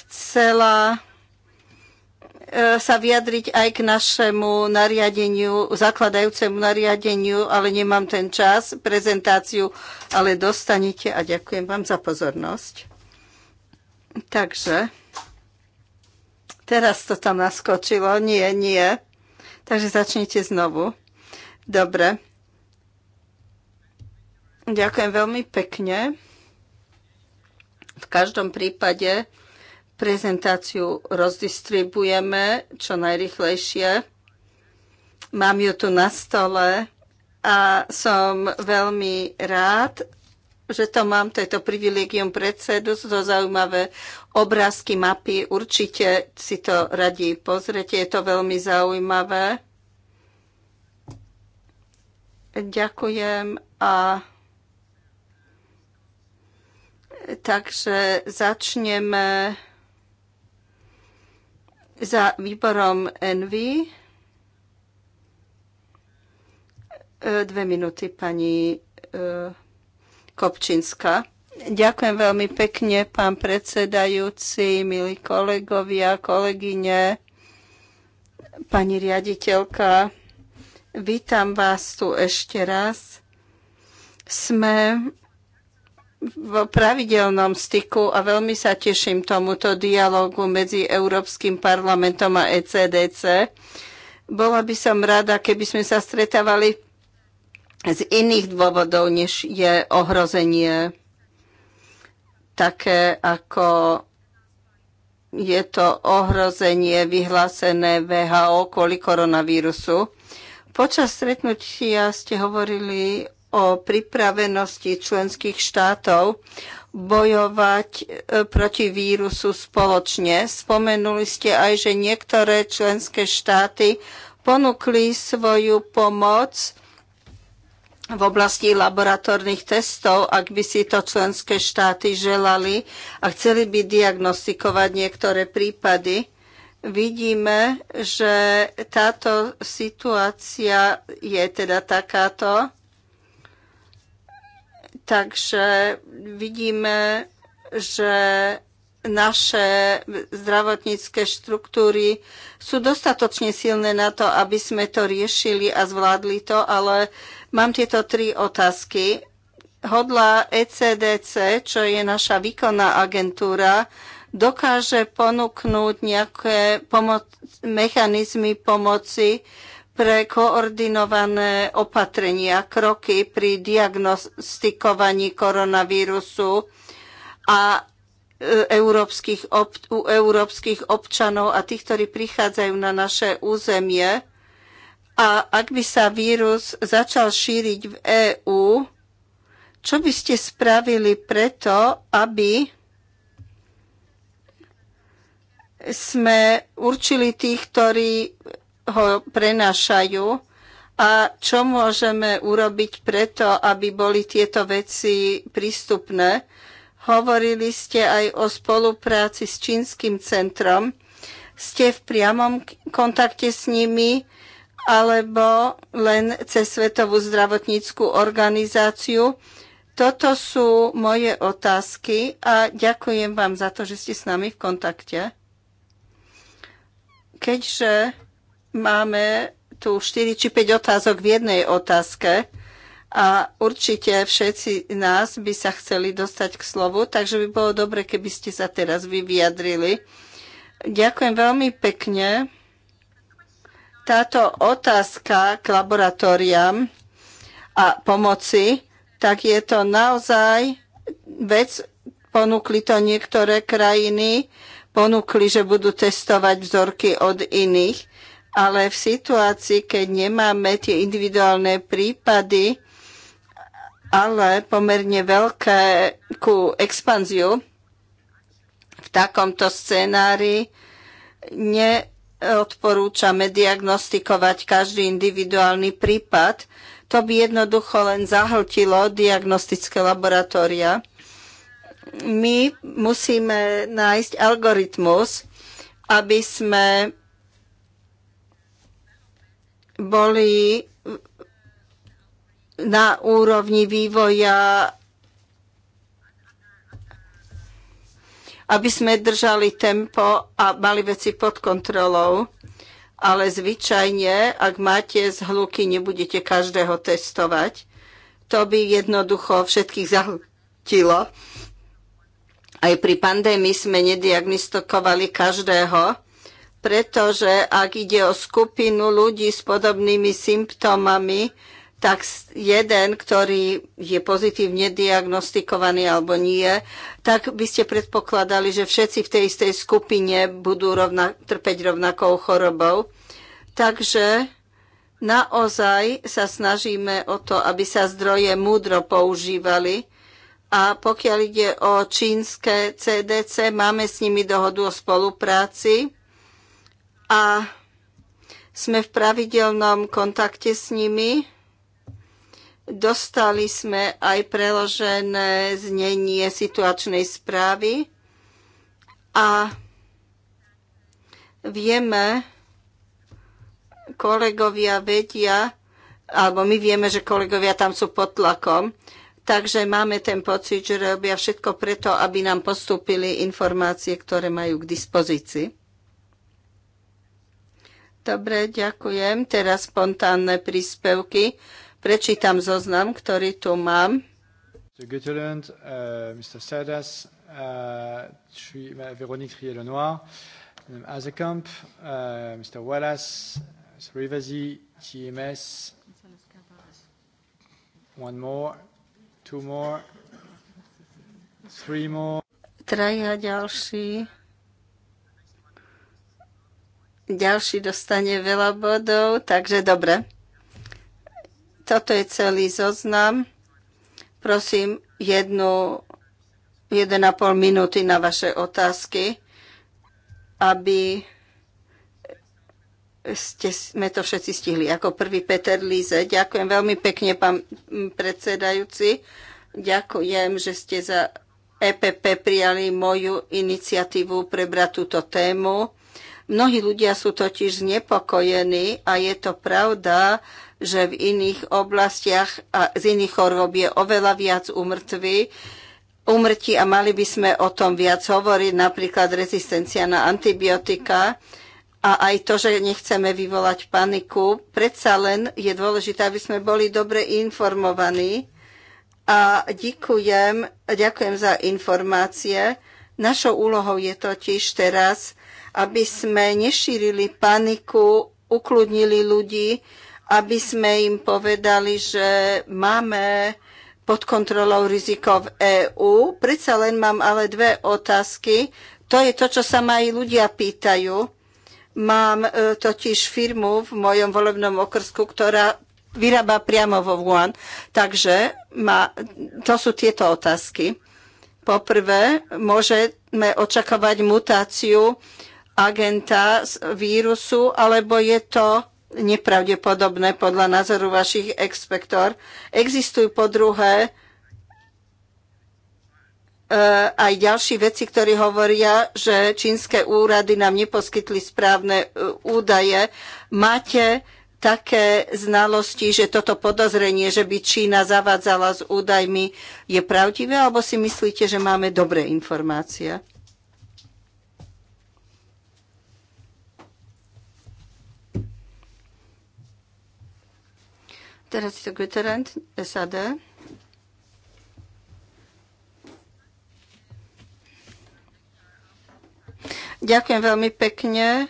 chcela E, sa vyjadriť aj k našemu nariadeniu, zakladajúcemu nariadeniu, ale nemám ten čas, prezentáciu, ale dostanete a ďakujem vám za pozornosť. Takže, teraz to tam naskočilo, nie, nie. Takže začnite znovu. Dobre. Ďakujem veľmi pekne. V každom prípade Prezentáciu rozdistribujeme čo najrychlejšie. Mám ju tu na stole a som veľmi rád, že to mám, tejto privilegium predsedu, sú to zaujímavé obrázky, mapy, určite si to radi pozrete, je to veľmi zaujímavé. Ďakujem a takže začneme za výborom Envy. Dve minúty pani e, Kopčinská. Ďakujem veľmi pekne, pán predsedajúci, milí kolegovia, kolegyne, pani riaditeľka. Vítam vás tu ešte raz. Sme v pravidelnom styku a veľmi sa teším tomuto dialogu medzi Európskym parlamentom a ECDC. Bola by som rada, keby sme sa stretávali z iných dôvodov, než je ohrozenie také, ako je to ohrozenie vyhlásené VHO kvôli koronavírusu. Počas stretnutia ste hovorili o pripravenosti členských štátov bojovať e, proti vírusu spoločne. Spomenuli ste aj, že niektoré členské štáty ponúkli svoju pomoc v oblasti laboratórnych testov, ak by si to členské štáty želali a chceli by diagnostikovať niektoré prípady. Vidíme, že táto situácia je teda takáto Takže vidíme, že naše zdravotnícke štruktúry sú dostatočne silné na to, aby sme to riešili a zvládli to, ale mám tieto tri otázky. Hodla ECDC, čo je naša výkonná agentúra, dokáže ponúknúť nejaké pomoc, mechanizmy pomoci pre koordinované opatrenia, kroky pri diagnostikovaní koronavírusu a e, európskych u európskych občanov a tých, ktorí prichádzajú na naše územie. A ak by sa vírus začal šíriť v EÚ, čo by ste spravili preto, aby sme určili tých, ktorí ho prenášajú a čo môžeme urobiť preto, aby boli tieto veci prístupné. Hovorili ste aj o spolupráci s Čínskym centrom. Ste v priamom kontakte s nimi alebo len cez Svetovú zdravotníckú organizáciu. Toto sú moje otázky a ďakujem vám za to, že ste s nami v kontakte. Keďže Máme tu 4 či 5 otázok v jednej otázke a určite všetci nás by sa chceli dostať k slovu, takže by bolo dobre, keby ste sa teraz vy vyjadrili. Ďakujem veľmi pekne. Táto otázka k laboratóriám a pomoci, tak je to naozaj vec, ponúkli to niektoré krajiny, ponúkli, že budú testovať vzorky od iných ale v situácii, keď nemáme tie individuálne prípady, ale pomerne ku expanziu, v takomto scenári neodporúčame diagnostikovať každý individuálny prípad. To by jednoducho len zahltilo diagnostické laboratória. My musíme nájsť algoritmus, aby sme boli na úrovni vývoja, aby sme držali tempo a mali veci pod kontrolou. Ale zvyčajne, ak máte zhluky, nebudete každého testovať. To by jednoducho všetkých zahltilo. Aj pri pandémii sme nediagnostikovali každého pretože ak ide o skupinu ľudí s podobnými symptómami, tak jeden, ktorý je pozitívne diagnostikovaný alebo nie, tak by ste predpokladali, že všetci v tej istej skupine budú rovna, trpeť rovnakou chorobou. Takže naozaj sa snažíme o to, aby sa zdroje múdro používali. A pokiaľ ide o čínske CDC, máme s nimi dohodu o spolupráci a sme v pravidelnom kontakte s nimi. Dostali sme aj preložené znenie situačnej správy a vieme, kolegovia vedia, alebo my vieme, že kolegovia tam sú pod tlakom, takže máme ten pocit, že robia všetko preto, aby nám postúpili informácie, ktoré majú k dispozícii. Dobre, ďakujem. Teraz spontánne príspevky. Prečítam zoznam, ktorý tu mám. uh, Mr. Sadas, uh, lenoir Madame Azekamp, uh, Mr. Wallace, Mr. Rivasi, TMS, one more, two more, three more. Traja ďalší. Ďalší dostane veľa bodov, takže dobre. Toto je celý zoznam. Prosím, jednu, 1,5 minúty na vaše otázky, aby ste, sme to všetci stihli. Ako prvý Peter Líze. Ďakujem veľmi pekne, pán predsedajúci. Ďakujem, že ste za EPP prijali moju iniciatívu prebrať túto tému. Mnohí ľudia sú totiž znepokojení a je to pravda, že v iných oblastiach a z iných chorôb je oveľa viac umrtví, umrtí a mali by sme o tom viac hovoriť, napríklad rezistencia na antibiotika a aj to, že nechceme vyvolať paniku. Predsa len je dôležité, aby sme boli dobre informovaní a ďakujem, ďakujem za informácie. Našou úlohou je totiž teraz aby sme nešírili paniku, ukludnili ľudí, aby sme im povedali, že máme pod kontrolou riziko v EÚ. Predsa len mám ale dve otázky. To je to, čo sa ma aj ľudia pýtajú. Mám e, totiž firmu v mojom volebnom okrsku, ktorá vyrába priamo vo Wuhan. Takže ma, to sú tieto otázky. Poprvé, môžeme očakávať mutáciu agenta z vírusu, alebo je to nepravdepodobné podľa názoru vašich expektor. Existujú po druhé e, aj ďalší veci, ktorí hovoria, že čínske úrady nám neposkytli správne e, údaje. Máte také znalosti, že toto podozrenie, že by Čína zavádzala s údajmi, je pravdivé, alebo si myslíte, že máme dobré informácie? Teraz je to Gutterend, SAD. Ďakujem veľmi pekne,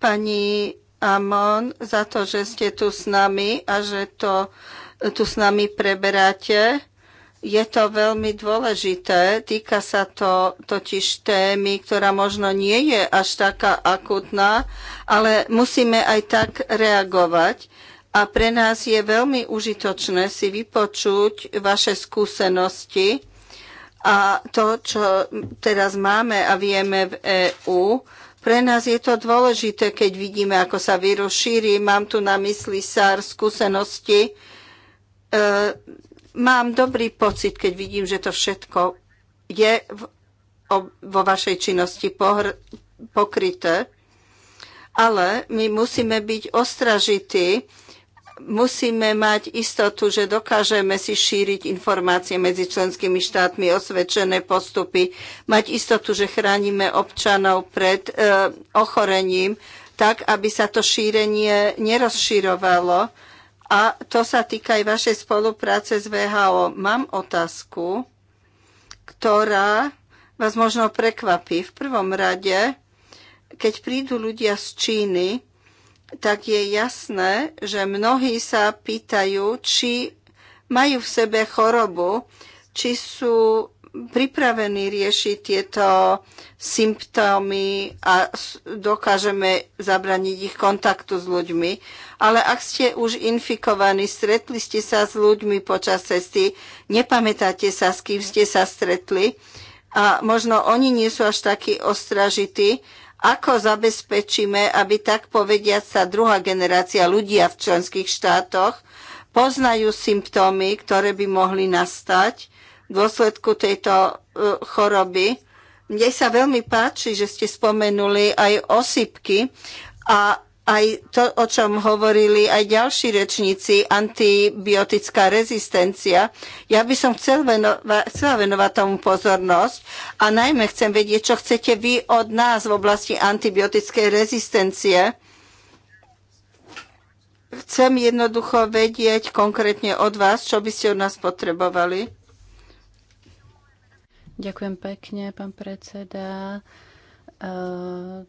pani Amon, za to, že ste tu s nami a že to tu s nami preberáte. Je to veľmi dôležité, týka sa to totiž témy, ktorá možno nie je až taká akutná, ale musíme aj tak reagovať a pre nás je veľmi užitočné si vypočuť vaše skúsenosti a to, čo teraz máme a vieme v EÚ. Pre nás je to dôležité, keď vidíme, ako sa vírus šíri. Mám tu na mysli SAR skúsenosti. E, mám dobrý pocit, keď vidím, že to všetko je v, o, vo vašej činnosti pohr, pokryté. Ale my musíme byť ostražití, musíme mať istotu, že dokážeme si šíriť informácie medzi členskými štátmi, osvedčené postupy, mať istotu, že chránime občanov pred e, ochorením, tak aby sa to šírenie nerozširovalo. A to sa týka aj vašej spolupráce s VHO. Mám otázku, ktorá vás možno prekvapí. V prvom rade, keď prídu ľudia z Číny, tak je jasné, že mnohí sa pýtajú, či majú v sebe chorobu, či sú pripravení riešiť tieto symptómy a dokážeme zabraniť ich kontaktu s ľuďmi. Ale ak ste už infikovaní, stretli ste sa s ľuďmi počas cesty, nepamätáte sa, s kým ste sa stretli a možno oni nie sú až takí ostražití, ako zabezpečíme, aby tak povediať sa druhá generácia ľudia v členských štátoch poznajú symptómy, ktoré by mohli nastať v dôsledku tejto e, choroby? Mne sa veľmi páči, že ste spomenuli aj osypky a aj to, o čom hovorili aj ďalší rečníci, antibiotická rezistencia. Ja by som chcel venova, chcela venovať tomu pozornosť a najmä chcem vedieť, čo chcete vy od nás v oblasti antibiotickej rezistencie. Chcem jednoducho vedieť konkrétne od vás, čo by ste od nás potrebovali. Ďakujem pekne, pán predseda. E,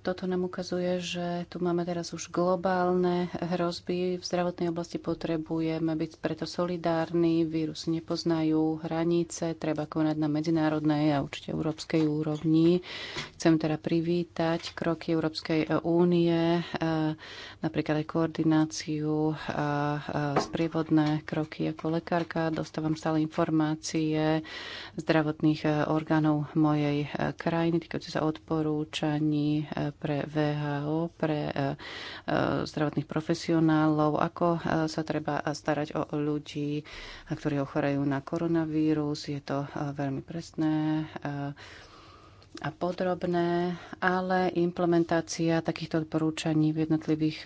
toto nám ukazuje, že tu máme teraz už globálne hrozby. V zdravotnej oblasti potrebujeme byť preto solidárni. Vírus nepoznajú hranice, treba konať na medzinárodnej a určite európskej úrovni. Chcem teda privítať kroky Európskej únie, e, napríklad aj koordináciu a e, sprievodné kroky ako lekárka. Dostávam stále informácie zdravotných orgánov mojej krajiny týkajúce sa odporúča odporúčaní eh, pre VHO, pre eh, eh, zdravotných profesionálov, ako sa treba starať o ľudí, ktorí ochorajú na koronavírus. Je to veľmi presné a podrobné, ale implementácia takýchto odporúčaní v jednotlivých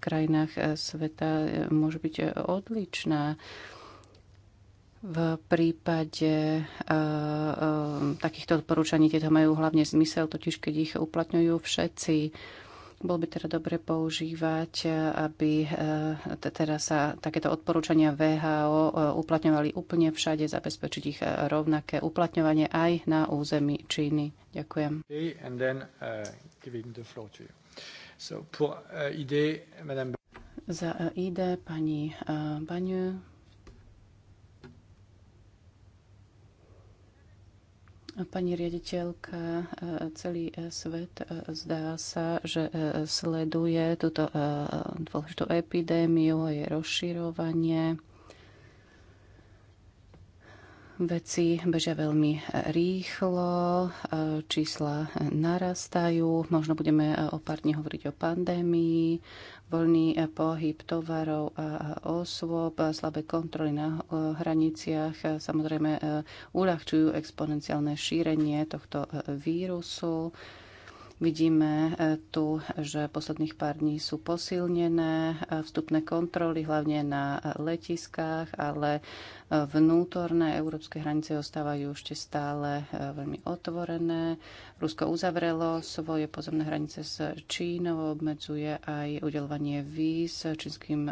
krajinách sveta môže byť odličná. V prípade e, e, takýchto odporúčaní tieto majú hlavne zmysel, totiž keď ich uplatňujú všetci. Bolo by teda dobre používať, eh, aby e, teda sa takéto odporúčania VHO uplatňovali úplne všade, zabezpečiť ich rovnaké uplatňovanie aj na území Číny. Ďakujem. and then, uh, So, pour, uh, madame... Za ID pani uh, Baňu. Pani riaditeľka, e, celý e, svet e, zdá sa, že sleduje túto dôležitú epidémiu, jej rozširovanie. Veci bežia veľmi rýchlo, čísla narastajú, možno budeme o pár dní hovoriť o pandémii, voľný eh, pohyb tovarov a osôb, slabé kontroly na eh, hraniciach eh, samozrejme uľahčujú exponenciálne šírenie tohto vírusu Vidíme e, tu, že posledných pár dní sú posilnené e, vstupné kontroly, hlavne na e, letiskách, ale vnútorné európske hranice ostávajú ešte stále veľmi otvorené. Rusko uzavrelo svoje pozemné hranice s Čínou, obmedzuje aj udelovanie víz čínskym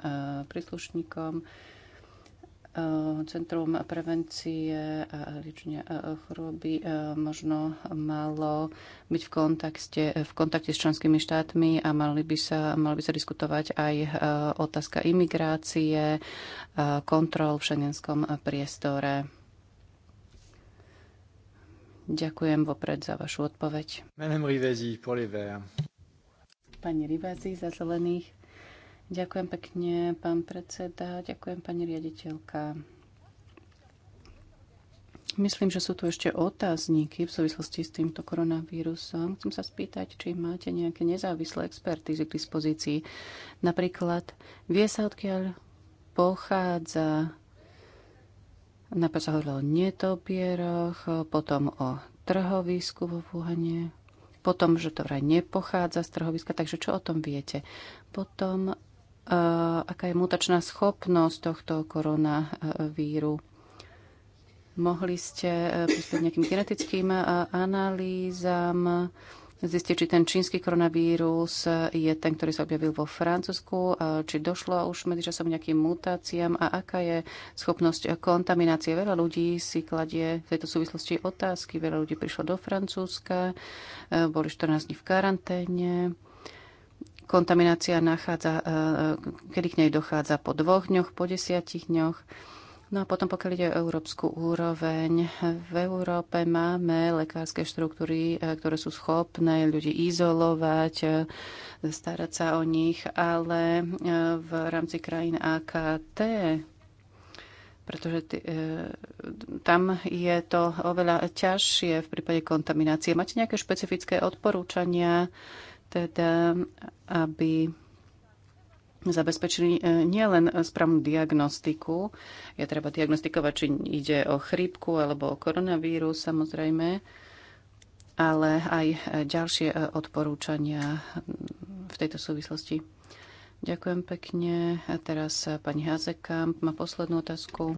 príslušníkom Eh, Centrum prevencie a liečenia eh, choroby eh, možno malo byť v, kontakte, v kontakte s členskými štátmi a mali by sa, mali by sa diskutovať aj otázka imigrácie, kontrol v šengenskom priestore. Ďakujem vopred za vašu odpoveď. Pani Rivezi za zelených. Ďakujem pekne, pán predseda, ďakujem pani riaditeľka. Myslím, že sú tu ešte otázníky v súvislosti s týmto koronavírusom. Chcem sa spýtať, či máte nejaké nezávislé expertízy k dispozícii. Napríklad, vie sa, odkiaľ pochádza Napríklad sa hovorilo o netopieroch, potom o trhovisku vo Wuhane, potom, že to vraj nepochádza z trhoviska, takže čo o tom viete? Potom aká je mutačná schopnosť tohto koronavíru. Mohli ste eh, prispieť nejakým genetickým eh, analýzam, zistiť, či ten čínsky koronavírus eh, je ten, ktorý sa objavil vo Francúzsku, či došlo už medzičasom nejakým mutáciám a aká je schopnosť kontaminácie. Veľa ľudí si kladie v tejto súvislosti otázky. Veľa ľudí prišlo do Francúzska, boli 14 dní v karanténe kontaminácia nachádza, e, kedy k nej dochádza po dvoch dňoch, po desiatich dňoch. No a potom, pokiaľ ide o európsku úroveň, v Európe máme lekárske štruktúry, e, ktoré sú schopné ľudí izolovať, e, starať sa o nich, ale v rámci krajín AKT pretože t- tam je to oveľa ťažšie v prípade kontaminácie. Máte nejaké špecifické odporúčania teda aby zabezpečili e, nielen správnu diagnostiku. Je treba diagnostikovať, či ide o chrípku alebo o koronavírus samozrejme, ale aj ďalšie e, odporúčania v tejto súvislosti. Ďakujem pekne. A teraz e, pani Hazeka má poslednú otázku.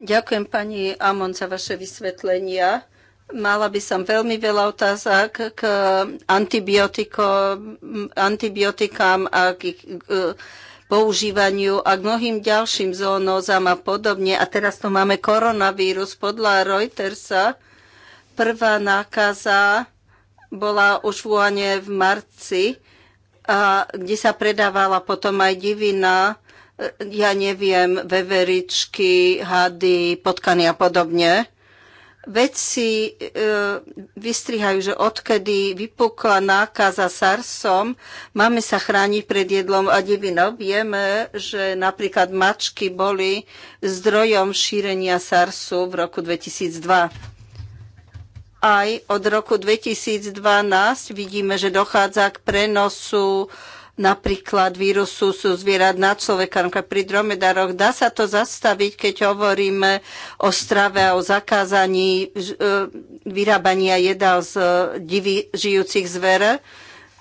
Ďakujem pani Amon za vaše vysvetlenia. Mala by som veľmi veľa otázok k antibiotikám a k používaniu a k mnohým ďalším zoonózam a podobne. A teraz tu máme koronavírus. Podľa Reutersa prvá nákaza bola už v Uane v marci, a kde sa predávala potom aj divina, e, ja neviem, veveričky, hady, potkany a podobne vedci e, vystrihajú, že odkedy vypukla nákaza SARSom, máme sa chrániť pred jedlom a divinou. Vieme, že napríklad mačky boli zdrojom šírenia SARSu v roku 2002. Aj od roku 2012 vidíme, že dochádza k prenosu e, napríklad vírusu sú zvierat na človeka, napríklad pri dromedároch. Dá sa to zastaviť, keď hovoríme o strave a o zakázaní e, vyrábania jedál z e, divy žijúcich zver.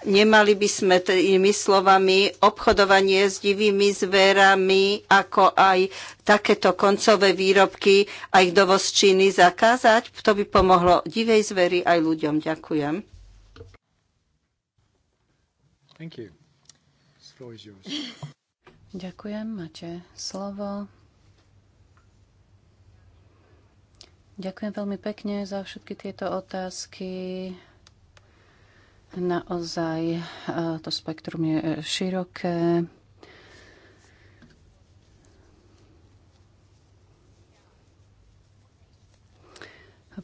Nemali by sme tými slovami obchodovanie s divými zverami, ako aj takéto koncové výrobky a ich dovoz Číny zakázať. To by pomohlo divej zveri aj ľuďom. Ďakujem. Thank you. Ďakujem, máte slovo. Ďakujem veľmi pekne za všetky tieto otázky. Naozaj e, to spektrum je široké.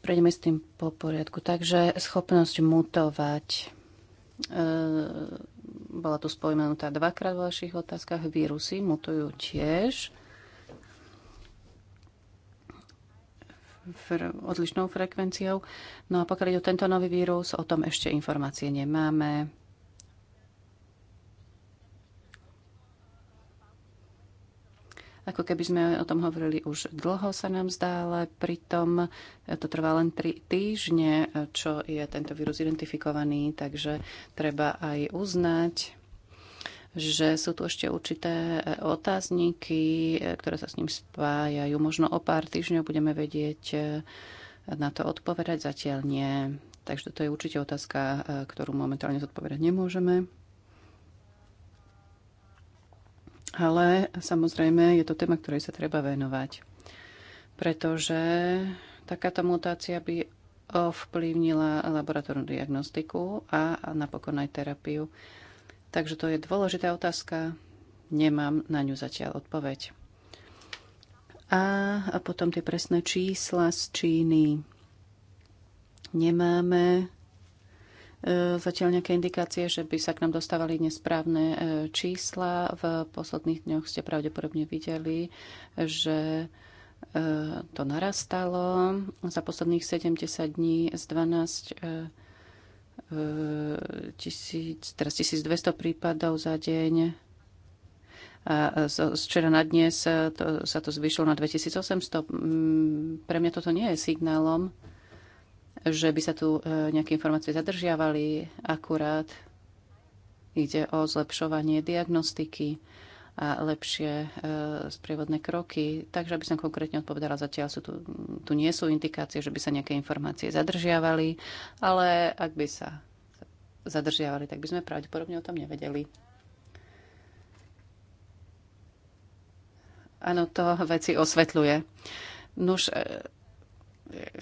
Prejdeme s tým po poriadku. Takže schopnosť mutovať e, bola tu spomenutá dvakrát v vašich otázkach. Vírusy mutujú tiež odlišnou frekvenciou. No a pokiaľ ide o tento nový vírus, o tom ešte informácie nemáme. ako keby sme o tom hovorili už dlho, sa nám zdá, ale pritom to trvá len tri týždne, čo je tento vírus identifikovaný, takže treba aj uznať, že sú tu ešte určité otázniky, ktoré sa s ním spájajú. Možno o pár týždňov budeme vedieť eh, na to odpovedať, zatiaľ nie. Takže to je určite otázka, eh, ktorú momentálne zodpovedať nemôžeme. Ale samozrejme je to téma, ktorej sa treba venovať. Pretože takáto mutácia by ovplyvnila laboratórnu diagnostiku a, napokon aj terapiu. Takže to je dôležitá otázka. Nemám na ňu zatiaľ odpoveď. A, a potom tie presné čísla z Číny. Nemáme E, zatiaľ nejaké indikácie, že by sa k nám dostávali nesprávne e, čísla. V posledných dňoch ste pravdepodobne videli, že e, to narastalo. Za posledných 70 dní z 12 tisíc, teraz 1200 prípadov za deň. A z včera na dnes to, sa to zvyšilo na 2800. Mm, pre mňa toto nie je signálom, že by sa tu e, nejaké informácie zadržiavali. Akurát ide o zlepšovanie diagnostiky a lepšie e, sprievodné kroky. Takže, aby som konkrétne odpovedala, zatiaľ sú tu, tu nie sú indikácie, že by sa nejaké informácie zadržiavali, ale ak by sa zadržiavali, tak by sme pravdepodobne o tom nevedeli. Áno, to veci osvetľuje. Nuž, e,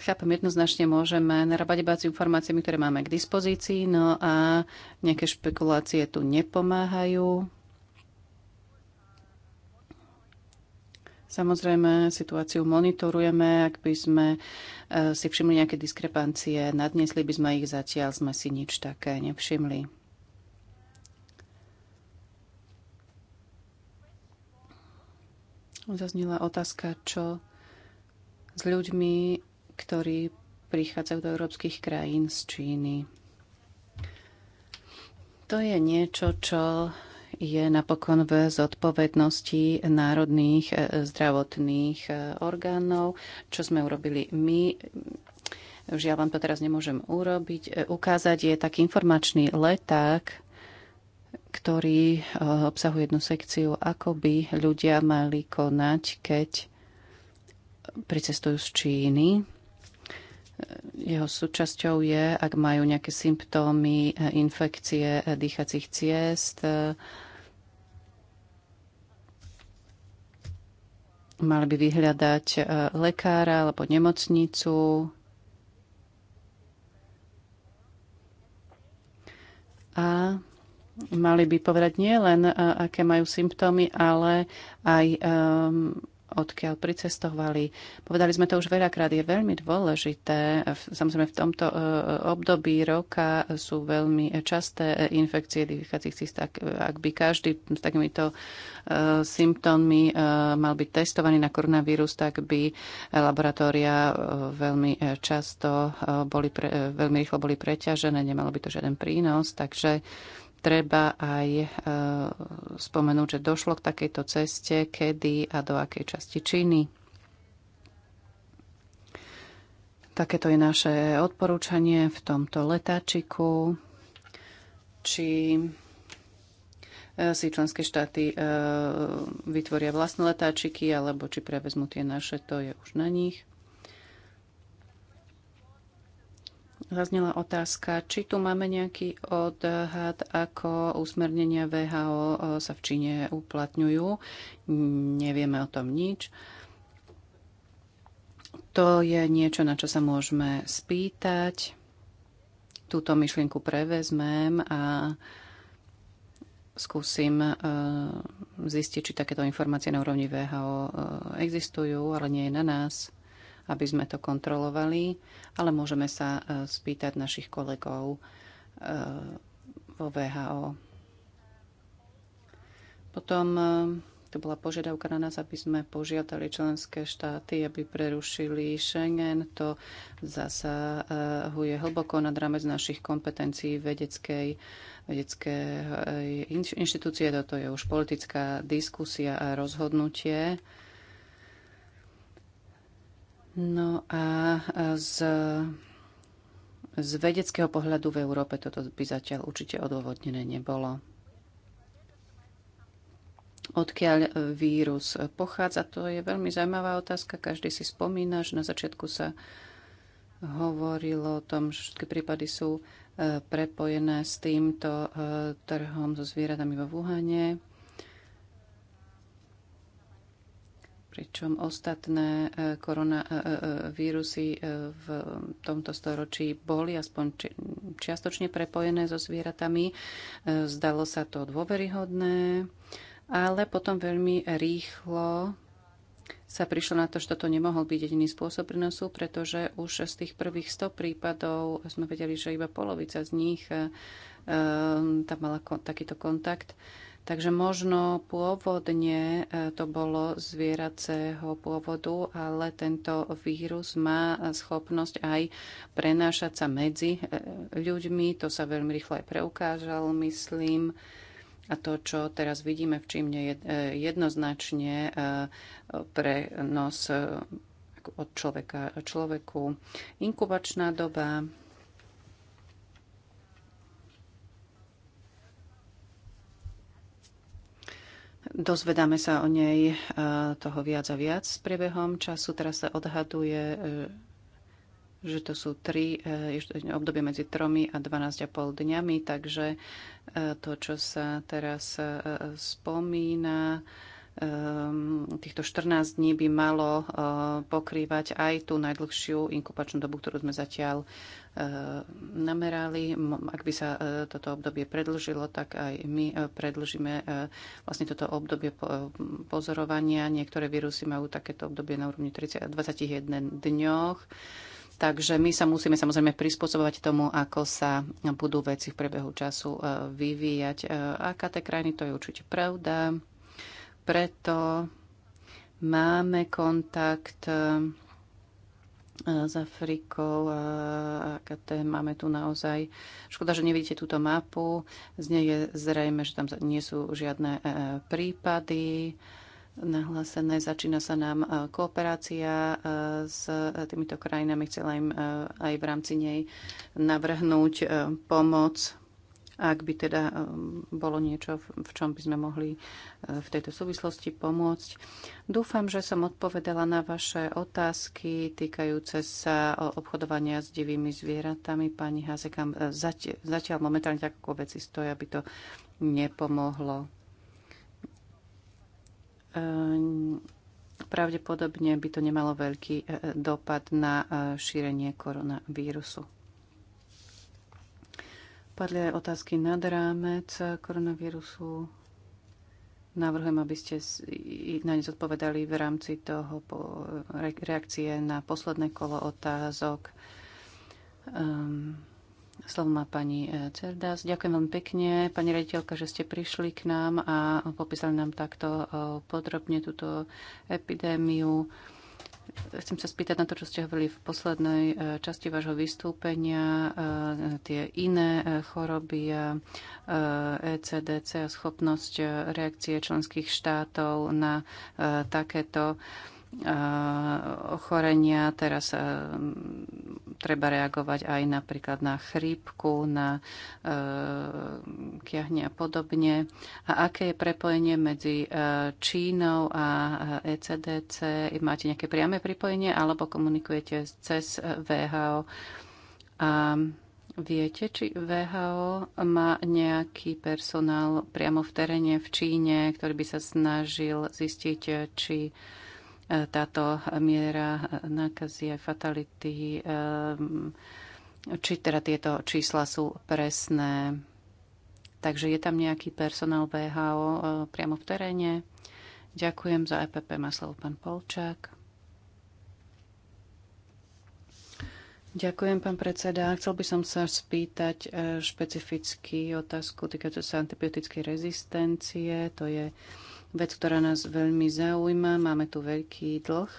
chápem jednoznačne, môžeme narábať iba s informáciami, ktoré máme k dispozícii, no a nejaké špekulácie tu nepomáhajú. Samozrejme, situáciu monitorujeme. Ak by sme e, si všimli nejaké diskrepancie, nadnesli by sme ich zatiaľ, sme si nič také nevšimli. Zaznila otázka, čo s ľuďmi, ktorí prichádzajú do európskych krajín z Číny. To je niečo, čo je napokon v zodpovednosti národných e, zdravotných e, orgánov, čo sme urobili my. Žiaľ vám to teraz nemôžem urobiť. E, ukázať je taký informačný leták, ktorý obsahuje jednu sekciu, ako by ľudia mali konať, keď pricestujú z Číny jeho súčasťou je, ak majú nejaké symptómy eh, infekcie eh, dýchacích ciest, eh, mali by vyhľadať lekára alebo nemocnicu. A mali by povedať nie len, aké majú symptómy, ale aj um, odkiaľ pricestovali. Povedali sme to už veľakrát, je veľmi dôležité. Samozrejme v tomto e, období roka sú veľmi časté infekcie dýchacích cist. Ak, ak by každý s takýmito e, symptómmi e, mal byť testovaný na koronavírus, tak by laboratória veľmi často boli pre, veľmi rýchlo boli preťažené, nemalo by to žiaden prínos. Takže treba aj e, spomenúť, že došlo k takejto ceste, kedy a do akej časti Číny. Takéto je naše odporúčanie v tomto letáčiku. Či e, si členské štáty e, vytvoria vlastné letáčiky, alebo či prevezmú tie naše, to je už na nich. zaznela otázka, či tu máme nejaký odhad, ako usmernenia VHO sa v Číne uplatňujú. Nevieme o tom nič. To je niečo, na čo sa môžeme spýtať. Túto myšlienku prevezmem a skúsim e, zistiť, či takéto informácie na úrovni VHO e, existujú, ale nie je na nás aby sme to kontrolovali, ale môžeme sa e, spýtať našich kolegov e, vo VHO. Potom e, to bola požiadavka na nás, aby sme požiadali členské štáty, aby prerušili Schengen. To zasahuje hlboko nad rámec našich kompetencií vedeckej, vedeckej inštitúcie. Toto je už politická diskusia a rozhodnutie. No a z, z vedeckého pohľadu v Európe toto by zatiaľ určite odôvodnené nebolo. Odkiaľ e, vírus pochádza, to je veľmi zaujímavá otázka. Každý si spomína, že na začiatku sa hovorilo o tom, že všetky prípady sú e, prepojené s týmto e, trhom so zvieratami vo Vuhane. pričom ostatné e, koronavírusy e, e, v tomto storočí boli aspoň čiastočne prepojené so zvieratami. Zdalo sa to dôveryhodné, ale potom veľmi rýchlo sa prišlo na to, že toto nemohol byť jediný spôsob prenosu, pretože už z tých prvých 100 prípadov sme vedeli, že iba polovica z nich tam mala takýto kontakt. Takže možno pôvodne e, to bolo zvieracého pôvodu, ale tento vírus má schopnosť aj prenášať sa medzi e, ľuďmi. To sa veľmi rýchlo aj preukážal, myslím. A to, čo teraz vidíme v Čímne, je e, jednoznačne prenos od človeka človeku. Inkubačná doba Dozvedáme sa o nej e, toho viac a viac s priebehom času. Teraz sa odhaduje, e, že to sú tri, e, obdobie medzi 3 a 12,5 dňami, takže to, čo sa teraz spomína, týchto 14 dní by malo pokrývať aj tú najdlhšiu inkubačnú dobu, ktorú sme zatiaľ Eh, namerali. Ak by sa eh, toto obdobie predlžilo, tak aj my eh, predlžíme vlastne toto obdobie pozorovania. Niektoré vírusy majú takéto obdobie na úrovni 30, 21 dňoch. Takže my sa musíme samozrejme prispôsobovať tomu, ako sa budú veci v priebehu času vyvíjať. Aká tie krajiny, to je určite pravda. Preto máme kontakt s Afrikou. AKT máme tu naozaj... Škoda, že nevidíte túto mapu. Z nej je zrejme, že tam nie sú žiadne e, e, prípady nahlásené. Začína sa nám e, kooperácia s týmito krajinami. Chcela im aj v rámci nej navrhnúť pomoc ak by teda um, bolo niečo, v čom by sme mohli uh, v tejto súvislosti pomôcť. Dúfam, že som odpovedala na vaše otázky týkajúce sa obchodovania s divými zvieratami. Pani Hazekam, uh, zatiaľ momentálne tak ako veci stojí, aby to nepomohlo ehm, pravdepodobne by to nemalo veľký e, e, dopad na e, šírenie koronavírusu. Padli aj otázky nad rámec koronavírusu. Navrhujem, aby ste na ne zodpovedali v rámci toho po reakcie na posledné kolo otázok. Um, slovo má pani e, Cerdas. Ďakujem veľmi pekne, pani rediteľka, že ste prišli k nám a popísali nám takto e, podrobne túto epidémiu. Chcem sa spýtať na to, čo ste hovorili v poslednej e, časti vášho vystúpenia, e, tie iné e, choroby, ECDC a schopnosť reakcie členských štátov na takéto ochorenia. Teraz treba reagovať aj napríklad na chrípku, na e, kiahne a podobne. A aké je prepojenie medzi e, Čínou a ECDC? Máte nejaké priame pripojenie alebo komunikujete cez e, VHO? A Viete, či VHO má nejaký personál priamo v teréne v Číne, ktorý by sa snažil zistiť, či táto miera nákazy a fatality, či teda tieto čísla sú presné. Takže je tam nejaký personál VHO e, priamo v teréne. Ďakujem za EPP, má slovo pán Polčák. Ďakujem, pán predseda. Chcel by som sa spýtať e, špecificky otázku týkajúcu sa antibiotickej rezistencie. To je vec, ktorá nás veľmi zaujíma. Máme tu veľký dlh.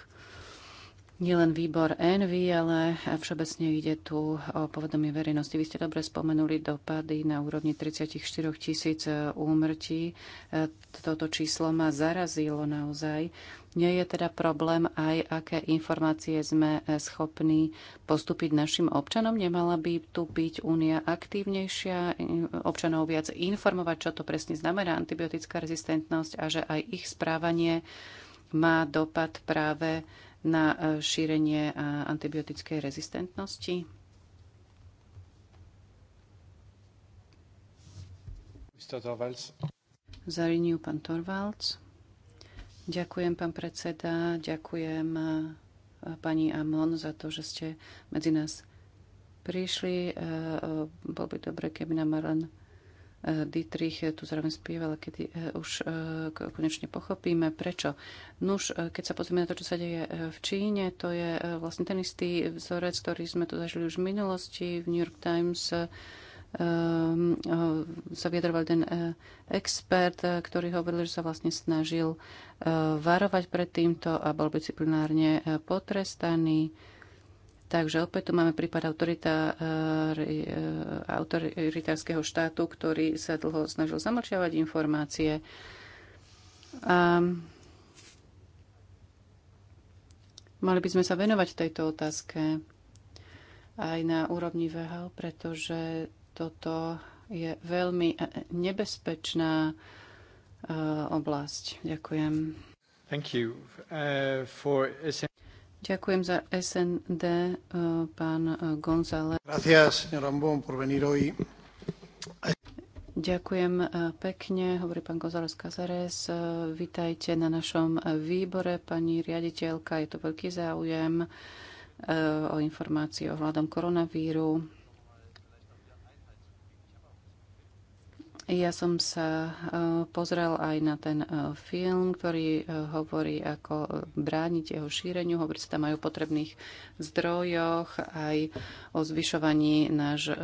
Nielen výbor Envy, ale všeobecne ide tu o povedomie verejnosti. Vy ste dobre spomenuli dopady na úrovni 34 tisíc úmrtí. E, Toto číslo ma zarazilo naozaj. Nie je teda problém aj, aké informácie sme e, schopní postúpiť našim občanom? Nemala by tu byť únia aktívnejšia, občanov viac informovať, čo to presne znamená antibiotická rezistentnosť a že aj ich správanie má dopad práve na e, šírenie e, antibiotickej rezistentnosti? Zariniu pán Torvalds. Ďakujem, pán predseda. Ďakujem e, pani Amon za to, že ste medzi nás prišli. E, e, bolo by dobre, keby nám len Dietrich tu zároveň spievala, kedy už konečne pochopíme, prečo. Nuž, keď sa pozrieme na to, čo sa deje v Číne, to je vlastne ten istý vzorec, ktorý sme tu zažili už v minulosti. V New York Times Ehm, eh, sa vyjadroval ten eh, expert, eh, ktorý hovoril, že sa vlastne snažil varovať pred týmto a bol disciplinárne potrestaný. Takže opäť tu máme prípad autoritárskeho štátu, ktorý sa dlho snažil zamlčiavať informácie. A mali by sme sa venovať tejto otázke aj na úrovni VHL, pretože toto je veľmi e, e, nebezpečná e, oblasť. Ďakujem. Thank you. Uh, for SN... Ďakujem za SND, uh, pán González. Gracias, Rambón, por venir hoy. Ďakujem pekne, hovorí pán González Cazares. Vítajte na našom výbore, pani riaditeľka. Je to veľký záujem o informácie ohľadom koronavíru. Ja som sa e, pozrel aj na ten e, film, ktorý e, hovorí, ako brániť jeho šíreniu. Hovorí sa tam aj o potrebných zdrojoch, aj o zvyšovaní naš,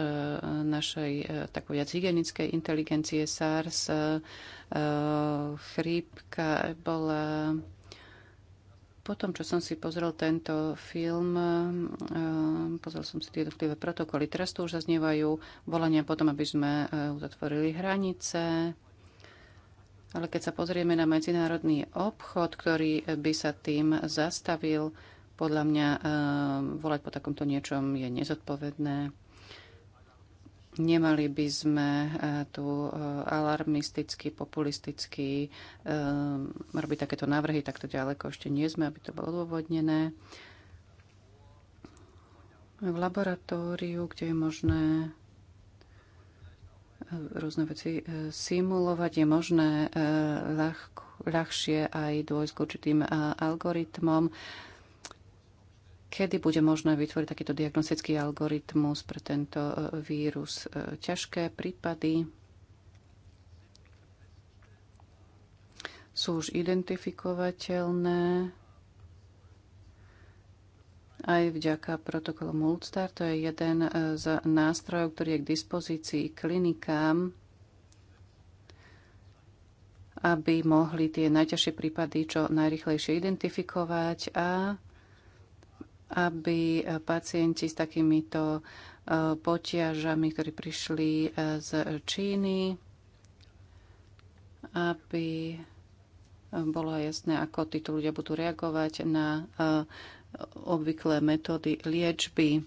našej takovej hygienickej inteligencie SARS, chrípka, ebola, potom, čo som si pozrel tento film, ehm, pozrel som si tie jednotlivé protokoly. Teraz to už zaznievajú volania potom, aby sme eh, uzatvorili hranice. Ale keď sa pozrieme na medzinárodný obchod, ktorý eh, by sa tým zastavil, podľa mňa ehm, volať po takomto niečom je nezodpovedné. Nemali by sme e, tu e, alarmisticky, populisticky e, robiť takéto návrhy, takto ďaleko ešte nie sme, aby to bolo odôvodnené. V laboratóriu, kde je možné rôzne veci simulovať, je možné ľahšie aj dôjsť k určitým algoritmom Kedy bude možné vytvoriť takýto diagnostický algoritmus pre tento e, vírus? E, ťažké prípady sú už identifikovateľné aj vďaka protokolu Multstar, To je jeden e, z nástrojov, ktorý je k dispozícii klinikám, aby mohli tie najťažšie prípady čo najrychlejšie identifikovať a aby e, pacienti s takýmito e, potiažami, ktorí prišli e, z Číny, aby bolo jasné, ako títo ľudia budú reagovať na obvyklé metódy liečby.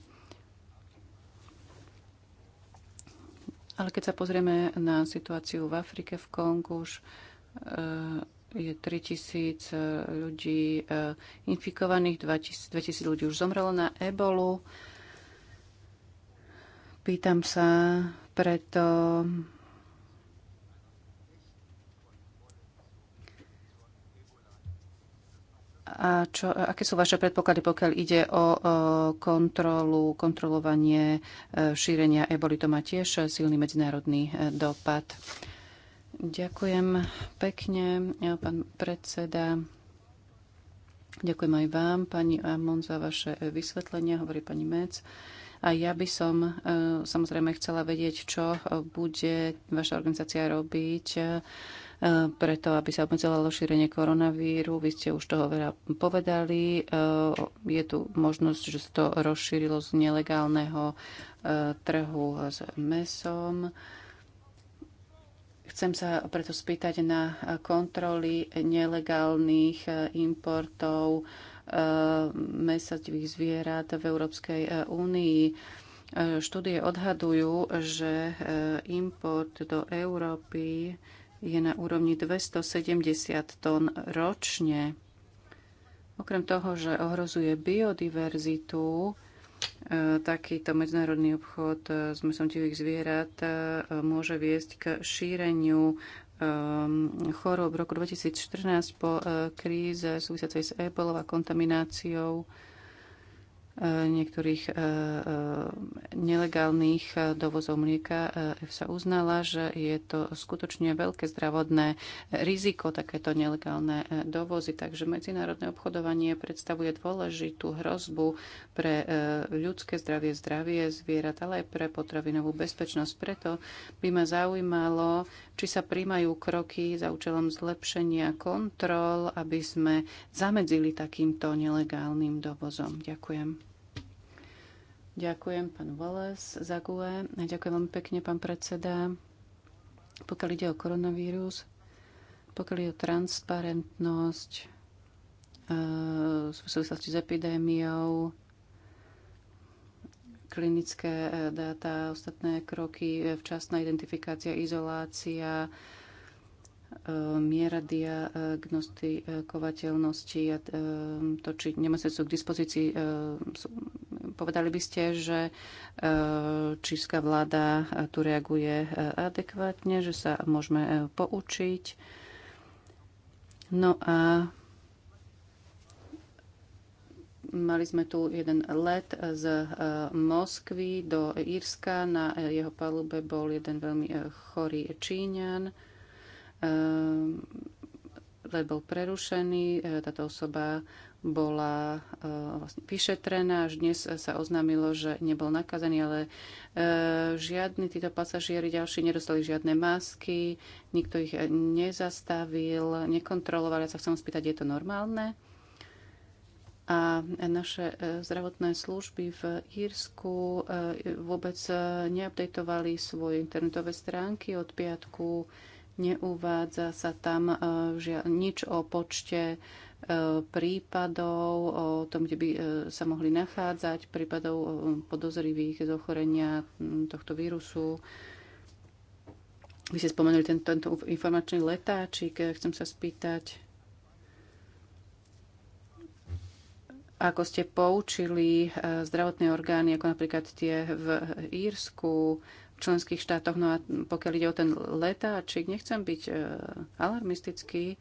Ale keď sa pozrieme na situáciu v Afrike, v Kongu, už je 3000 e, ľudí e, infikovaných, 2000, 2000 ľudí už zomrelo na ebolu. Pýtam sa preto, A čo, aké sú vaše predpoklady, pokiaľ ide o, kontrolu, kontrolovanie e, šírenia eboli? To má tiež silný medzinárodný dopad. Ďakujem pekne, pán predseda. Ďakujem aj vám, pani Amon, za vaše e, vysvetlenie, hovorí pani Mec. A ja by som e, samozrejme chcela vedieť, čo bude vaša organizácia robiť e, preto, aby sa obmedzovalo šírenie koronavíru. Vy ste už toho veľa povedali. Je tu možnosť, že sa to rozšírilo z nelegálneho trhu s mesom. Chcem sa preto spýtať na kontroly nelegálnych eh, importov eh, mesa zvierat v Európskej eh, únii. Štúdie odhadujú, že import do Európy je na úrovni 270 tón ročne. Okrem toho, že ohrozuje biodiverzitu, takýto medzinárodný obchod s e, mesom zvierat e, môže viesť k šíreniu ehm, chorób. V roku 2014 po e, kríze súvisiacej s ebolou a kontamináciou Eh, niektorých eh, eh, nelegálnych dovozov mlieka sa uznala, že je to skutočne veľké zdravotné riziko, takéto nelegálne dovozy. Takže medzinárodné obchodovanie predstavuje dôležitú hrozbu pre ľudské zdravie, zdravie zvierat, ale aj pre potravinovú bezpečnosť. Preto by ma zaujímalo, či sa príjmajú kroky za účelom zlepšenia kontrol, aby sme zamedzili takýmto nelegálnym dovozom. Ďakujem. Ďakujem, pán Wallace, za GUE. Ďakujem veľmi pekne, pán predseda. Pokiaľ ide o koronavírus, pokiaľ ide o transparentnosť e, v súvislosti s epidémiou, klinické e, dáta, ostatné kroky, e, včasná identifikácia, izolácia, miera diagnostikovateľnosti a e, to, či nemocné sú k dispozícii. E, povedali by ste, že e, čínska vláda tu reaguje adekvátne, že sa môžeme poučiť. No a mali sme tu jeden let z Moskvy do Írska. Na jeho palube bol jeden veľmi chorý Číňan Ehm, let bol prerušený, e, táto osoba bola e, vlastne vyšetrená, až dnes sa oznámilo, že nebol nakazený, ale e, žiadni títo pasažieri ďalší nedostali žiadne masky, nikto ich nezastavil, nekontroloval. Ja sa chcem spýtať, je to normálne? A naše zdravotné služby v Írsku vôbec neupdatovali svoje internetové stránky od piatku Neuvádza sa tam e, nič o počte e, prípadov, o tom, kde by e, sa mohli nachádzať, prípadov podozrivých z ochorenia tohto vírusu. Vy ste spomenuli tento, tento informačný letáčik. Chcem sa spýtať, ako ste poučili zdravotné orgány, ako napríklad tie v Írsku, členských štátoch. No a pokiaľ ide o ten letáčik, nechcem byť e, alarmistický,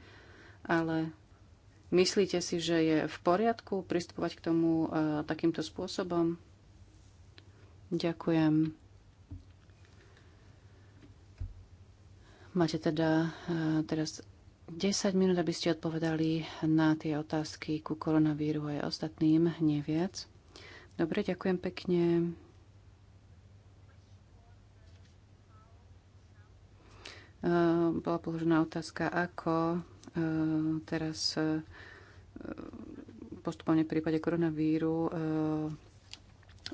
ale myslíte si, že je v poriadku pristupovať k tomu e, takýmto spôsobom? Ďakujem. Máte teda e, teraz 10 minút, aby ste odpovedali na tie otázky ku koronavíru aj ostatným, nie viac. Dobre, ďakujem pekne. Ehm, bola položená otázka, ako ehm, teraz ehm, postupovne v prípade koronavíru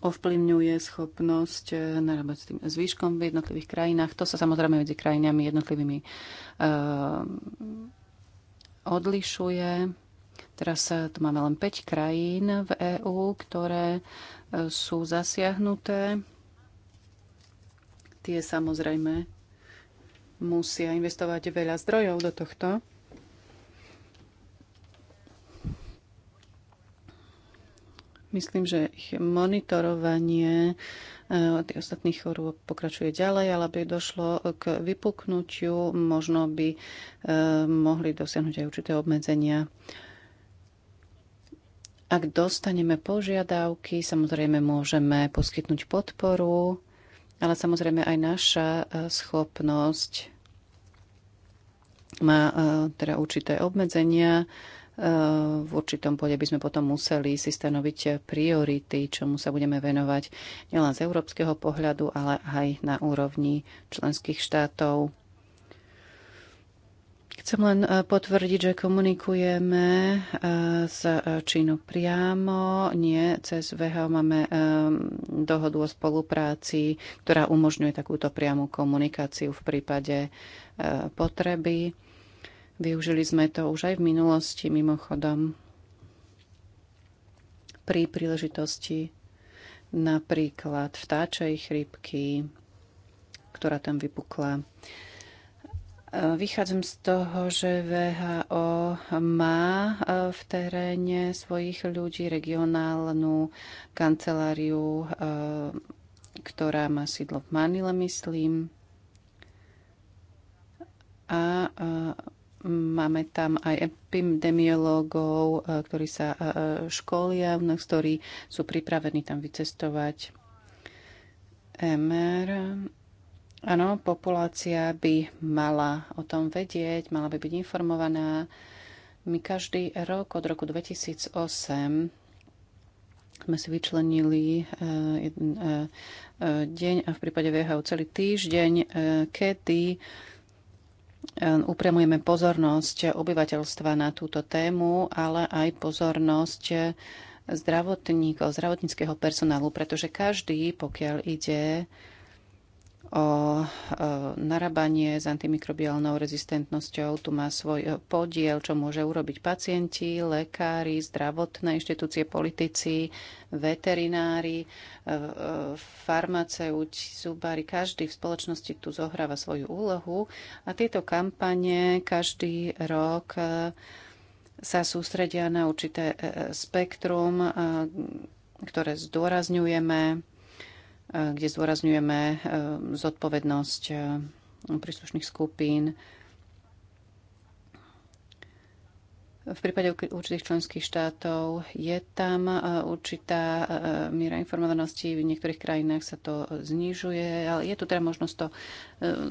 ovplyvňuje schopnosť narábať s tým zvýškom v jednotlivých krajinách. To sa samozrejme medzi krajinami jednotlivými odlišuje. Teraz eh, tu máme len 5 krajín v EÚ, ktoré eh, sú zasiahnuté. Tie samozrejme musia investovať veľa zdrojov do tohto. Myslím, že ich monitorovanie eh, tých ostatných chorôb pokračuje ďalej, ale aby došlo k vypuknutiu, možno by eh, mohli dosiahnuť aj určité obmedzenia. Ak dostaneme požiadavky, samozrejme môžeme poskytnúť podporu ale samozrejme aj naša e, schopnosť má e, teda určité obmedzenia. E, v určitom bode by sme potom museli si stanoviť priority, čomu sa budeme venovať nielen z európskeho pohľadu, ale aj na úrovni členských štátov Chcem len eh, potvrdiť, že komunikujeme eh, s eh, Čínou priamo, nie cez VHO. Máme dohodu o spolupráci, ktorá umožňuje takúto priamu komunikáciu v prípade potreby. Využili sme to už aj v minulosti, mimochodom, pri príležitosti napríklad vtáčej chrypky, ktorá tam vypukla. Vychádzam z toho, že VHO má e, v teréne svojich ľudí regionálnu kanceláriu, e, ktorá má sídlo v Manile, myslím. A e, máme tam aj epidemiológov, ktorí sa školia, ktorí sú pripravení tam vycestovať. MR Áno, populácia by mala o tom vedieť, mala by byť informovaná. My každý rok od roku 2008 sme si vyčlenili eh, eh, deň a v prípade VHO celý týždeň, eh, kedy upremujeme pozornosť obyvateľstva na túto tému, ale aj pozornosť zdravotníkov, zdravotníckého personálu, pretože každý, pokiaľ ide o narabanie s antimikrobiálnou rezistentnosťou. Tu má svoj podiel, čo môže urobiť pacienti, lekári, zdravotné inštitúcie, politici, veterinári, e, e, farmaceuti, zubári. Každý v spoločnosti tu zohráva svoju úlohu a tieto kampane každý rok e, sa sústredia na určité spektrum, ktoré zdôrazňujeme Eh, kde zdôrazňujeme eh, zodpovednosť eh, príslušných skupín. V prípade určitých členských štátov je tam určitá miera informovanosti, v niektorých krajinách sa to znižuje, ale je tu teda možnosť to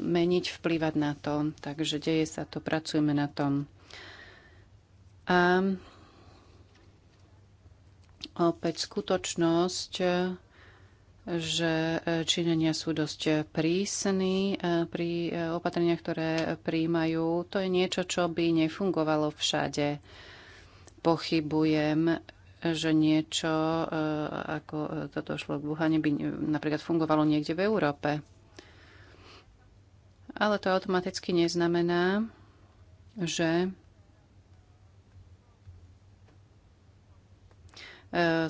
meniť, vplývať na to. Takže deje sa to, pracujeme na tom. A opäť skutočnosť, že e, činenia sú dosť e, prísni e, pri opatreniach, ktoré príjmajú. To je niečo, čo by nefungovalo všade. Pochybujem, že niečo, ako to došlo v Wuhane, by napríklad fungovalo niekde v Európe. Ale to automaticky neznamená, že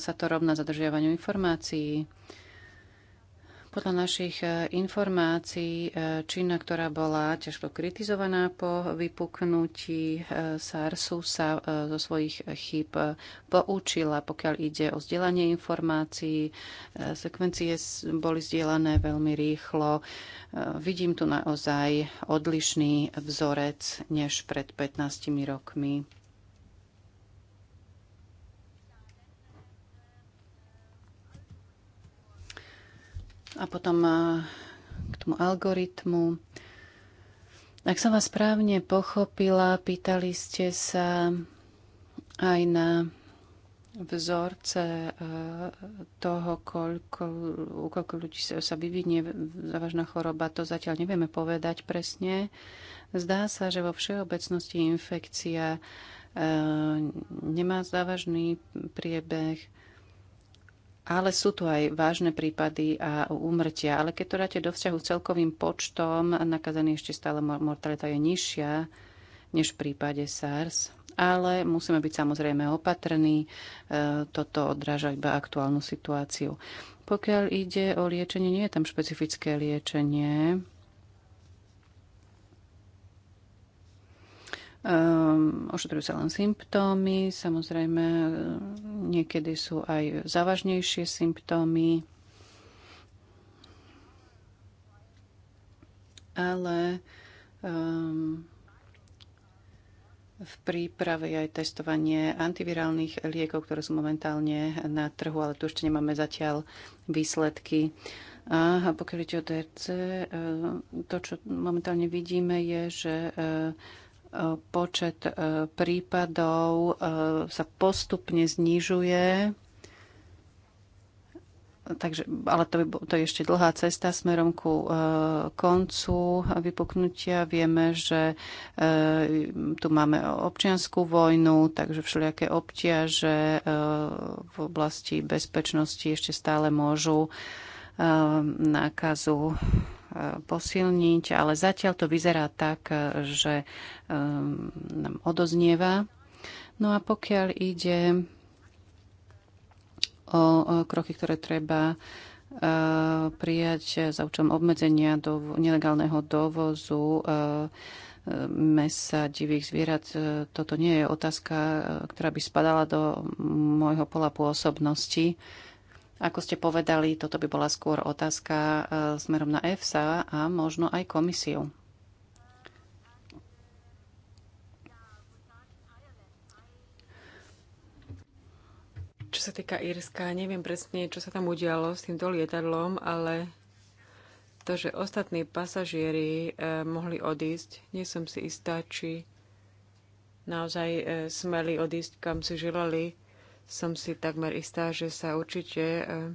sa to rovná zadržiavaniu informácií. Podľa našich e, informácií e, Čína, ktorá bola ťažko kritizovaná po vypuknutí e, SARSu, sa zo svojich chýb poučila, pokiaľ ide o zdieľanie informácií. Sekvencie boli zdieľané veľmi rýchlo. Vidím tu naozaj odlišný vzorec než pred 15 rokmi. a potom eh, k tomu algoritmu. Ak som vás správne pochopila, pýtali ste sa aj na vzorce eh, toho, koľko, u koľko ľudí sa vyvinie závažná choroba, to zatiaľ nevieme povedať presne. Zdá sa, že vo všeobecnosti infekcia eh, nemá závažný priebeh ale sú tu aj vážne prípady a úmrtia. Ale keď to dáte do vzťahu s celkovým počtom nakazaný ešte stále mortalita je nižšia než v prípade SARS. Ale musíme byť samozrejme opatrní. E, toto odráža iba aktuálnu situáciu. Pokiaľ ide o liečenie, nie je tam špecifické liečenie Um, ošetrujú sa len symptómy, samozrejme ehm, niekedy sú aj závažnejšie symptómy, ale um, v príprave aj testovanie antivirálnych liekov, ktoré sú momentálne na trhu, ale tu ešte nemáme zatiaľ výsledky. A pokiaľ ide o DRC, to, čo momentálne vidíme, je, že počet e, prípadov e, sa postupne znižuje. Takže, ale to, by, to je ešte dlhá cesta smerom ku e, koncu vypuknutia. Vieme, že e, tu máme občianskú vojnu, takže všelijaké obťaže e, v oblasti bezpečnosti ešte stále môžu e, nákazu posilniť, ale zatiaľ to vyzerá tak, že um, nám odoznieva. No a pokiaľ ide o kroky, ktoré treba uh, prijať za účelom obmedzenia do, nelegálneho dovozu uh, mesa divých zvierat. Uh, toto nie je otázka, ktorá by spadala do môjho pola pôsobnosti. Po ako ste povedali, toto by bola skôr otázka eh, smerom na EFSA a možno aj komisiu. Čo sa týka Írska, neviem presne, čo sa tam udialo s týmto lietadlom, ale to, že ostatní pasažieri eh, mohli odísť, nie som si istá, či naozaj eh, smeli odísť, kam si želali som si takmer istá, že sa určite eh,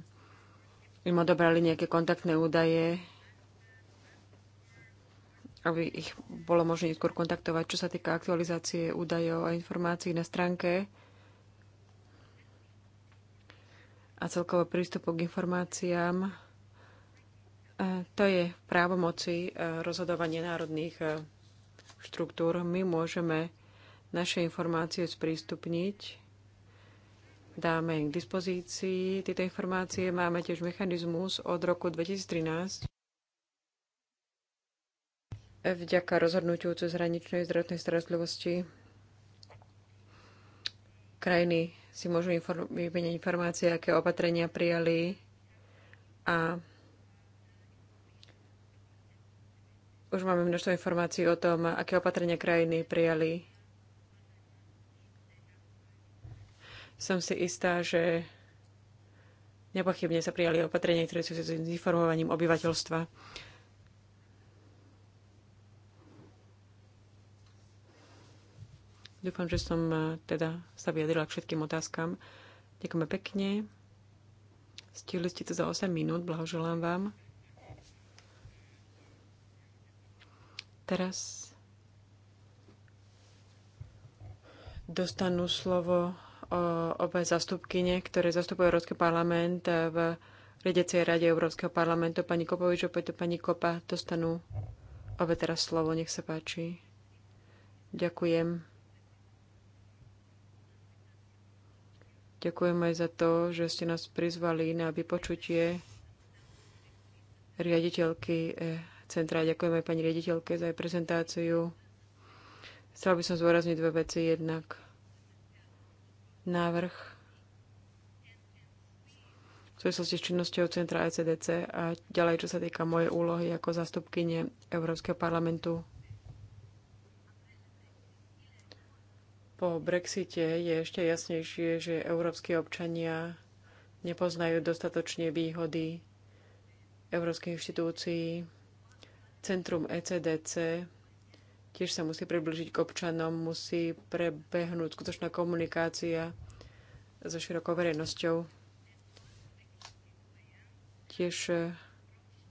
im odobrali nejaké kontaktné údaje, aby ich bolo možné skôr kontaktovať. Čo sa týka aktualizácie údajov a informácií na stránke a celkovo prístupu k informáciám, eh, to je právomoci eh, rozhodovanie národných štruktúr. My môžeme naše informácie sprístupniť dáme k dispozícii tieto informácie. Máme tiež mechanizmus od roku 2013 vďaka rozhodnutiu hraničnej zdravotnej starostlivosti krajiny si môžu inform- vymeniť informácie, aké opatrenia prijali a už máme množstvo informácií o tom, aké opatrenia krajiny prijali Som si istá, že nepochybne sa prijali opatrenia, ktoré sú s informovaním obyvateľstva. Dúfam, že som eh, teda sa vyjadrila k všetkým otázkam. Ďakujeme pekne. Stihli ste to za 8 minút, blahoželám vám. Teraz dostanú slovo obe zastupkyne, ktoré zastupujú Európsky parlament v riadiacej rade Európskeho parlamentu. Pani Kopovič, opäť pani Kopa, dostanú obe teraz slovo, nech sa páči. Ďakujem. Ďakujem aj za to, že ste nás prizvali na vypočutie riaditeľky e, centra. Ďakujem aj pani riaditeľke za jej prezentáciu. Chcel by som zvorazniť dve veci. Jednak návrh v súvislosti s činnosťou Centra ECDC a ďalej, čo sa týka mojej úlohy ako zastupkyne Európskeho parlamentu po Brexite je ešte jasnejšie, že európsky občania nepoznajú dostatočne výhody európskych inštitúcií. Centrum ECDC tiež sa musí približiť k občanom, musí prebehnúť skutočná komunikácia so širokou verejnosťou. Tiež e,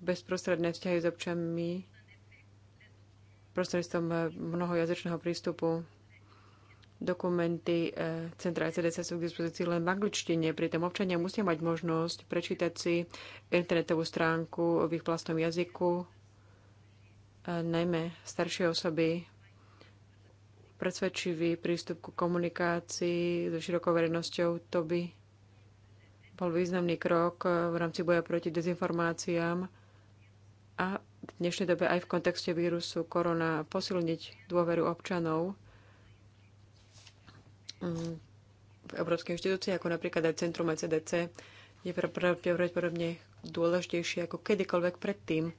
bezprostredné vzťahy s občanmi prostredstvom e, mnohojazyčného prístupu. Dokumenty e, Centra ECDC sú k dispozícii len v angličtine, pritom občania musia mať možnosť prečítať si internetovú stránku v ich vlastnom jazyku, E, najmä staršie osoby, presvedčivý prístup ku komunikácii so širokou verejnosťou, to by bol významný krok e, v rámci boja proti dezinformáciám a v dnešnej dobe aj v kontexte vírusu korona posilniť dôveru občanov mm, v európskej inštitúcii, ako napríklad aj Centrum ECDC, je pravdepodobne dôležitejšie ako kedykoľvek predtým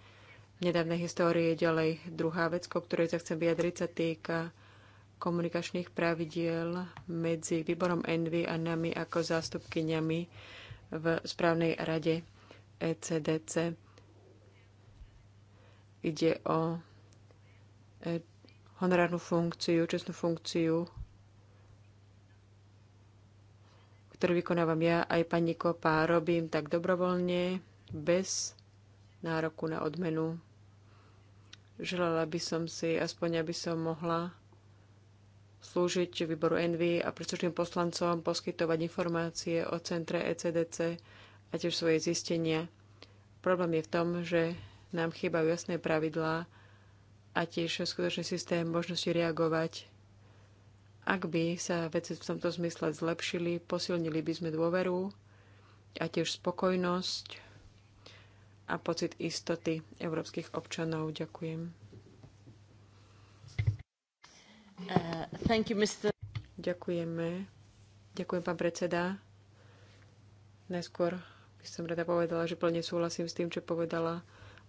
nedávnej histórie. Ďalej druhá vec, o ktorej sa chcem vyjadriť, sa týka komunikačných pravidiel medzi výborom Envy a nami ako zástupkyňami v správnej rade ECDC. Ide o e, honorárnu funkciu, čestnú funkciu ktorú vykonávam ja aj pani Kopa, robím tak dobrovoľne, bez nároku na odmenu. Želala by som si, aspoň aby som mohla slúžiť výboru Envy a príslušným poslancom poskytovať informácie o centre ECDC a tiež svoje zistenia. Problém je v tom, že nám chýbajú jasné pravidlá a tiež skutočný systém možnosti reagovať. Ak by sa veci v tomto zmysle zlepšili, posilnili by sme dôveru a tiež spokojnosť a pocit istoty európskych občanov. Ďakujem. Uh, thank you, Mr. Ďakujeme. Ďakujem, pán predseda. Najskôr by som rada povedala, že plne súhlasím s tým, čo povedala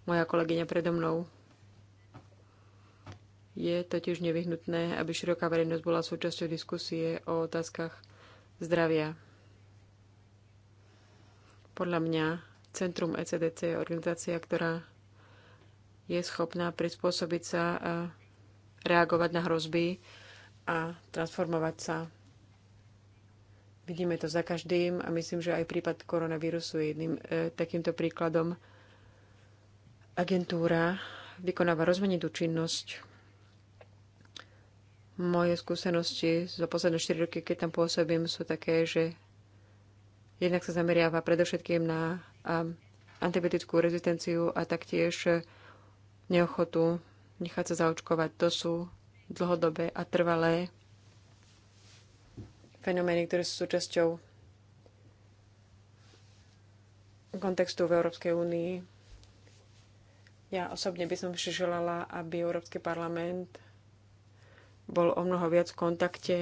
moja kolegyňa predo mnou. Je totiž nevyhnutné, aby široká verejnosť bola súčasťou diskusie o otázkach zdravia. Podľa mňa Centrum ECDC je organizácia, ktorá je schopná prispôsobiť sa a reagovať na hrozby a transformovať sa. Vidíme to za každým a myslím, že aj prípad koronavírusu je jedným e, takýmto príkladom. Agentúra vykonáva rozmanitú činnosť. Moje skúsenosti za posledné 4 roky, keď tam pôsobím, sú také, že jednak sa zameriava predovšetkým na antibiotickú rezistenciu a taktiež neochotu nechať sa zaočkovať. To sú dlhodobé a trvalé fenomény, ktoré sú súčasťou kontextu v Európskej únii. Ja osobne by som si želala, aby Európsky parlament bol o mnoho viac v kontakte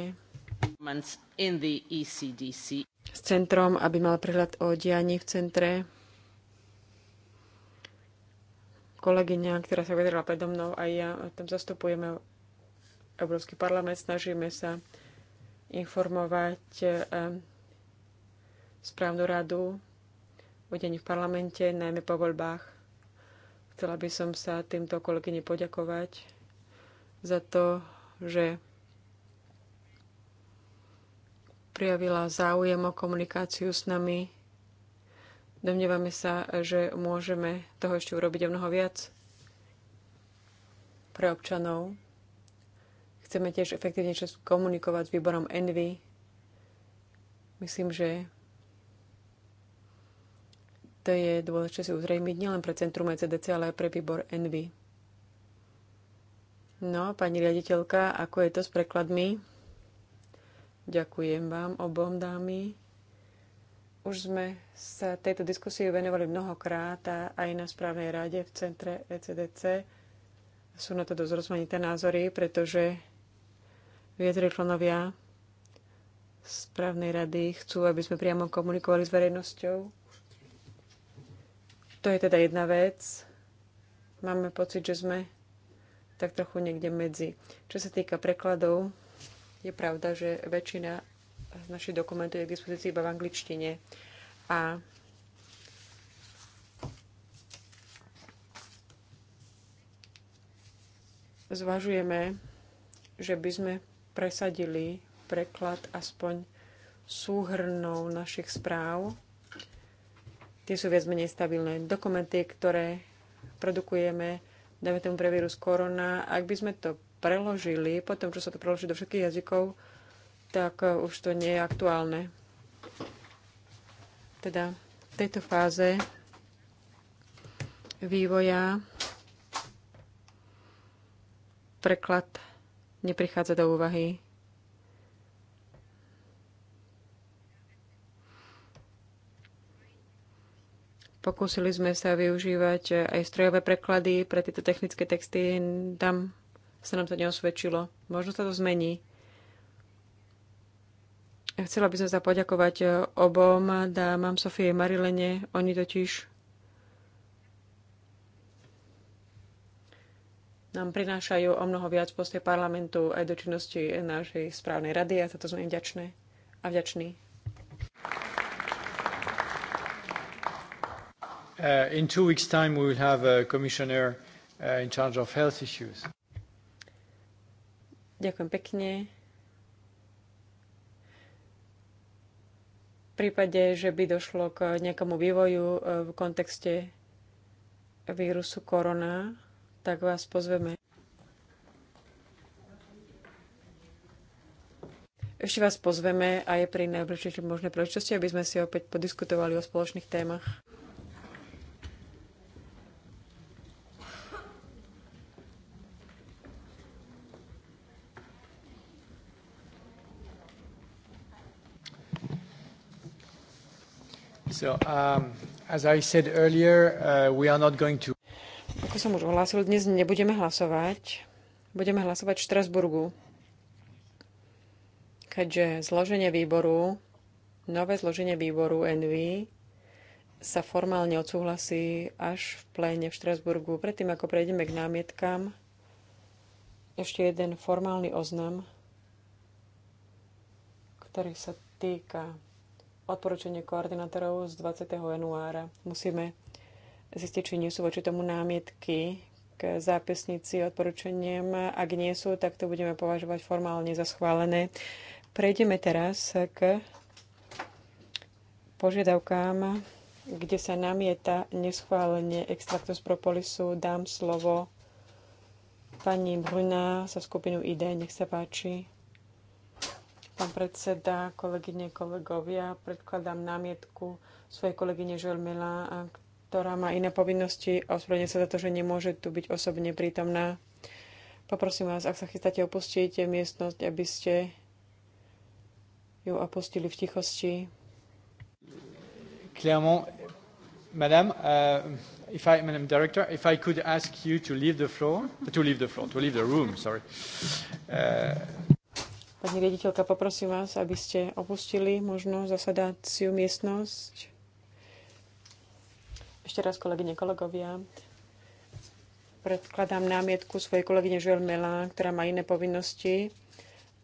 s centrom, aby mal prehľad o dianí v centre. Kolegyňa, ktorá sa vedela predo mnou, aj ja tam zastupujeme Európsky parlament, snažíme sa informovať e, správnu radu o deň v parlamente, najmä po voľbách. Chcela by som sa týmto kolegyni poďakovať za to, že prijavila záujem o komunikáciu s nami. Domnievame sa, že môžeme toho ešte urobiť o mnoho viac pre občanov. Chceme tiež efektívne komunikovať s výborom Envy. Myslím, že to je dôležité si uzrejmiť nielen pre Centrum ECDC, ale aj pre výbor Envy. No, pani riaditeľka, ako je to s prekladmi? Ďakujem vám obom dámy. Už sme sa tejto diskusii venovali mnohokrát a aj na správnej rade v centre ECDC sú na to dosť rozmanité názory, pretože viacerí členovia správnej rady chcú, aby sme priamo komunikovali s verejnosťou. To je teda jedna vec. Máme pocit, že sme tak trochu niekde medzi. Čo sa týka prekladov, je pravda, že väčšina z našich dokumentov je k dispozícii iba v angličtine. A zvažujeme, že by sme presadili preklad aspoň súhrnou našich správ. Tie sú viac menej stabilné. Dokumenty, ktoré produkujeme, dáme tomu pre vírus korona, ak by sme to preložili, potom čo sa to preloží do všetkých jazykov, tak eh, už to nie je aktuálne. Teda v tejto fáze vývoja preklad neprichádza do úvahy. Pokúsili sme sa využívať aj strojové preklady pre tieto technické texty. Tam sa nám to neosvedčilo. Možno sa to zmení. Chcela by som sa poďakovať eh, obom dámam Sofie a Marilene. Oni totiž nám prinášajú o mnoho viac postoj parlamentu aj do činnosti našej správnej rady a za to sme im vďačné a vďační. Uh, in two weeks' time we will have a commissioner uh, in charge of health issues. Ďakujem pekne. V prípade, že by došlo k nejakomu vývoju e, v kontexte vírusu korona, tak vás pozveme. Ešte vás pozveme aj pri najbližšej možnej príležitosti, aby sme si opäť podiskutovali o spoločných témach. Um, as I said earlier, uh, we are not going to... Ako som už ohlásil, dnes nebudeme hlasovať. Budeme hlasovať v Štrasburgu. Keďže zloženie výboru, nové zloženie výboru NV sa formálne odsúhlasí až v pléne v Štrasburgu. Predtým, ako prejdeme k námietkám, ešte jeden formálny oznam, ktorý sa týka odporúčanie koordinátorov z 20. januára. Musíme zistiť, či nie sú voči tomu námietky k zápisnici odporúčaniem. Ak nie sú, tak to budeme považovať formálne za schválené. Prejdeme teraz k požiadavkám, kde sa namieta neschválenie extraktu z propolisu. Dám slovo pani Bruna sa skupinu ID. Nech sa páči. Pán predseda, kolegyne, kolegovia, predkladám námietku svojej kolegyne Joel ktorá má iné povinnosti a ospravedlňuje sa za to, že nemôže tu byť osobne prítomná. Poprosím vás, ak sa chystáte opustiť miestnosť, aby ste ju opustili v tichosti. Clairement, madame, uh, if I, madame director, if I could ask you to leave the floor, to leave the floor, to leave the room, sorry. Uh, Pani riaditeľka, poprosím vás, aby ste opustili možno zasadáciu miestnosť. Ešte raz, kolegyne, kolegovia, predkladám námietku svojej kolegyne Joel Mela, ktorá má iné povinnosti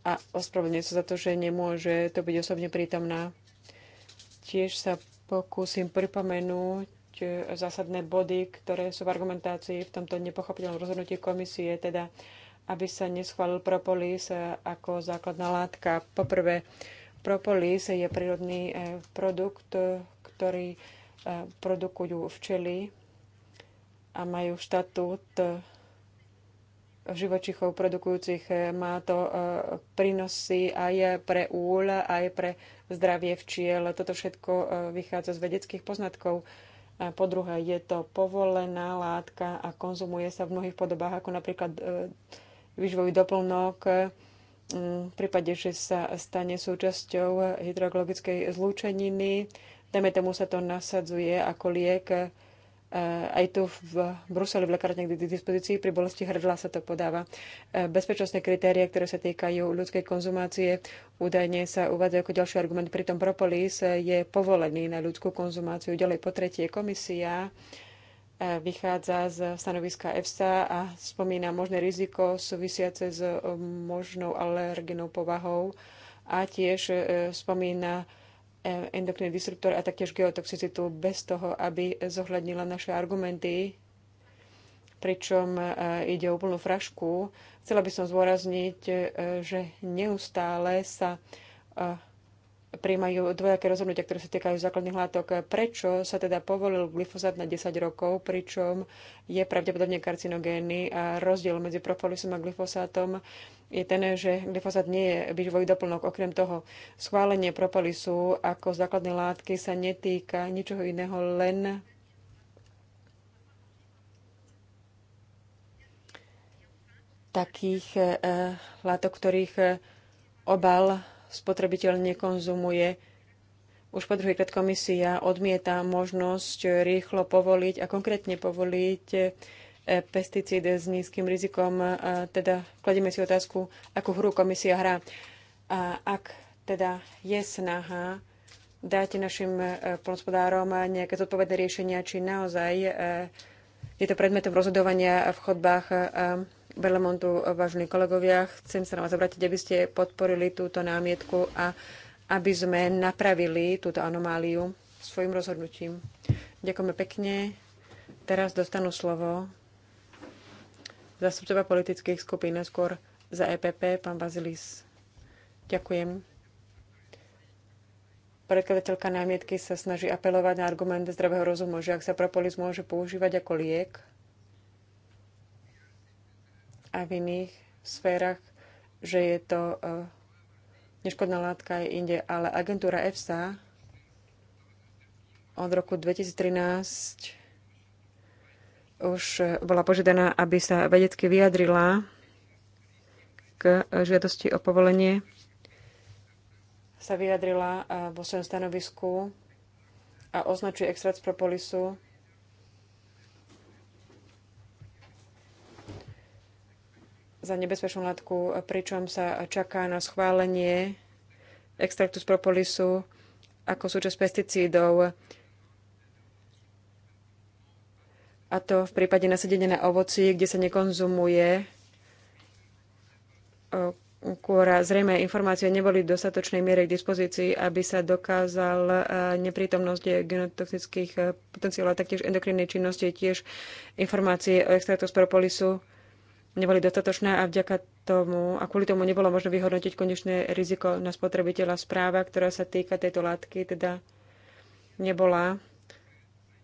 a ospravedlňuje sa za to, že nemôže to byť osobne prítomná. Tiež sa pokúsim pripomenúť zásadné body, ktoré sú v argumentácii v tomto nepochopiteľnom rozhodnutí komisie, teda aby sa neschválil propolis e, ako základná látka. Poprvé, propolis je prírodný e, produkt, ktorý e, produkujú včely a majú štatút živočichov produkujúcich. Má to prínosy aj pre úľ, aj pre zdravie včiel. Toto všetko vychádza z vedeckých poznatkov. po druhé, je to povolená látka a konzumuje sa v mnohých podobách, ako napríklad výživový doplnok e, mm, v prípade, že sa stane súčasťou hydrologickej zlúčeniny. Dajme tomu sa to nasadzuje ako liek e, aj tu v Bruseli v lekárniach k dispozícii pri bolesti hrdla sa to podáva. E, bezpečnostné kritérie, ktoré sa týkajú ľudskej konzumácie, údajne sa uvádza ako ďalší argument, pritom propolis je povolený na ľudskú konzumáciu. Ďalej po tretie komisia vychádza z stanoviska EFSA a spomína možné riziko súvisiace s eh, možnou alergenou povahou a tiež eh, spomína eh, endokrinný disruptor a taktiež geotoxicitu bez toho, aby zohľadnila naše argumenty, pričom ide o úplnú frašku. Chcela by som zvorazniť, že neustále sa prijímajú dvojaké rozhodnutia, ktoré sa týkajú základných látok. Prečo sa teda povolil glyfozát na 10 rokov, pričom je pravdepodobne karcinogénny a rozdiel medzi propolisom a glyfosátom je ten, že glyfosát nie je výživový doplnok. Okrem toho, schválenie propolisu ako základnej látky sa netýka ničoho iného, len takých eh, látok, ktorých eh, obal spotrebiteľ nekonzumuje. Už po druhýkrát komisia odmieta možnosť rýchlo povoliť a konkrétne povoliť eh, pesticídy s nízkym rizikom. Eh, teda kladieme si otázku, akú hru komisia hrá. A ak teda je snaha dať našim eh, polnospodárom nejaké zodpovedné riešenia, či naozaj je to predmetom rozhodovania v chodbách Berlemontu, vážení kolegovia. Chcem sa na vás obrátiť, aby ste podporili túto námietku a aby sme napravili túto anomáliu svojim rozhodnutím. Ďakujeme pekne. Teraz dostanú slovo zastupcova politických skupín, skôr za EPP, pán Bazilis. Ďakujem. Predkladateľka námietky sa snaží apelovať na argument zdravého rozumu, že ak sa propolis môže používať ako liek, a v iných sférach, že je to e, neškodná látka aj inde, ale agentúra EFSA od roku 2013 už e, bola požiadaná, aby sa vedecky vyjadrila k e, žiadosti o povolenie. Sa vyjadrila vo svojom stanovisku a označuje extrakt z propolisu za nebezpečnú látku, pričom sa čaká na schválenie extraktu z propolisu ako súčasť pesticídov. A to v prípade nasadenia na ovoci, kde sa nekonzumuje kôra. Zrejme informácie neboli v dostatočnej miere k dispozícii, aby sa dokázal e, neprítomnosť genotoxických e, potenciálov, taktiež endokrinnej činnosti, tiež informácie o extraktu z propolisu neboli dostatočné a vďaka tomu a kvôli tomu nebolo možno vyhodnotiť konečné riziko na spotrebiteľa. Správa, ktorá sa týka tejto látky, teda nebola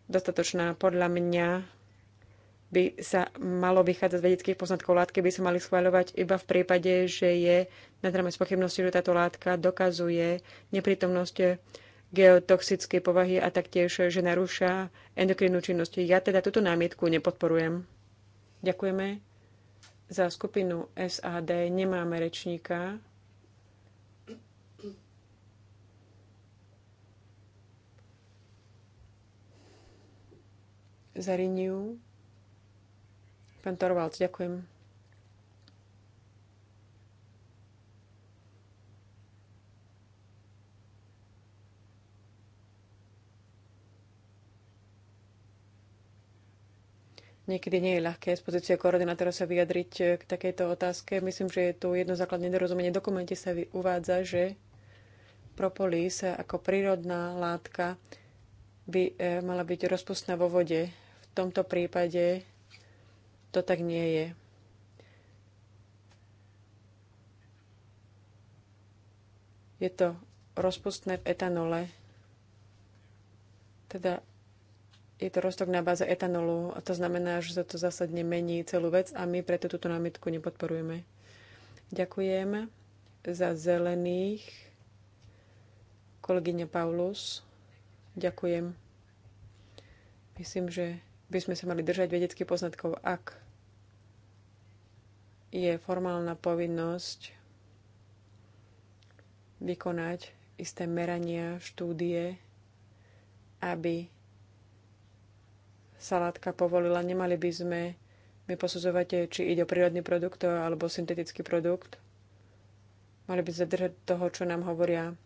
dostatočná. Podľa mňa by sa malo vychádzať z vedeckých poznatkov látky, by sa mali schváľovať iba v prípade, že je nad z pochybnosti, že táto látka dokazuje neprítomnosť geotoxickej povahy a taktiež, že narúša endokrinnú činnosť. Ja teda túto námietku nepodporujem. Ďakujeme. Za skupinu SAD nemáme rečníka. Za Renew. Pán Torvalds, ďakujem. Niekedy nie je ľahké z pozície koordinátora sa vyjadriť eh, k takejto otázke. Myslím, že je tu jedno základné nedorozumenie. V dokumente sa uvádza, že propolis ako prírodná látka by eh, mala byť rozpustná vo vode. V tomto prípade to tak nie je. Je to rozpustné v etanole. Teda je to roztok na báze etanolu a to znamená, že sa to zásadne mení celú vec a my preto túto námietku nepodporujeme. Ďakujem za zelených. Kolegyňa Paulus, ďakujem. Myslím, že by sme sa mali držať vedeckých poznatkov, ak je formálna povinnosť vykonať isté merania, štúdie, aby salátka povolila. Nemali by sme my posudzovať, či ide o prírodný produkt alebo syntetický produkt. Mali by sme držať toho, čo nám hovoria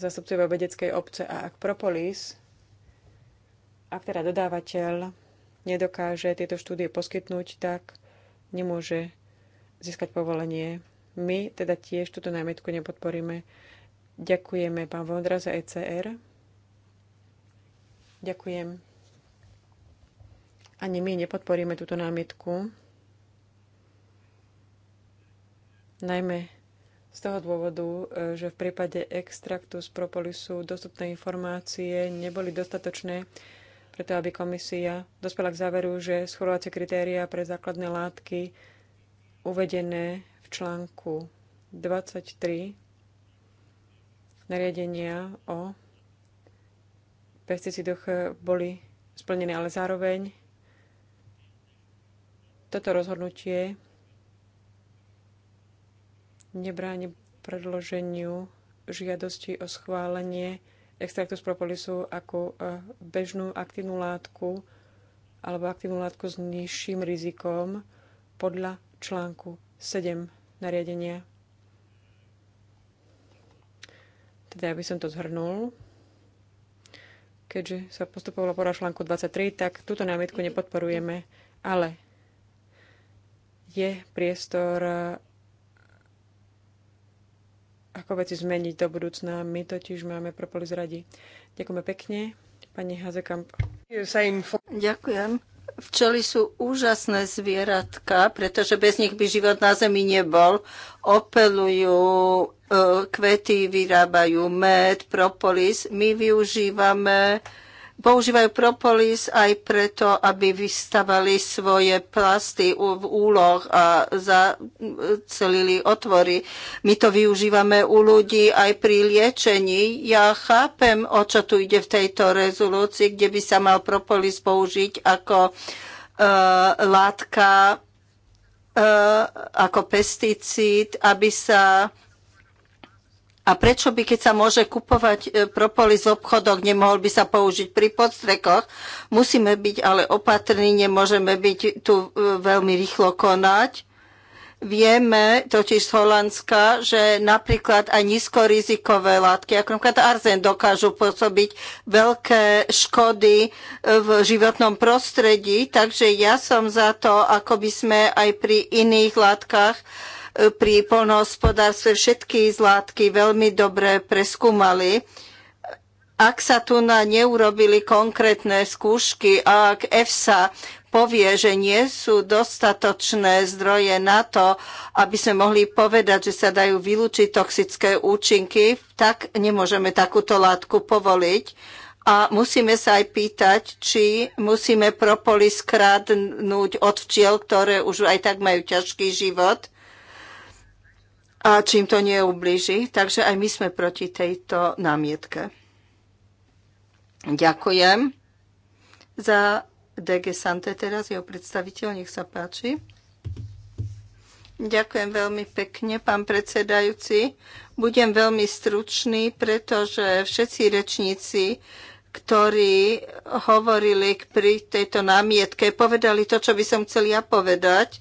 zastupcovia vedeckej obce a ak propolis, ak teda dodávateľ nedokáže tieto štúdie poskytnúť, tak nemôže získať povolenie. My teda tiež túto námietku nepodporíme. Ďakujeme pán Vondra za ECR. Ďakujem. Ani my nepodporíme túto námietku. Najmä z toho dôvodu, e, že v prípade extraktu z propolisu dostupné informácie neboli dostatočné preto, aby komisia dospela k záveru, že schorovacie kritéria pre základné látky uvedené v článku 23 nariadenia o pesticidoch boli splnené, ale zároveň toto rozhodnutie nebráni predloženiu žiadosti o schválenie extraktu z propolisu ako e, bežnú aktívnu látku alebo aktívnu látku s nižším rizikom podľa článku 7 nariadenia. Teda, by som to zhrnul, keďže sa postupovalo podľa článku 23, tak túto námietku nepodporujeme, ale je priestor e, ako veci zmeniť do budúcna. My totiž máme propolis radi. Ďakujeme pekne, pani Hazekamp. Ďakujem. Včely sú úžasné zvieratka, pretože bez nich by život na Zemi nebol. Opelujú e, kvety, vyrábajú med, propolis. My využívame používajú propolis aj preto, aby vystavali svoje plasty v úloh a zacelili otvory. My to využívame u ľudí aj pri liečení. Ja chápem, o čo tu ide v tejto rezolúcii, kde by sa mal propolis použiť ako uh, látka, uh, ako pesticíd, aby sa a prečo by, keď sa môže kupovať e, propolis v obchodoch, nemohol by sa použiť pri podstrekoch? Musíme byť ale opatrní, nemôžeme byť tu e, veľmi rýchlo konať. Vieme totiž z Holandska, že napríklad aj nízkorizikové látky, ako napríklad arzen, dokážu pôsobiť veľké škody e, v životnom prostredí, takže ja som za to, ako by sme aj pri iných látkach E, pri polnohospodárstve všetky zlátky veľmi dobre preskúmali. Ak sa tu na neurobili konkrétne skúšky a ak EFSA povie, že nie sú dostatočné zdroje na to, aby sme mohli povedať, že sa dajú vylúčiť toxické účinky, tak nemôžeme takúto látku povoliť. A musíme sa aj pýtať, či musíme propolis kradnúť od včiel, ktoré už aj tak majú ťažký život a čím to neublíži. Takže aj my sme proti tejto námietke. Ďakujem za DG Sante teraz, jeho predstaviteľ, nech sa páči. Ďakujem veľmi pekne, pán predsedajúci. Budem veľmi stručný, pretože všetci rečníci, ktorí hovorili pri tejto námietke, povedali to, čo by som chcel ja povedať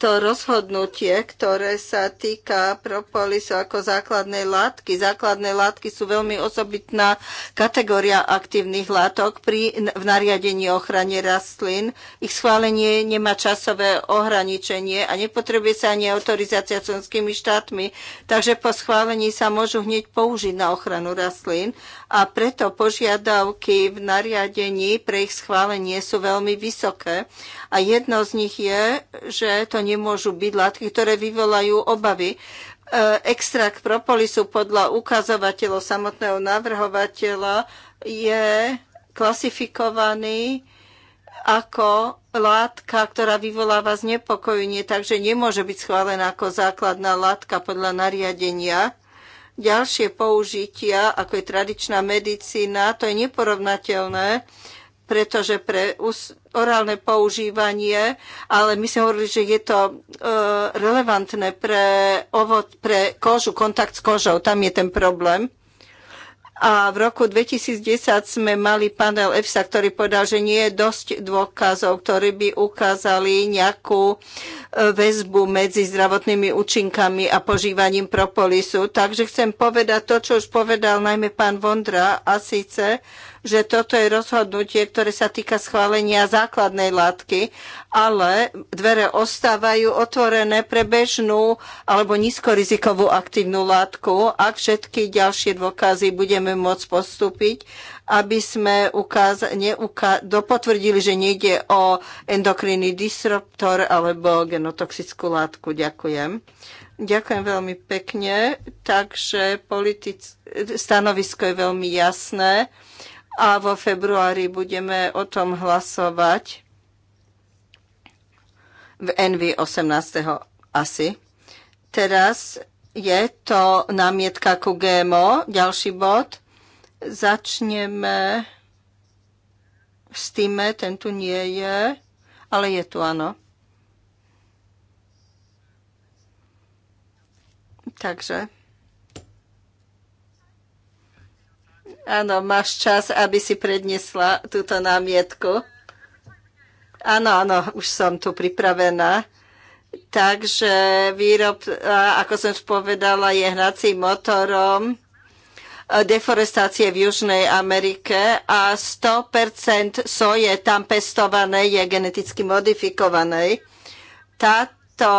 to rozhodnutie, ktoré sa týka propolisu ako základnej látky. Základné látky sú veľmi osobitná kategória aktívnych látok pri, v nariadení ochrane rastlín. Ich schválenie nemá časové ohraničenie a nepotrebuje sa ani autorizácia členskými štátmi, takže po schválení sa môžu hneď použiť na ochranu rastlín a preto požiadavky v nariadení pre ich schválenie sú veľmi vysoké. A jedno z nich je, že to nemôžu byť látky, ktoré vyvolajú obavy. E, extrakt propolisu podľa ukazovateľov samotného navrhovateľa je klasifikovaný ako látka, ktorá vyvoláva znepokojenie, takže nemôže byť schválená ako základná látka podľa nariadenia ďalšie použitia, ako je tradičná medicína, to je neporovnateľné, pretože pre orálne používanie, ale my sme hovorili, že je to e, relevantné pre, pre kožu, kontakt s kožou, tam je ten problém. A v roku 2010 sme mali panel EFSA, ktorý povedal, že nie je dosť dôkazov, ktorí by ukázali nejakú e, väzbu medzi zdravotnými účinkami a požívaním propolisu. Takže chcem povedať to, čo už povedal najmä pán Vondra a síce, že toto je rozhodnutie, ktoré sa týka schválenia základnej látky, ale dvere ostávajú otvorené pre bežnú alebo nízkorizikovú aktívnu látku, ak všetky ďalšie dôkazy budeme môcť postúpiť, aby sme ukáz- neuká- dopotvrdili, že nejde o endokrinný disruptor alebo genotoxickú látku. Ďakujem. Ďakujem veľmi pekne. Takže politic- stanovisko je veľmi jasné a vo februári budeme o tom hlasovať v Envy 18. asi. Teraz je to námietka ku GMO, ďalší bod. Začneme s tým, ten tu nie je, ale je tu, áno. Takže Áno, máš čas, aby si prednesla túto námietku. Áno, áno, už som tu pripravená. Takže výrob, ako som už povedala, je hnacím motorom deforestácie v Južnej Amerike a 100% soje tam pestované, je geneticky modifikované. Táto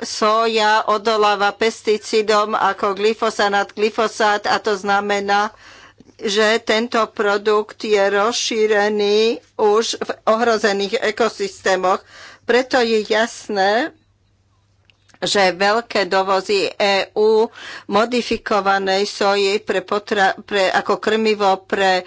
soja odoláva pesticidom ako glyfosanát, glyfosát a to znamená, že tento produkt je rozšírený už v ohrozených ekosystémoch. Preto je jasné, že veľké dovozy EÚ modifikovanej soji pre potra- pre, ako krmivo pre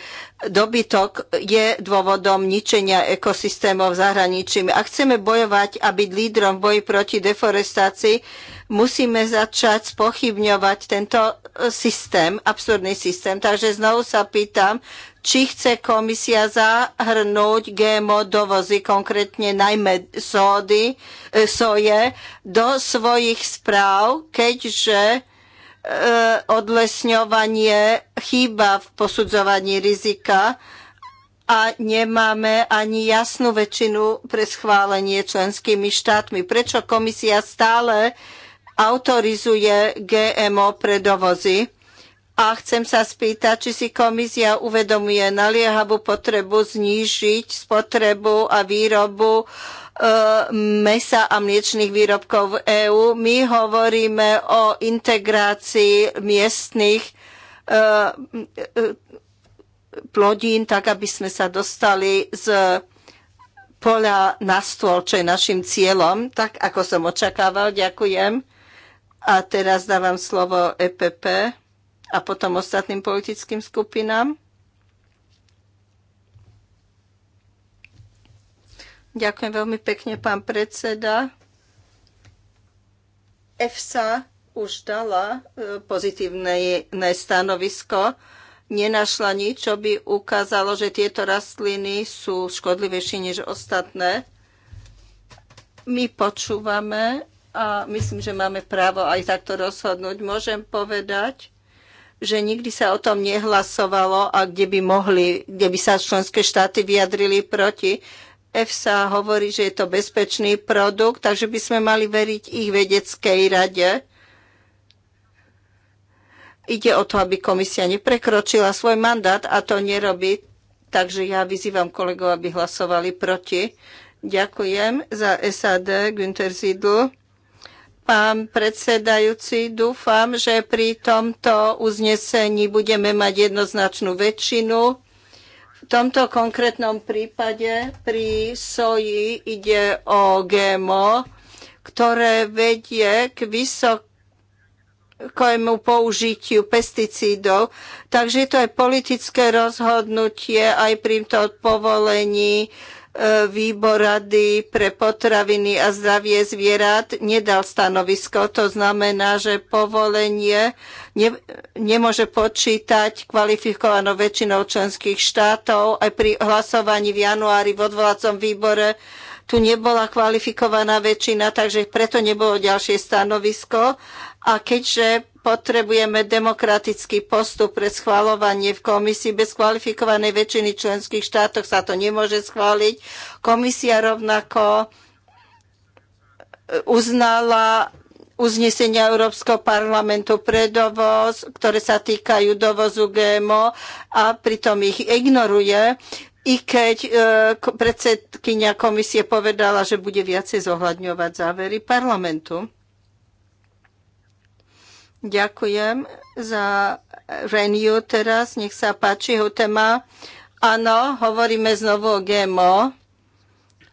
dobytok je dôvodom ničenia ekosystémov v zahraničí. Ak chceme bojovať a byť lídrom v boji proti deforestácii, musíme začať spochybňovať tento systém, absurdný systém. Takže znovu sa pýtam, či chce komisia zahrnúť GMO dovozy, konkrétne najmä sódy, e, soje, do svojich správ, keďže e, odlesňovanie chýba v posudzovaní rizika a nemáme ani jasnú väčšinu pre schválenie členskými štátmi. Prečo komisia stále autorizuje GMO pre dovozy. A chcem sa spýtať, či si komisia uvedomuje naliehavú potrebu znížiť spotrebu a výrobu e, mesa a mliečných výrobkov v EÚ. My hovoríme o integrácii miestných e, e, plodín, tak aby sme sa dostali z poľa na stôl, čo je našim cieľom, tak ako som očakával. Ďakujem. A teraz dávam slovo EPP a potom ostatným politickým skupinám. Ďakujem veľmi pekne, pán predseda. EFSA už dala e, pozitívne stanovisko. Nenašla nič, čo by ukázalo, že tieto rastliny sú škodlivejšie než ostatné. My počúvame a myslím, že máme právo aj takto rozhodnúť. Môžem povedať, že nikdy sa o tom nehlasovalo a kde by mohli, kde by sa členské štáty vyjadrili proti. EFSA hovorí, že je to bezpečný produkt, takže by sme mali veriť ich vedeckej rade. Ide o to, aby komisia neprekročila svoj mandát a to nerobí. Takže ja vyzývam kolegov, aby hlasovali proti. Ďakujem za SAD, Günther Siedl. Pán predsedajúci, dúfam, že pri tomto uznesení budeme mať jednoznačnú väčšinu. V tomto konkrétnom prípade pri soji ide o GMO, ktoré vedie k vysokému použitiu pesticídov. Takže to je politické rozhodnutie aj pri tom povolení výbor rady pre potraviny a zdravie zvierat nedal stanovisko. To znamená, že povolenie ne, nemôže počítať kvalifikovanou väčšinou členských štátov. Aj pri hlasovaní v januári v odvolacom výbore tu nebola kvalifikovaná väčšina, takže preto nebolo ďalšie stanovisko. A keďže potrebujeme demokratický postup pre schvalovanie v komisii. Bez kvalifikovanej väčšiny členských štátov sa to nemôže schváliť. Komisia rovnako e, uznala uznesenia Európskeho parlamentu pre dovoz, ktoré sa týkajú dovozu GMO a pritom ich ignoruje, i keď e, predsedkynia komisie povedala, že bude viacej zohľadňovať závery parlamentu. Ďakujem za Reniu teraz. Nech sa páči ho téma. Áno, hovoríme znovu o GMO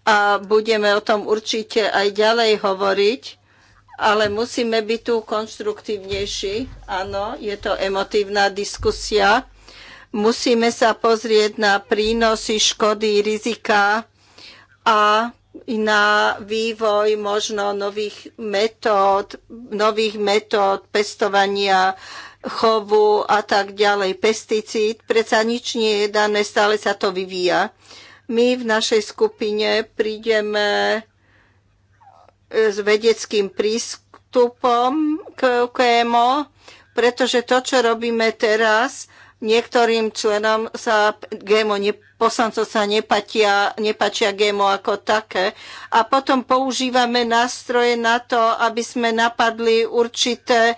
a budeme o tom určite aj ďalej hovoriť, ale musíme byť tu konštruktívnejší. Áno, je to emotívna diskusia. Musíme sa pozrieť na prínosy, škody, rizika a na vývoj možno nových metód, nových metód pestovania chovu a tak ďalej, pesticíd. Preca nič nie je dané, stále sa to vyvíja. My v našej skupine prídeme s vedeckým prístupom k KMO, pretože to, čo robíme teraz, niektorým členom sa GMO nepovedá poslancov sa nepatia, nepačia GMO ako také. A potom používame nástroje na to, aby sme napadli určité e,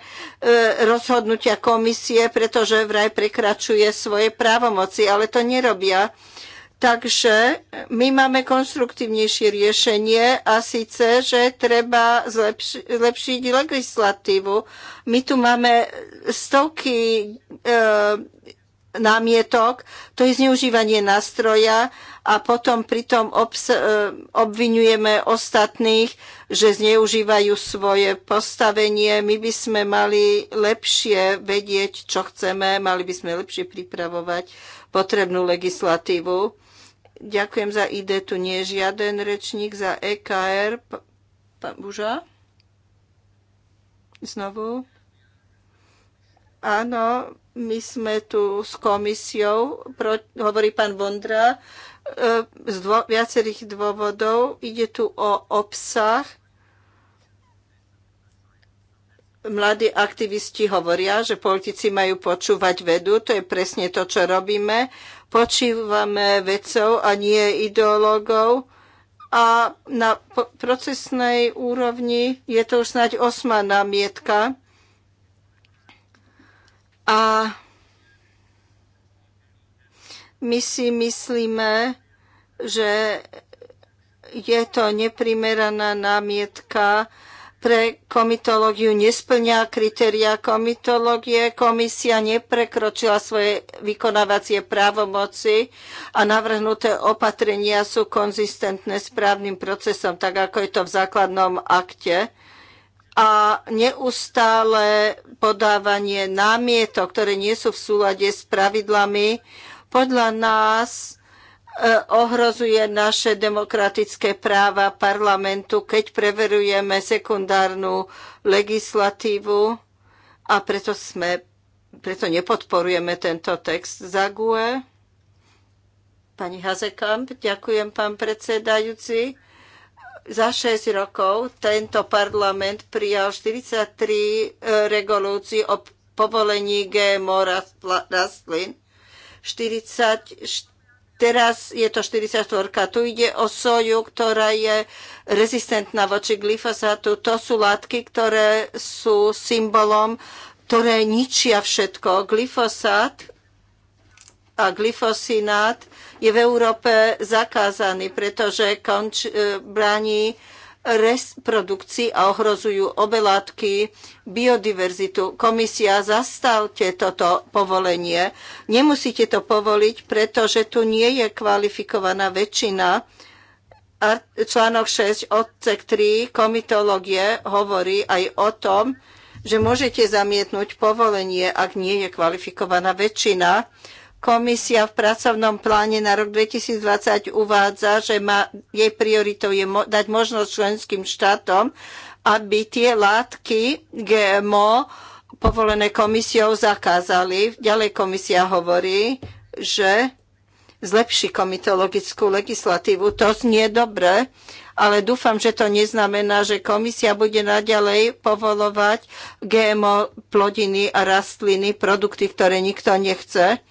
rozhodnutia komisie, pretože vraj prekračuje svoje právomoci, ale to nerobia. Takže my máme konstruktívnejšie riešenie a síce, že treba zlepši- zlepšiť legislatívu. My tu máme stovky e, námietok, to je zneužívanie nástroja a potom pritom e, obvinujeme ostatných, že zneužívajú svoje postavenie. My by sme mali lepšie vedieť, čo chceme, mali by sme lepšie pripravovať potrebnú legislatívu. Ďakujem za ID, tu nie je žiaden rečník, za EKR. Pán Buža? Znovu? Áno, my sme tu s komisiou, pro, hovorí pán Vondra, e, z dvo, viacerých dôvodov. Ide tu o obsah. Mladí aktivisti hovoria, že politici majú počúvať vedu. To je presne to, čo robíme. Počívame vedcov a nie ideológov. A na procesnej úrovni je to už snáď osma námietka a my si myslíme, že je to neprimeraná námietka pre komitológiu, nesplňa kritéria komitológie, komisia neprekročila svoje vykonávacie právomoci a navrhnuté opatrenia sú konzistentné s právnym procesom, tak ako je to v základnom akte a neustále podávanie námietok, ktoré nie sú v súlade s pravidlami, podľa nás e, ohrozuje naše demokratické práva parlamentu, keď preverujeme sekundárnu legislatívu a preto, sme, preto nepodporujeme tento text Zague. Pani Hazekamp, ďakujem, pán predsedajúci za 6 rokov tento parlament prijal 43 e, regolúcií o povolení GMO rastlín. 40, teraz je to 44. Tu ide o soju, ktorá je rezistentná voči glyfosátu. To sú látky, ktoré sú symbolom, ktoré ničia všetko. Glyfosát a glyfosinát je v Európe zakázaný, pretože konč, e, bráni reprodukcii a ohrozujú obe látky, biodiverzitu. Komisia, zastavte toto povolenie. Nemusíte to povoliť, pretože tu nie je kvalifikovaná väčšina. A článok 6 odsek 3 komitológie hovorí aj o tom, že môžete zamietnúť povolenie, ak nie je kvalifikovaná väčšina. Komisia v pracovnom pláne na rok 2020 uvádza, že má, jej prioritou je mo- dať možnosť členským štátom, aby tie látky GMO povolené komisiou zakázali. Ďalej komisia hovorí, že zlepší komitologickú legislatívu. To znie dobre, ale dúfam, že to neznamená, že komisia bude naďalej povolovať GMO plodiny a rastliny, produkty, ktoré nikto nechce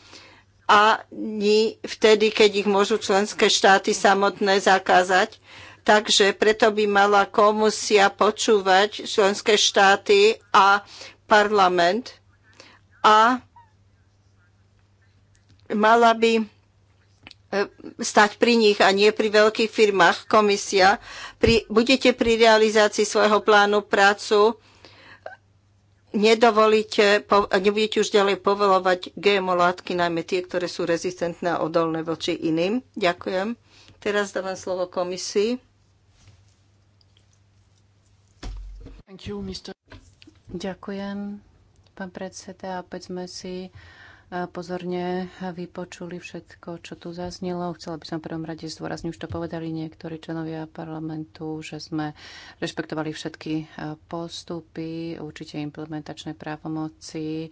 ani vtedy, keď ich môžu členské štáty samotné zakázať. Takže preto by mala komisia počúvať členské štáty a parlament a mala by e, stať pri nich a nie pri veľkých firmách komisia. Pri, budete pri realizácii svojho plánu prácu nedovolíte, nebudete už ďalej povolovať GMO látky, najmä tie, ktoré sú rezistentné a odolné voči iným. Ďakujem. Teraz dávam slovo komisii. You, Ďakujem, pán predseda. Opäť sme si pozorne vypočuli všetko, čo tu zaznelo. Chcela by som v prvom rade zdôrazniť, už to povedali niektorí členovia parlamentu, že sme rešpektovali všetky e, postupy, určite implementačné právomoci, e,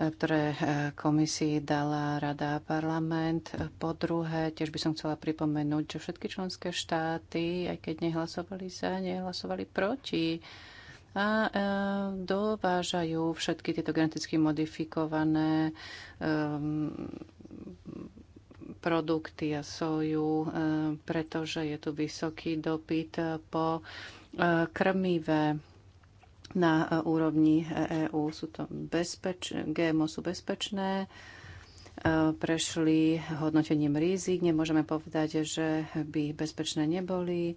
ktoré e, komisii dala Rada a parlament. Po druhé, tiež by som chcela pripomenúť, že všetky členské štáty, aj keď nehlasovali za, nehlasovali proti a e, dovážajú všetky tieto geneticky modifikované produkty a soju, e, pretože je tu vysoký dopyt po e, krmivé na úrovni EÚ. Sú to bezpeč- GMO sú bezpečné, prešli hodnotením rizik. Nemôžeme povedať, že by bezpečné neboli.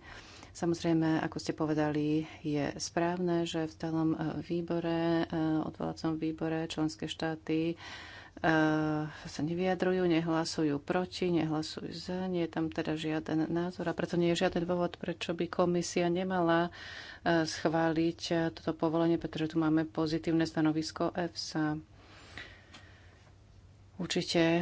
Samozrejme, ako ste povedali, je správne, že v celom e, výbore, e, odvolacom výbore členské štáty e, sa nevyjadrujú, nehlasujú proti, nehlasujú za, nie je tam teda žiaden názor a preto nie je žiaden dôvod, prečo by komisia nemala schváliť toto povolenie, pretože tu máme pozitívne stanovisko EFSA. Určite e,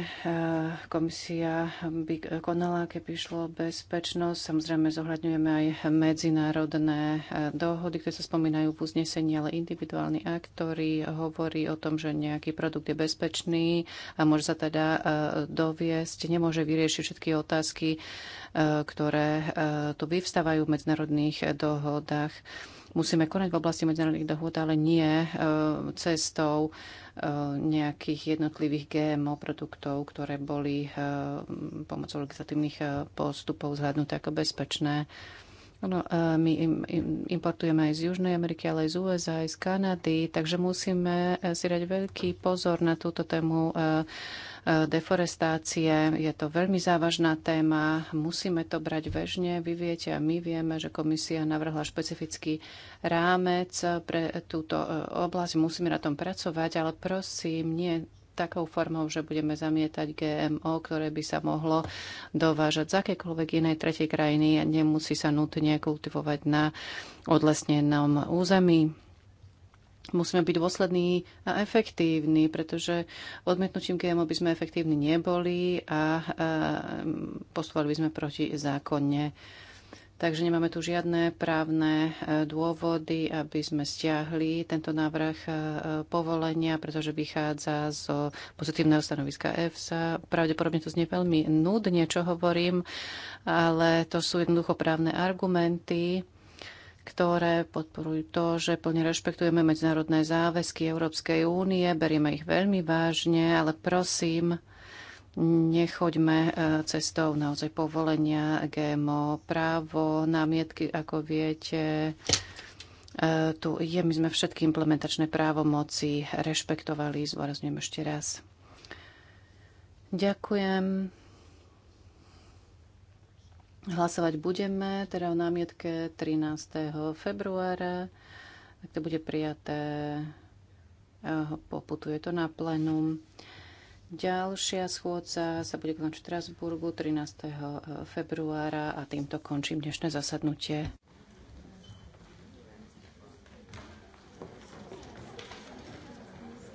komisia by konala, keby išlo bezpečnosť. Samozrejme, zohľadňujeme aj medzinárodné e, dohody, ktoré sa spomínajú v uznesení, ale individuálny ktorý hovorí o tom, že nejaký produkt je bezpečný a môže sa teda e, doviesť, nemôže vyriešiť všetky otázky, ktoré tu vyvstávajú v medzinárodných dohodách. Musíme konať v oblasti medzinárodných dohôd, ale nie e, cestou e, nejakých jednotlivých GMO produktov, ktoré boli e, pomocou legislatívnych postupov zhľadnuté ako bezpečné. No, my im, im, importujeme aj z Južnej Ameriky, ale aj z USA, aj z Kanady, takže musíme e, si dať veľký pozor na túto tému e, deforestácie. Je to veľmi závažná téma, musíme to brať vežne. Vy viete a my vieme, že komisia navrhla špecifický rámec pre túto oblasť. Musíme na tom pracovať, ale prosím, nie takou formou, že budeme zamietať GMO, ktoré by sa mohlo dovážať z akékoľvek inej tretej krajiny a nemusí sa nutne kultivovať na odlesnenom území. Musíme byť dôslední a efektívni, pretože odmietnutím GMO by sme efektívni neboli a postupovali by sme proti zákonne Takže nemáme tu žiadne právne e, dôvody, aby sme stiahli tento návrh e, povolenia, pretože vychádza zo pozitívneho stanoviska EFSA. Pravdepodobne to znie veľmi nudne, čo hovorím, ale to sú jednoducho právne argumenty, ktoré podporujú to, že plne rešpektujeme medzinárodné záväzky Európskej únie, berieme ich veľmi vážne, ale prosím, Nechoďme e, cestou naozaj povolenia GMO. Právo, námietky, ako viete, e, tu je. My sme všetky implementačné právomoci rešpektovali. zvorazňujem ešte raz. Ďakujem. Hlasovať budeme teda o námietke 13. februára. Ak to bude prijaté, e, poputuje to na plenum. Ďalšia schôdza sa bude konať v Štrasburgu 13. februára a týmto končím dnešné zasadnutie.